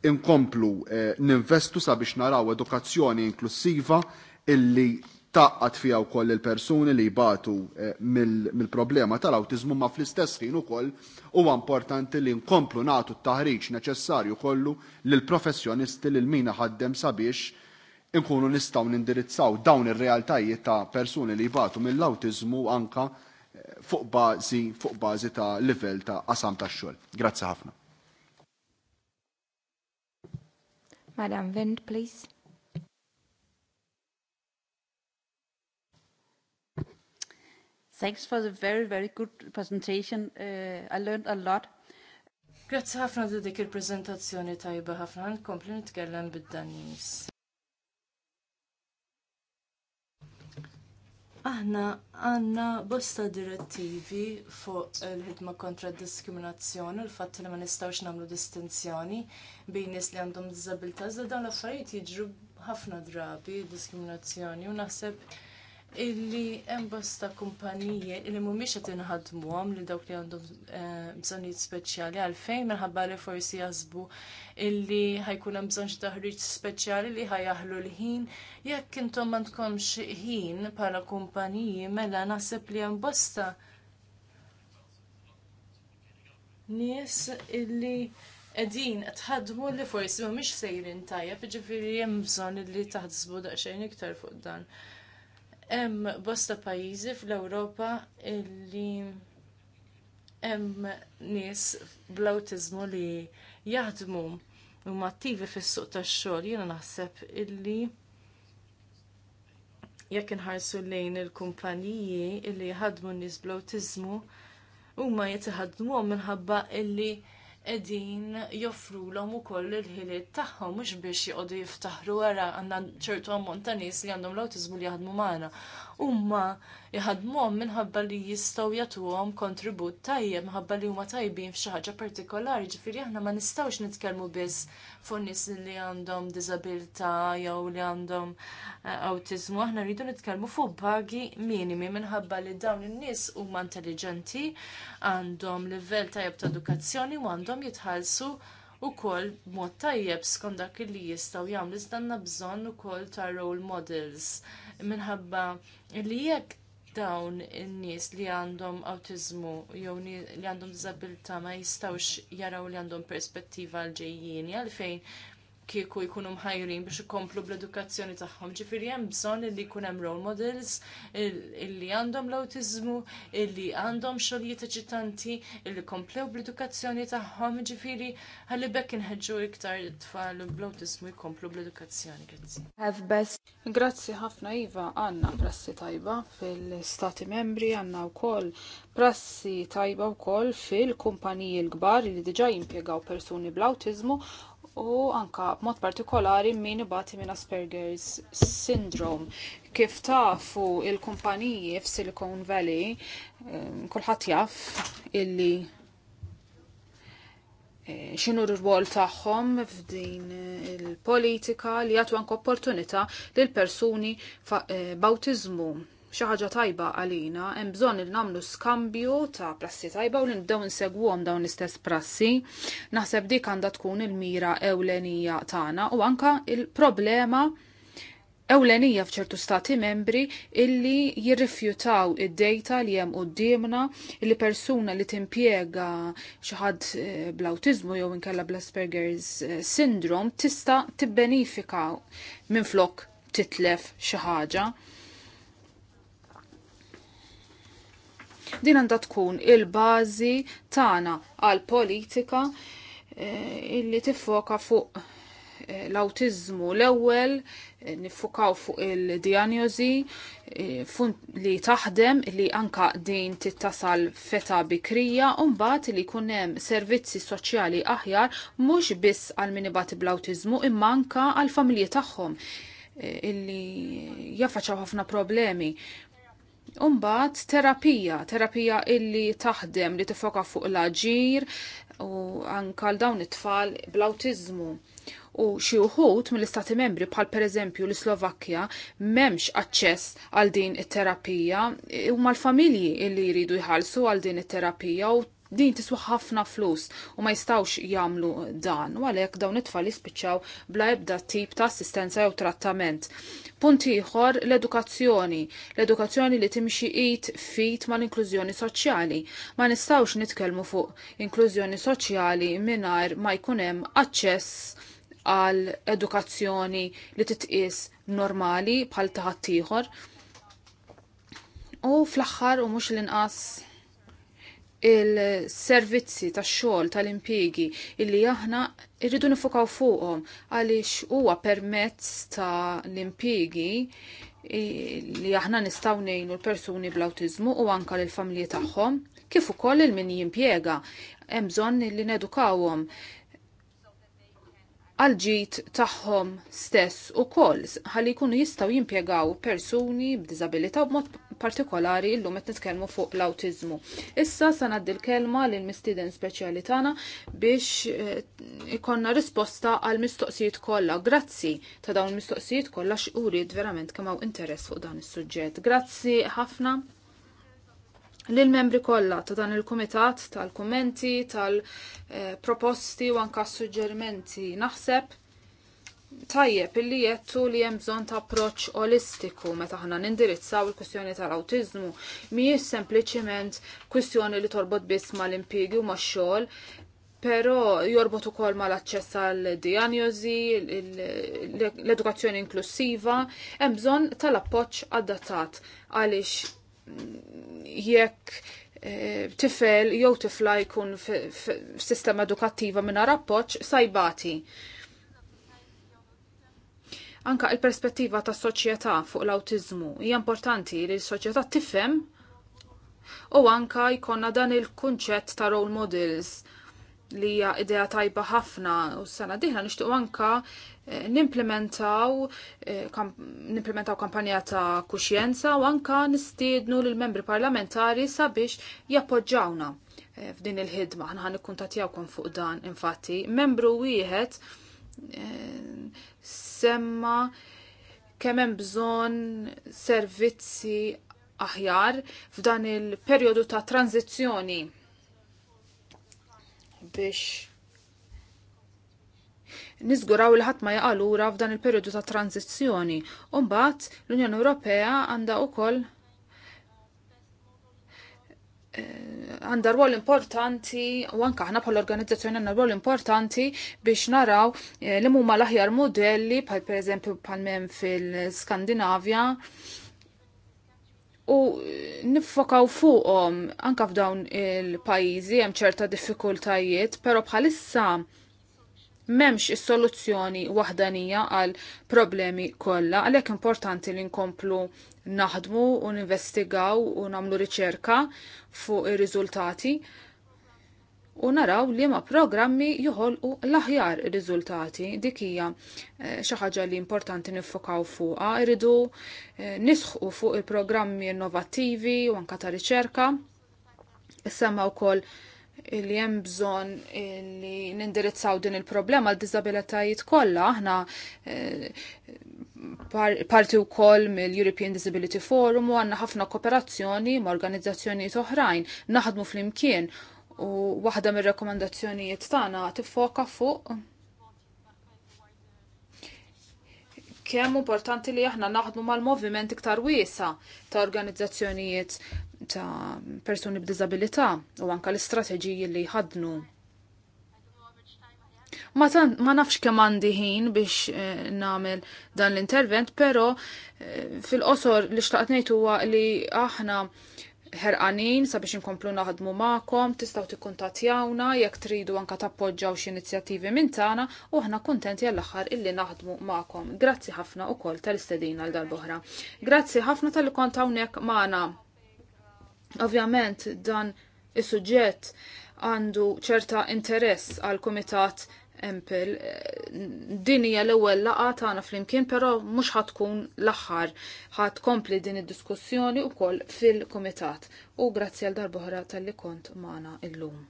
inkomplu eh, ninvestu sabiex naraw edukazzjoni inklusiva illi taqqat fija wkoll il-persuni li jibatu eh, mill-problema tal-awtiżmu ma fl-istess ħin ukoll huwa importanti li nkomplu nagħtu t-taħriġ neċessarju kollu l professjonisti lil mina ħaddem sabiex inkunu nistgħu nindirizzaw dawn ir-realtajiet ta' persuni li jibatu mill-awtiżmu anka eh, fuq bażi fuq bazi ta' livell ta' qasam tax-xogħol. Grazzi ħafna. Madam Vind, please. Thanks for the very, very good presentation. Uh, I learned a lot. Grazzi ħafna di dik il-prezentazzjoni tajba ħafna ħankompli nitkellem bid-Danis. Aħna għanna bosta direttivi fuq il-ħidma kontra d diskriminazzjoni, l-fatt li ma nistawx namlu distinzjoni bejn nies li għandhom disabilità, iżda dawn l-affarijiet jiġru ħafna drabi diskriminazzjoni u naħseb illi hemm bosta kumpaniji illi mhumiex qed inħadmuhom li dawk li għandhom eh, bżonnijiet speċjali għalfejn minħabba li forsi jaħsbu illi ħajkun hemm bżonn xi taħriġ speċjali li ħajaħlu l-ħin jekk intom m'għandkomx ħin bħala kumpaniji mela naħseb li hemm bosta nies illi edin tħadmu li forsi ma mhix sejrin tajjeb, ġifieri hemm bżonn li taħsbu daqsxejn iktar fuq dan. Hemm bosta pajjiżi fl-Ewropa illi hemm nies bl-awtiżmu li jaħdmu huma attivi fis-suq tax-xogħol jiena naħseb illi jekk inħarsu lejn il-kumpaniji illi jħadmu n-nies bl-awtiżmu huma jitħadmuhom minħabba illi edin joffru l-om u koll il-ħiliet tagħhom mhux biex jqogħdu jiftaħru wara għandna ċertu ammont ta' nies li għandhom l-awtiżmu li jaħdmu magħna huma jħadmuhom minħabba li jistgħu jagħtuhom kontribut tajjeb minħabba li huma tajbin f'xi ħaġa partikolari, ġifieri aħna ma nistgħux nitkellmu biss fuq nies li għandhom diżabilità jew li għandhom eh, awtiżmu, aħna rridu nitkellmu fuq bagi minimi minħabba li dawn in-nies huma intelligenti, għandhom livell tajjeb ta' edukazzjoni u għandhom jitħallsu ukoll mod tajjeb skont dak li jistgħu jagħmlu iżdanna bżonn ukoll ta' role models minħabba li jekk dawn in-nies li għandhom awtiżmu jew li għandhom diżabilità ma jistgħux jaraw li għandhom perspettiva l-ġejjieni għalfejn kieku jkunu mħajrin biex ikomplu bl-edukazzjoni tagħhom. Ġifieri hemm bżonn li jkun hemm role models illi għandhom l-awtiżmu, illi għandhom xogħlijiet eċitanti, illi komplew bl-edukazzjoni tagħhom, ġifieri ħalli bekk inħeġġu iktar tfal bl-awtiżmu jkomplu bl-edukazzjoni. Grazzi. Have best. Grazzi ħafna Iva għandna prassi tajba fil-Stati Membri għandna wkoll prassi tajba wkoll fil-kumpaniji l-kbar li diġà jimpjegaw persuni bl-awtiżmu u anka b'mod partikolari min ibati minn Asperger's syndrome. Kif tafu il-kumpaniji f'Silicon Valley, eh, kulħadd jaf illi eh, xinu r-rwol taħħom f'din il-politika li jgħatu anke opportunità l persuni eh, bautizmu xi ħaġa tajba għalina, hemm bżonn li nagħmlu skambju ta' prassi tajba u li nibdew insegwuhom dawn l-istess prassi. Naħseb dik għandha tkun il-mira ewlenija tagħna u anka il-problema ewlenija f'ċertu stati membri illi jirrifjutaw id dejta li hemm qudiemna li persuna li timpjega xi ħadd eh, bl-awtiżmu jew inkella bl-Asperger's eh, syndrome tista' tibbenifika minflok titlef xi ħaġa. Din għandha tkun il-bażi tagħna għal politika eh, illi tiffoka fuq eh, l-autizmu l-ewwel eh, nifukaw fuq il-diagnosi li taħdem li anka din tittasal feta bikrija u mbagħad li jkun hemm servizzi soċjali aħjar mhux biss għal minibati bl-autizmu imma anka għal familji tagħhom illi jaffaċaw ħafna problemi Umbat terapija, terapija illi taħdem li tifoka fuq l-ġir u anka l-dawn it-tfal bl-autizmu. U xi wħud mill-istati membri bħal pereżempju l-Slovakkja m'hemmx aċċess għal din it-terapija huma l-familji li jridu jħallsu għal din it-terapija u din tiswa ħafna flus u ma jistawx jagħmlu dan u għalhekk dawn it-tfal jispiċċaw bla ebda tip ta' assistenza jew trattament. Punt ieħor l-edukazzjoni, l-edukazzjoni li timxi id fit ma l-inklużjoni soċjali. Ma nistawx nitkellmu fuq inklużjoni soċjali mingħajr ma jkun hemm aċċess għal edukazzjoni li titqis normali bħal ieħor. U fl-aħħar u mhux l-inqas il-servizzi tax-xogħol tal impjiegi illi aħna irridu nifokaw fuqhom għaliex huwa permezz ta' l impjiegi li aħna nistgħu ngħinu l-persuni bl-awtiżmu u anke lill familji tagħhom kif ukoll il min jimpjega hemm bżonn li nedukawhom għal ġid tagħhom stess ukoll ħalli jkunu jistgħu jimpjegaw persuni b'diżabilità b'mod partikolari illum qed nitkellmu fuq l-awtiżmu. Issa se ngħaddi l-kelma lil mistieden speċjali tagħna biex eh, ikonna risposta għal mistoqsijiet kollha. Grazzi ta' dawn il-mistoqsijiet kollha xqurid verament kemm hawn interess fuq dan is-suġġett. Grazzi ħafna lil membri kollha ta' dan il-kumitat tal-kummenti, tal-proposti eh, u anka suġġerimenti naħseb tajjeb illi jettu li hemm bżonn ta' approċċ olistiku meta aħna nindirizzaw il-kwistjoni tal-awtiżmu mhijiex sempliciment kwistjoni li torbot biss mal impigi u max-xogħol, Pero jorbot ukoll mal aċċess għal dijanjozi, l-edukazzjoni inklusiva, hemm bżonn tal-appoġġ adattat għaliex jekk eh, tifel jew tifla jkun f'sistema edukattiva mingħajr appoġġ sajbati. Anka il-perspettiva ta' soċjetà fuq l-awtiżmu hija importanti li s-soċjetà tifhem u anka jkollna dan il-kunċett ta' role models li hija idea tajba ħafna u s-sena diħla nixtiequ anka eh, nimplementaw eh, nimplementaw kampanja ta' kuxjenza u anka nistiednu lil membri parlamentari sabiex jappoġġawna eh, f'din il-ħidma ħanħan kon fuq dan infatti membru wieħed semma kemm hemm bżonn servizzi aħjar f'dan il-perjodu ta' tranzizzjoni biex niżguraw il ħadd ma jaqalura f'dan il-perjodu ta' tranzizzjoni. Umbat l-Unjoni Ewropea għandha wkoll għandha rwol importanti u anke aħna bħal organizzazzjoni għandna rwol importanti biex naraw eh, li mumma l-aħjar modelli bħal pereżempju bħal mem fil-Skandinavja u eh, niffokaw fuqhom anke f'dawn il-pajjiżi hemm ċerta diffikultajiet, però bħalissa memx is-soluzzjoni waħdanija għal problemi kollha, għalhekk importanti li nkomplu naħdmu u ninvestigaw u namlu riċerka fuq ir-riżultati u naraw li ma programmi joħolqu l-aħjar riżultati dik hija eh, xi ħaġa li importanti niffokaw fuqha irridu eh, nisħu fuq il-programmi innovattivi u anka ta' riċerka. Issemma wkoll li hemm bżonn li nindirizzaw din il-problema għal diżabilitajiet kollha aħna eh, parti u koll mill-European Disability Forum u għanna ħafna kooperazzjoni ma' organizzazzjoni oħrajn naħdmu fl-imkien u waħda mir rekomandazzjonijiet tagħna tiffoka fuq kemm importanti li aħna naħdmu mal-moviment iktar wiesa ta' organizzazzjonijiet ta' persuni b'diżabilità u anka l-istrateġiji li ħadnu Ma, tan, ma nafx kemm għandi ħin biex eh, nagħmel dan l-intervent, però eh, fil-qosor li xtaqt ngħid huwa li aħna ħerqanin sabiex inkomplu naħdmu magħkom, tistgħu tikkuntattjawna jekk tridu anke tappoġġaw xi inizjattivi minn tagħna u aħna kuntenti għall aħħar illi naħdmu magħkom. Grazzi ħafna wkoll tal-istedina għal dal-boħra. Grazzi ħafna tal-li kont hawnhekk magħna. Ovvjament dan is-suġġett għandu ċerta interess għal kumitat Empel, din hija l-ewwel laqgħa tagħna flimkien, però mhux ħatkun l-aħħar. Ħadd kompli din id-diskussjoni wkoll fil-kumitat. U grazzi għal darbohra tal-li kont magħna illum.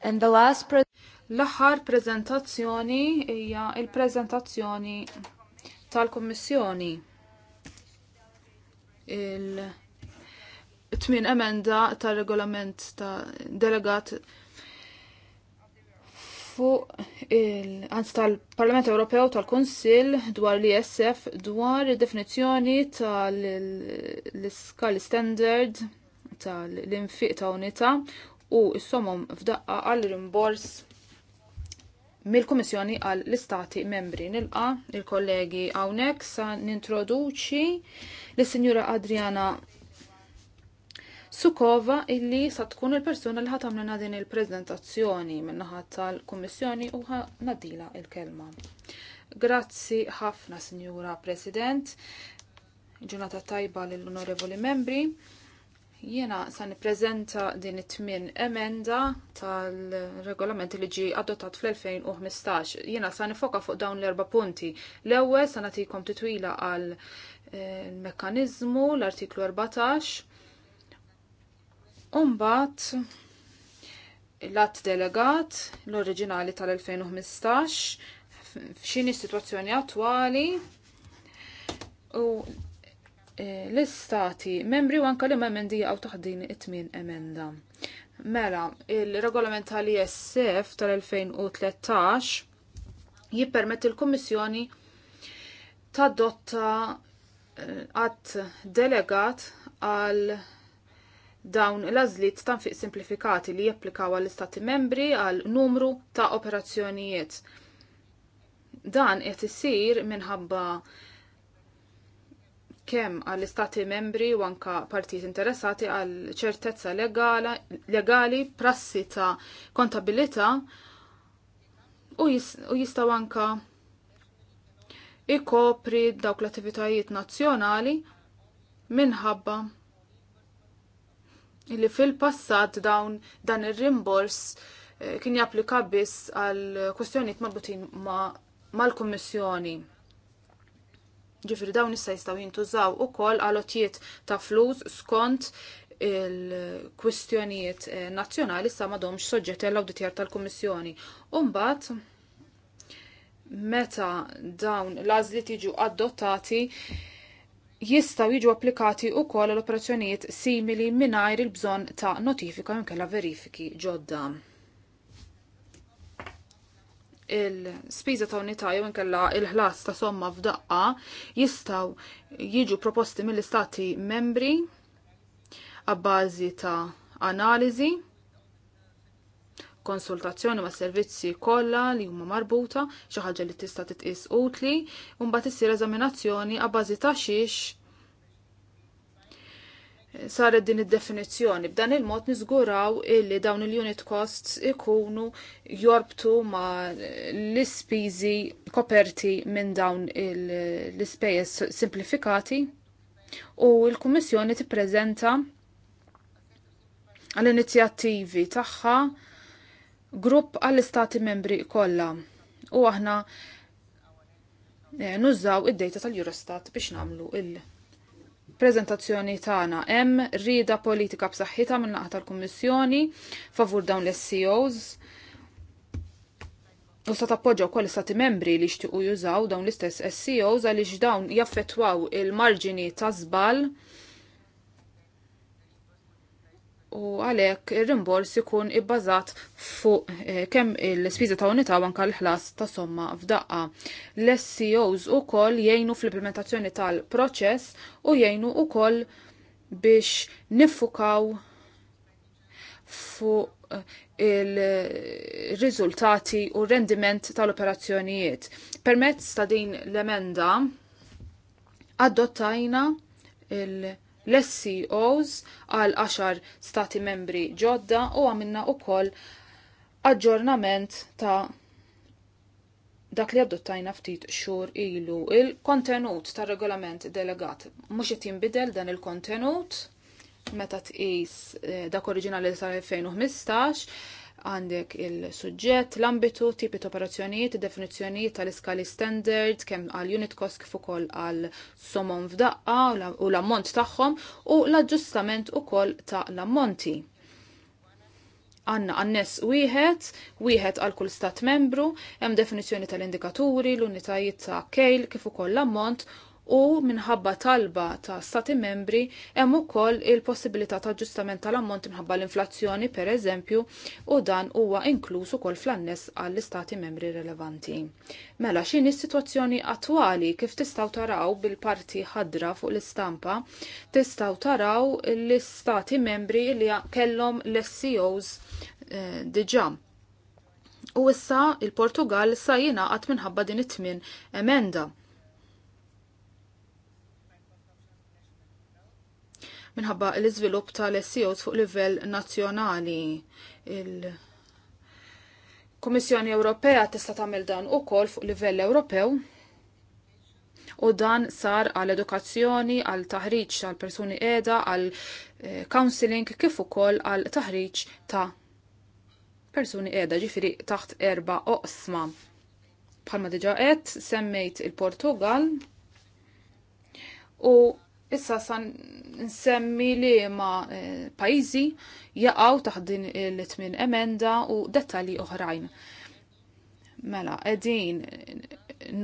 And the last pre l-aħħar preżentazzjoni hija l preżentazzjoni tal-Kummissjoni. il, tmin emenda ta' regolament ta' delegat fuq il anz tal-Parlament Ewropew tal-Kunsill dwar l-ISF dwar id-definizzjoni tal-iskali standard tal-infiq ta' unità u s-somom f'daqqa għal rimbors mill-Kummissjoni għal l-Istati membri. Nilqa il-kollegi għawnek sa' nintroduċi l-Sinjura Adriana Sukova illi sa tkun il-persuna li ħatamlina din il-prezentazzjoni minnaħa tal-Kummissjoni u nadila il-kelma. Grazzi ħafna, Sinjura President, Ġunata tajba l-Onorevoli Membri. Jena sa nipprezenta din it-tmin emenda tal-regolament li ġi adottat fl-2015. Jena sa nifoka fuq dawn l-erba punti. L-ewwel sa natikom titwila għal eh, il-mekanizmu, l-artiklu 14 Umbat, l-att delegat, l-oriġinali tal-2015, f'xini situazzjoni attwali, u eh, l-istati membri u anka li memendi għaw taħdin it-tmin emenda. Mela, il-regolament tal-ISF tal-2013 jippermet il-Kommissjoni dotta għat eh, delegat għal dawn l-azlit fiq simplifikati li japplikaw għall-istati membri għal numru ta' operazzjonijiet. Dan qed isir minħabba kemm għall-istati membri u anka partijiet interessati għal ċertezza legali, prassi ta' kontabilità u, jis, u jistaw anka ikopri dawk l-attivitajiet nazzjonali minħabba li fil-passat dawn dan ir-rimbors eh, kien japplika biss għal kwestjonijiet marbutin mal-Kummissjoni. Ġifri dawn issa jistgħu jintużaw ukoll għal otjiet ta' flus skont il-kwistjonijiet eh, nazzjonali sa madomx soġġetti għall awditjar tal-Kummissjoni. Umbat, meta dawn l-għażliet jiġu adottati, jistaw jiġu applikati u koll l-operazzjonijiet simili minajr il-bżon ta' notifika jumkella verifiki ġodda. Il-spiża ta' unità jew il-ħlas ta' somma f'daqqa jistaw jiġu proposti mill-istati membri għabbażi ta' analiżi konsultazzjoni ma' servizzi kollha li huma marbuta, xi ħaġa li tista' titqis utli, u mbagħad issir eżaminazzjoni għabbażi ta' xiex saret din id-definizzjoni. B'dan il-mod niżguraw illi dawn il-unit costs ikunu jorbtu ma' l-ispiżi koperti minn dawn l-ispejjeż simplifikati u l-Kummissjoni tippreżenta għall-inizjattivi tagħha grupp għall-istati membri kollha u aħna eh, nużaw id-data tal-Eurostat biex namlu il-prezentazzjoni tagħna hemm rida politika b'saħħitha minn naqa tal-Kummissjoni favur dawn l-SCOs u sa tappoġġaw kol istati membri li jixtiequ jużaw dawn l-istess SCOs għaliex dawn jaffettwaw il-marġini ta' żball u għalhekk ir-rimbors ikun ibbażat fuq eh, kemm il ispiża ta' unità anka l-ħlas ta' somma f'daqqa. L-SCOs ukoll jgħinu fl-implementazzjoni tal-proċess u jgħinu ukoll biex nifukaw fuq eh, il-riżultati u rendiment tal-operazzjonijiet. Permezz ta' din l-emenda adottajna il- l-SCOs għal 10 stati membri ġodda u għamilna u koll aġġornament ta' dak li adottajna ftit xur ilu. Il-kontenut ta' regolament delegat mux jimbidel dan il-kontenut meta tqis eh, dak oriġinali tal-2015 għandek il-suġġett, l-ambitu, tipi ta' operazzjonijiet, definizzjonijiet tal-iskali standard, kemm għal unit cost kif ukoll għal somon f'daqqa u l-ammont tagħhom u l-aġġustament ukoll ta' l-ammonti. Għanna għannes wieħed, wieħed għal kull stat membru, hemm definizzjoni tal-indikaturi, l-unitajiet ta' kejl kif ukoll l-ammont u minħabba talba ta' stati membri hemm ukoll il-possibilità ta' ġustament tal-ammont minħabba l-inflazzjoni per eżempju u dan huwa inkluż ukoll fl-annes għall-istati membri rilevanti. Mela x'inhi s-sitwazzjoni attwali kif tistgħu taraw bil-parti ħadra fuq l-istampa tistgħu taraw l-istati membri li kellhom l-SCOs eh, diġà. U issa il-Portugal sa jingħaqad minħabba din it-tmien emenda minħabba l-iżvilupp tal-SEOs fuq livell nazjonali. il Komissjoni Ewropea tista' tagħmel dan ukoll fuq livell Ewropew u dan sar għal edukazzjoni, għal taħriġ għal persuni qiegħda, għal eh, counseling kif ukoll għal taħriġ ta' persuni qiegħda ġifieri taħt erba' oqsma bħalma diġa qed semmejt il-Portugal u Issa san nsemmi li ma eh, pajizi jaqaw taħdin l-tmin emenda u dettali oħrajn. Mela, edin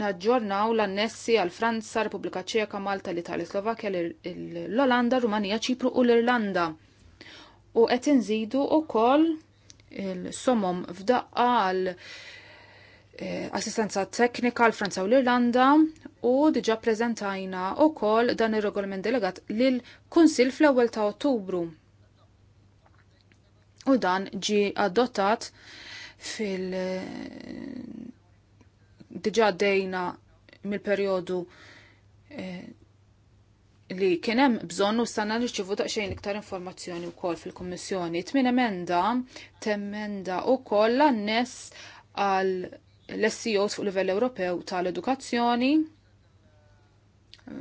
naġġornaw l-annessi għal Franza, Repubblika Ċeka, Malta, l-Italja, Slovakja, l-Olanda, Rumanija, Ċipru u l-Irlanda. U qed inżidu wkoll il-somom f'daqqa għal Eh, assistenza teknika l franza u l-Irlanda u diġa prezentajna u kol dan il-regolament delegat l kunsil fl-ewwel ta' Ottubru. U dan ġi adottat fil- eh, diġa dejna mill-periodu eh, li kienem bżonnu stanna nirċivu daqxejn iktar informazzjoni u kol fil-Kommissjoni. Tmin emenda, temmenda u koll l-annes għal l seos fuq livell Ewropew tal-edukazzjoni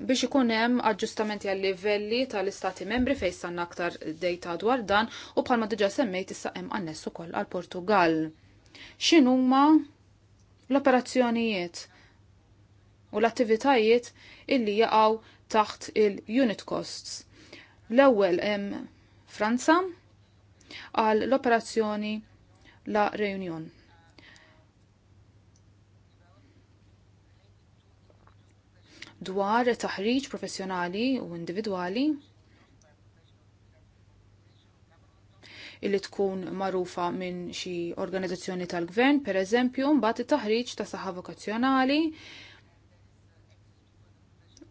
biex ikun hemm aġġustamenti għal livelli tal-istati membri fejn sanna aktar dejta dwar dan u bħalma diġà semmejt issa hemm anness ukoll għal Portugal. X'inhuma l-operazzjonijiet u l-attivitajiet illi jaqgħu taħt il-unit costs. L-ewwel hemm Franza għal l-operazzjoni La Reunion. dwar taħriġ professjonali u individwali illi tkun marufa minn xi organizzazzjoni tal-gvern, per eżempju, mbagħad it-taħriġ ta' saħħa vokazzjonali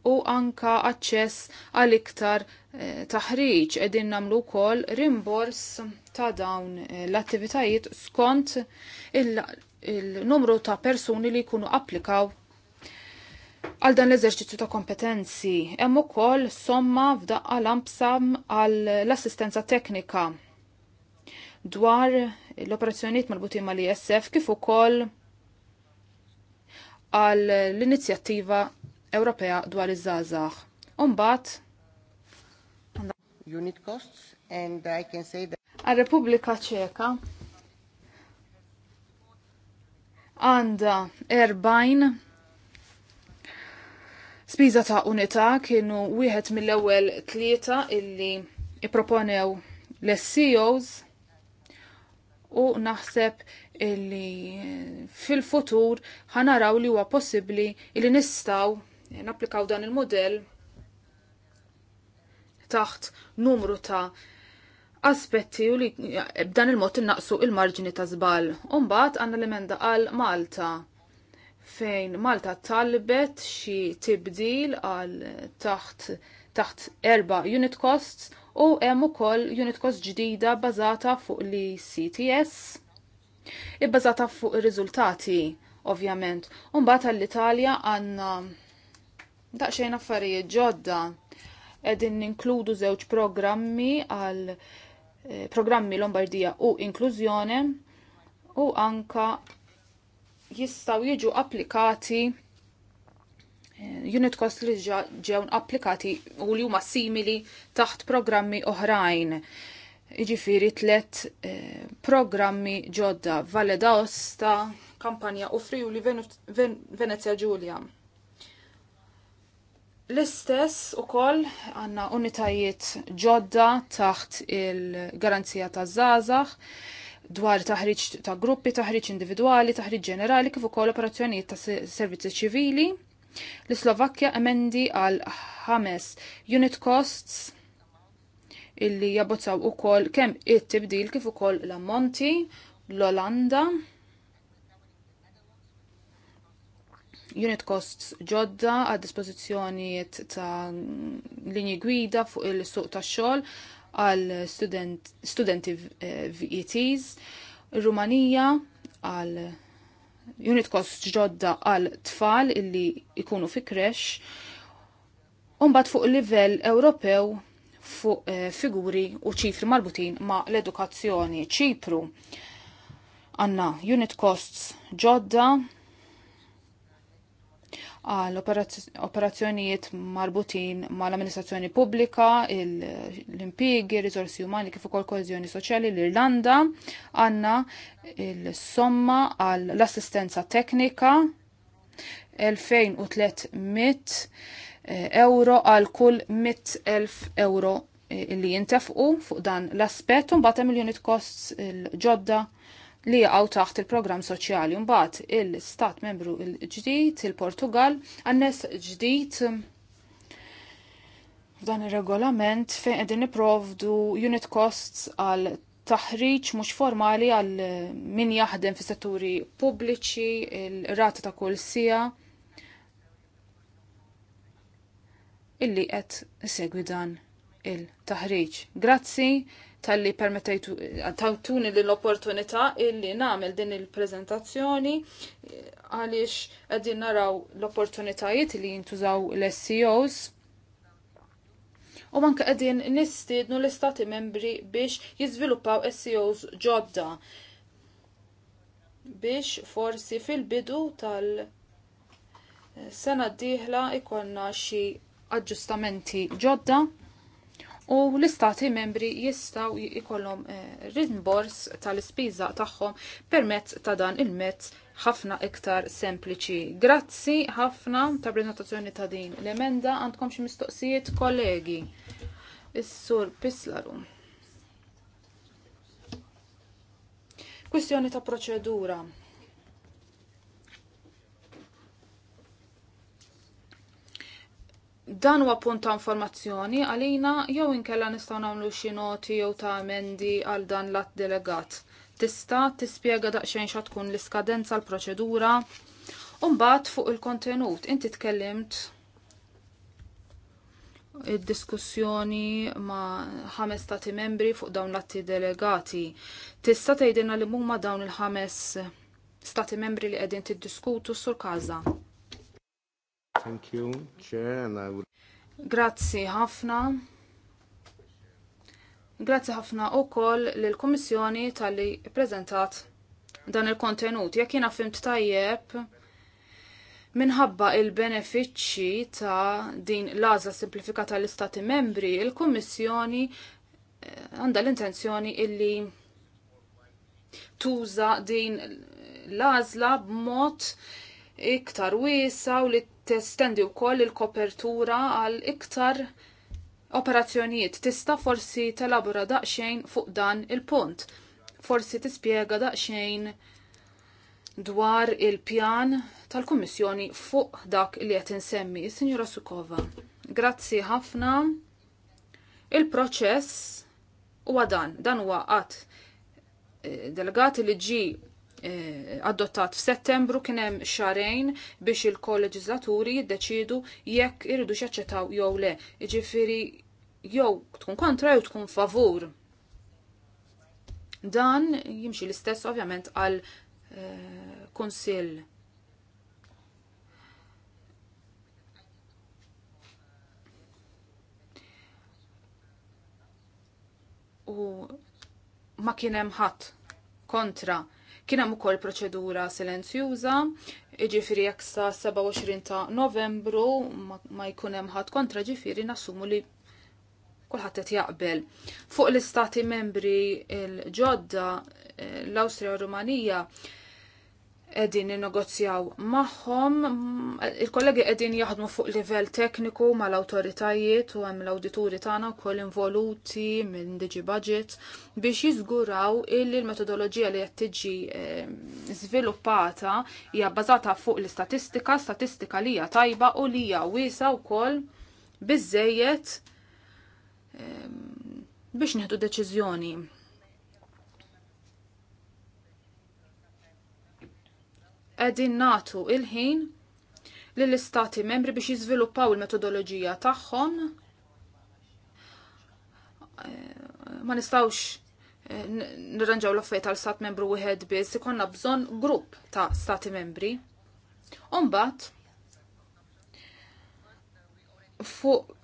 u anka aċċess għal iktar eh, taħriġ qegħdin nagħmlu wkoll rimbors ta' dawn eh, l-attivitajiet skont il-numru ta' persuni li jkunu applikaw għal dan l-eżerċizzju ta' kompetenzi. Hemm ukoll somma f'daqqa lampsam għal l-assistenza teknika dwar l-operazzjonijiet marbutin mal isf kif ukoll għal l-inizjattiva Ewropea dwar iż-żgħażagħ. Umbagħad unit costs and I can say that Għal-Repubblika Ċeka għanda 40 Spiża ta' unità kienu wieħed mill-ewwel tlieta illi ipproponew l-SEOs u naħseb illi fil-futur ħanaraw li huwa possibbli illi nistgħu napplikaw dan il-modell taħt numru ta' aspetti u li b'dan il-mod innaqsu il-marġini ta' żball. Umbagħad għandna l-emenda għal Malta fejn Malta talbet xi tibdil għal taħt taħt erba unit costs u hemm ukoll unit cost ġdida bażata fuq li CTS ibbażata fuq ir-riżultati ovvjament. U mbagħad għall-Italja għandna daqsxejn affarijiet ġodda qegħdin ninkludu żewġ programmi għal eh, programmi Lombardija u inklużjoni u anka jistaw jiġu applikati eh, unit cost li ġewn applikati u li huma simili taħt programmi oħrajn. Iġifiri tlet eh, programmi ġodda Valle d'Aosta, Kampanja u Friuli Ven Ven Venezia Giulia. L-istess u koll għanna unitajiet ġodda taħt il-garanzija ta' zazax, dwar taħriġ ta' gruppi, taħriġ individwali, taħriġ ġenerali kif ukoll operazzjonijiet ta' servizzi ċivili. L-Slovakkja emendi għal ħames unit costs illi jabbozzaw ukoll kemm it-tibdil kif ukoll l-ammonti, l-Olanda. Unit costs ġodda għad dispozizjoniet ta' linji gwida fuq il-suq tax-xogħol għal student, studenti VETs, eh, e Rumanija għal unit cost ġodda għal tfal illi ikunu fi kresh, unbat fuq livell Ewropew fuq eh, figuri u ċifri marbutin ma' l-edukazzjoni ċipru. Għanna unit costs ġodda għal operazzjonijiet marbutin mal-amministrazzjoni pubblika, l-impigi, risorsi umani kif ukoll kohezjoni soċjali l-Irlanda għandna il-somma għal l-assistenza teknika 2300 eh, euro għal kull 100.000 euro eh, li jintefqu fuq dan l-aspett bata miljonit kost il-ġodda li għaw taħt il-programm soċjali mbagħad il-Stat Membru il-ġdid il-Portugal għannes ġdid um, f'dan ir-regolament fejn qegħdin niprovdu unit costs għal taħriġ mhux formali għal min jaħdem fi setturi pubbliċi, il-rata ta' kull sija illi qed isegwi dan il-taħriġ. Grazzi tal-li permettajtu tawtuni l-opportunità illi namel din il-prezentazzjoni għaliex għedin naraw l-opportunitajiet li jintużaw l-SEOs u manka għedin nistidnu l-istati membri biex jizviluppaw SEOs ġodda biex forsi fil-bidu tal sena d-dihla ikonna xi aġġustamenti ġodda u l-istati membri jistaw ikollhom eh, rimbors tal-ispiża tagħhom permezz ta' dan il-mezz ħafna iktar sempliċi. Grazzi ħafna ta' prezentazzjoni ta' din l-emenda għandkom xi mistoqsijiet kollegi. Is-sur Pislaru. Kwistjoni ta' proċedura. dan huwa punt ta' informazzjoni għalina jew inkella nistgħu nagħmlu xi noti jew ta' emendi għal dan l-att delegat. Tista' tispjega daqsxejn xa tkun l-iskadenza l-proċedura u mbagħad fuq il-kontenut. Inti tkellimt id-diskussjoni ma' ħames stati membri fuq dawn l-atti delegati. Tista' tgħidilna li huma dawn il-ħames stati membri li qegħdin tiddiskutu sur każa. Thank you, Chair, and I would... Grazzi ħafna. Grazzi ħafna u koll l-Komissjoni tal-li prezentat dan il-kontenut. Jek jena fimt tajjeb minħabba il-benefiċċji ta' din l-għażla simplifikata l-Istati membri, il-Kummissjoni eh, għandha l-intenzjoni illi tuża din l-għażla b'mod iktar wiesa u li testendi wkoll il-kopertura għal iktar operazzjonijiet. Tista' forsi telabora daqsxejn fuq dan il-punt. Forsi tispjega daqsxejn dwar il-pjan tal-Kummissjoni fuq dak li qed insemmi. Sinjura Sukova, grazzi ħafna. Il-proċess huwa dan, dan huwa qatt eh, delegati li ġi Eh, adottat f'Settembru kien hemm xarejn biex il-kolleġislaturi jiddeċidu jekk iridu xaċċettaw jew le. Jiġifieri jew tkun kontra jew tkun favur. Dan jimxi l-istess ovvjament għal eh, kunsill. U ma kien hemm ħadd kontra Kien hemm ukoll proċedura silenzjuża, jiġifieri jekk sa 27 ta' Novembru ma jkun hemm ħadd kontra ġifieri nassumu li kulħadd qed jaqbel. Fuq l-istati membri l-ġodda eh, l-Awstrija u Rumanija edin negozjaw maħħom, il-kollegi edin jaħdmu fuq livell tekniku mal autoritajiet u għem l-auditori tagħna wkoll involuti minn Digi Budget biex jiżguraw illi l metodologija li qed tiġi eh, żviluppata hija bbażata fuq l-istatistika, statistika li hija tajba u li hija wiesa wkoll bizzejiet eh, biex nieħdu deċiżjoni qegħdin nagħtu il-ħin li l istati membri biex jiżviluppaw il-metodoloġija tagħhom. Eh, ma nistgħux eh, nirranġaw l offet tal stat membru wieħed biss, ikonna bżonn grupp ta' stati membri. Umbagħad fuq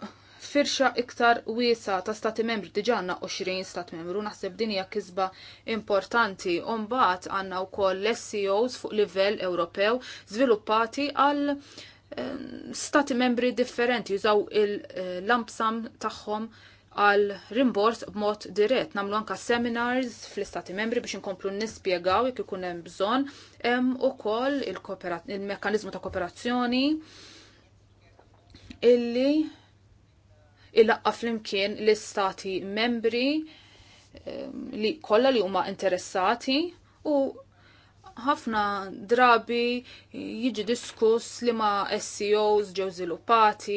firxa iktar wiesa ta' stati membri diġanna 20 stat membru naħseb din hija kisba importanti. Umbagħad għandna wkoll l-SEOs fuq livell Ewropew żviluppati għal ehm, stati membri differenti jużaw il-lampsam tagħhom għal rimbors b'mod dirett. Namlu anka seminars fl-istati membri biex inkomplu nispjegaw jekk ikun hemm bżonn hemm ukoll il-mekkaniżmu ta' kooperazzjoni illi il-laqqa flimkien l-istati membri ehm, li kolla li huma interessati u ħafna drabi jiġi diskuss li ma SEOs ġew żviluppati,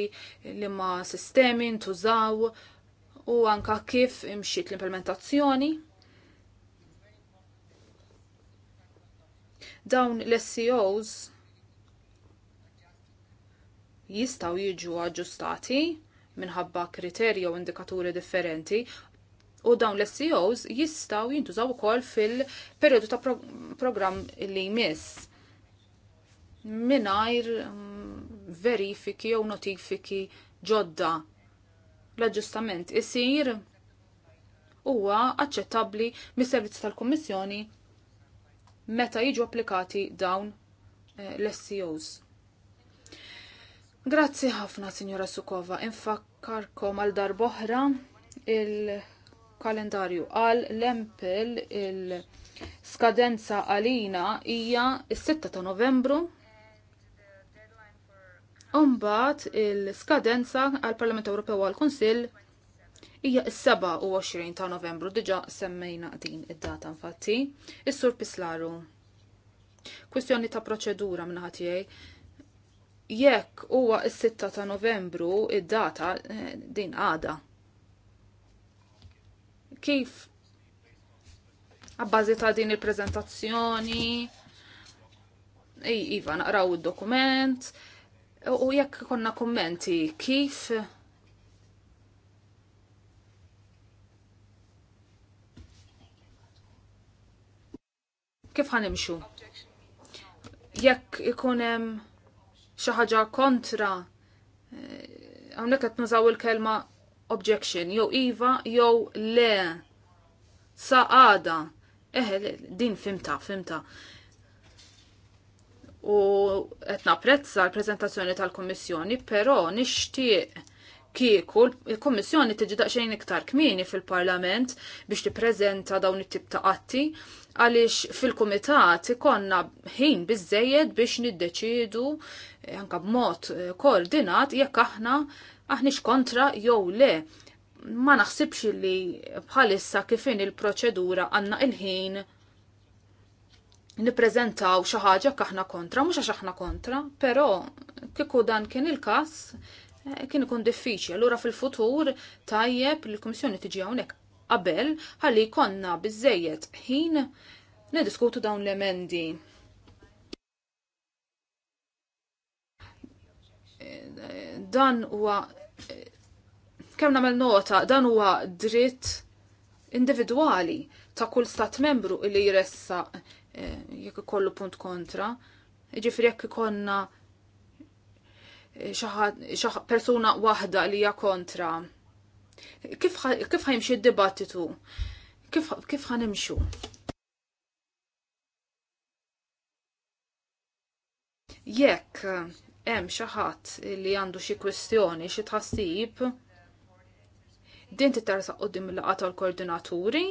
li ma sistemi ntużaw u anka kif imxiet l-implementazzjoni. Dawn l-SEOs jistaw jiġu aġġustati minħabba kriterji u indikaturi differenti u dawn l-SEOs jistaw jintużaw ukoll fil-periodu ta' program programm li jmiss minajr mm, verifiki jew notifiki ġodda l-aġġustament isir huwa aċċettabbli mis-servizz tal-Kummissjoni meta jiġu applikati dawn eh, l-SEOs. Grazzi ħafna, Sinjora Sukova. Infakkarkom għal darboħra il-kalendarju għal l-empel il-skadenza għalina hija s-6 ta' novembru Umbat il-skadenza għal Parlament Ewropew għal Kunsill hija s-27 ta' Novembru diġa semmejna din id-data infatti. Is-Sur Pislaru. Kwistjoni ta' proċedura minnaħat tiegħi jekk huwa s sitta ta' Novembru id-data eh, din għada. Kif għabbażi ta' din il-prezentazzjoni, iva naqraw id-dokument, u jekk konna kommenti kif kif ħanimxu? Jekk ikunem xi ħaġa kontra eh, hawnhekk qed nużaw il-kelma objection jew iva jew le sa għada eħe eh, din fimta fimta u qed napprezza l-preżentazzjoni tal-Kummissjoni, però nixtieq kieku il-Kommissjoni tiġi daqsxejn iktar kmini fil-Parlament biex tippreżenta dawn it-tip ta' qatti għaliex fil-Kumitat konna ħin biżejjed biex niddeċidu Eh, anka b'mod eh, koordinat jekk aħna aħniex kontra jew le. Ma naħsibx li bħalissa kifin il-proċedura għanna il-ħin niprezentaw xi ħaġa kontra, mhux għax aħna kontra, però kieku dan kien il-każ eh, kien ikun diffiċli. Allura fil-futur tajjeb li l-Kummissjoni tiġi hawnhekk qabel ħalli konna biżejjed ħin nidiskutu dawn l-emendi. dan huwa kemm nagħmel nota dan huwa dritt individwali ta' kull stat membru li jressa eh, jekk ikollu punt kontra. Ġifri jekk ikonna eh, persuna waħda li hija kontra. Kif ħajmxi d-dibattitu? Kif ħanimxu? Jekk hemm xi ħadd li għandu xi kwestjoni xi tħassib, din titarsaq qudiem il laqgħa tal-koordinaturi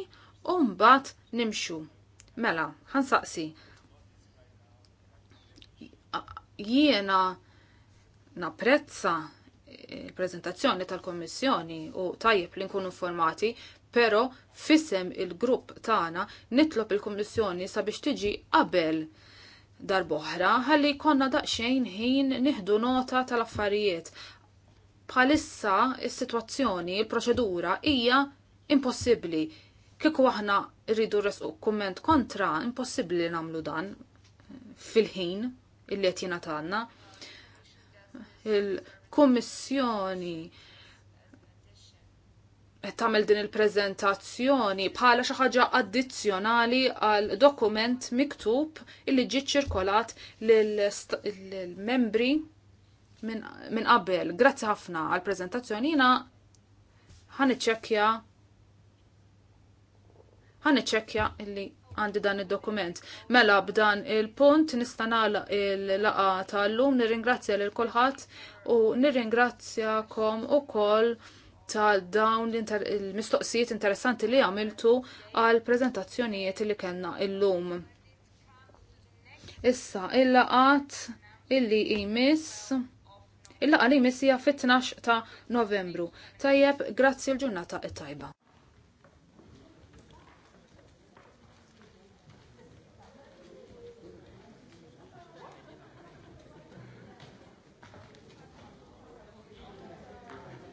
u mbagħad nimxu. Mela, ħansaqsi. Jiena napprezza il-prezentazzjoni tal-Kommissjoni u tajjeb li nkunu informati, pero fissem il-grupp tagħna nitlob il-Kommissjoni sabiex tiġi qabel darboħra ħalli konna daqxejn ħin nieħdu nota tal-affarijiet. Bħalissa is-sitwazzjoni, il-proċedura hija impossibbli. Kieku aħna rridu resqu kumment kontra, impossibbli namlu dan fil-ħin illi qed jingħatalna. Il-Kummissjoni il il kummissjoni tagħmel din il-preżentazzjoni bħala xi ħaġa addizzjonali għal dokument miktub illi ġiet ċirkolat lill-membri minn qabel. Grazzi ħafna għal preżentazzjoni jiena ħaniċċekkja ħaniċċekkja illi għandi dan id dokument Mela b'dan il-punt nista' nagħlaq il-laqa tal-lum nirringrazzja lil kulħadd u nirringrazzjakom ukoll ta' dawn il-mistoqsijiet interessanti li għamiltu għal prezentazzjonijiet li kellna illum. Issa, il-laqat illi jmiss il-laqa li jmiss hija fit-12 ta' Novembru. Tajjeb, grazzi l-ġurnata it-tajba.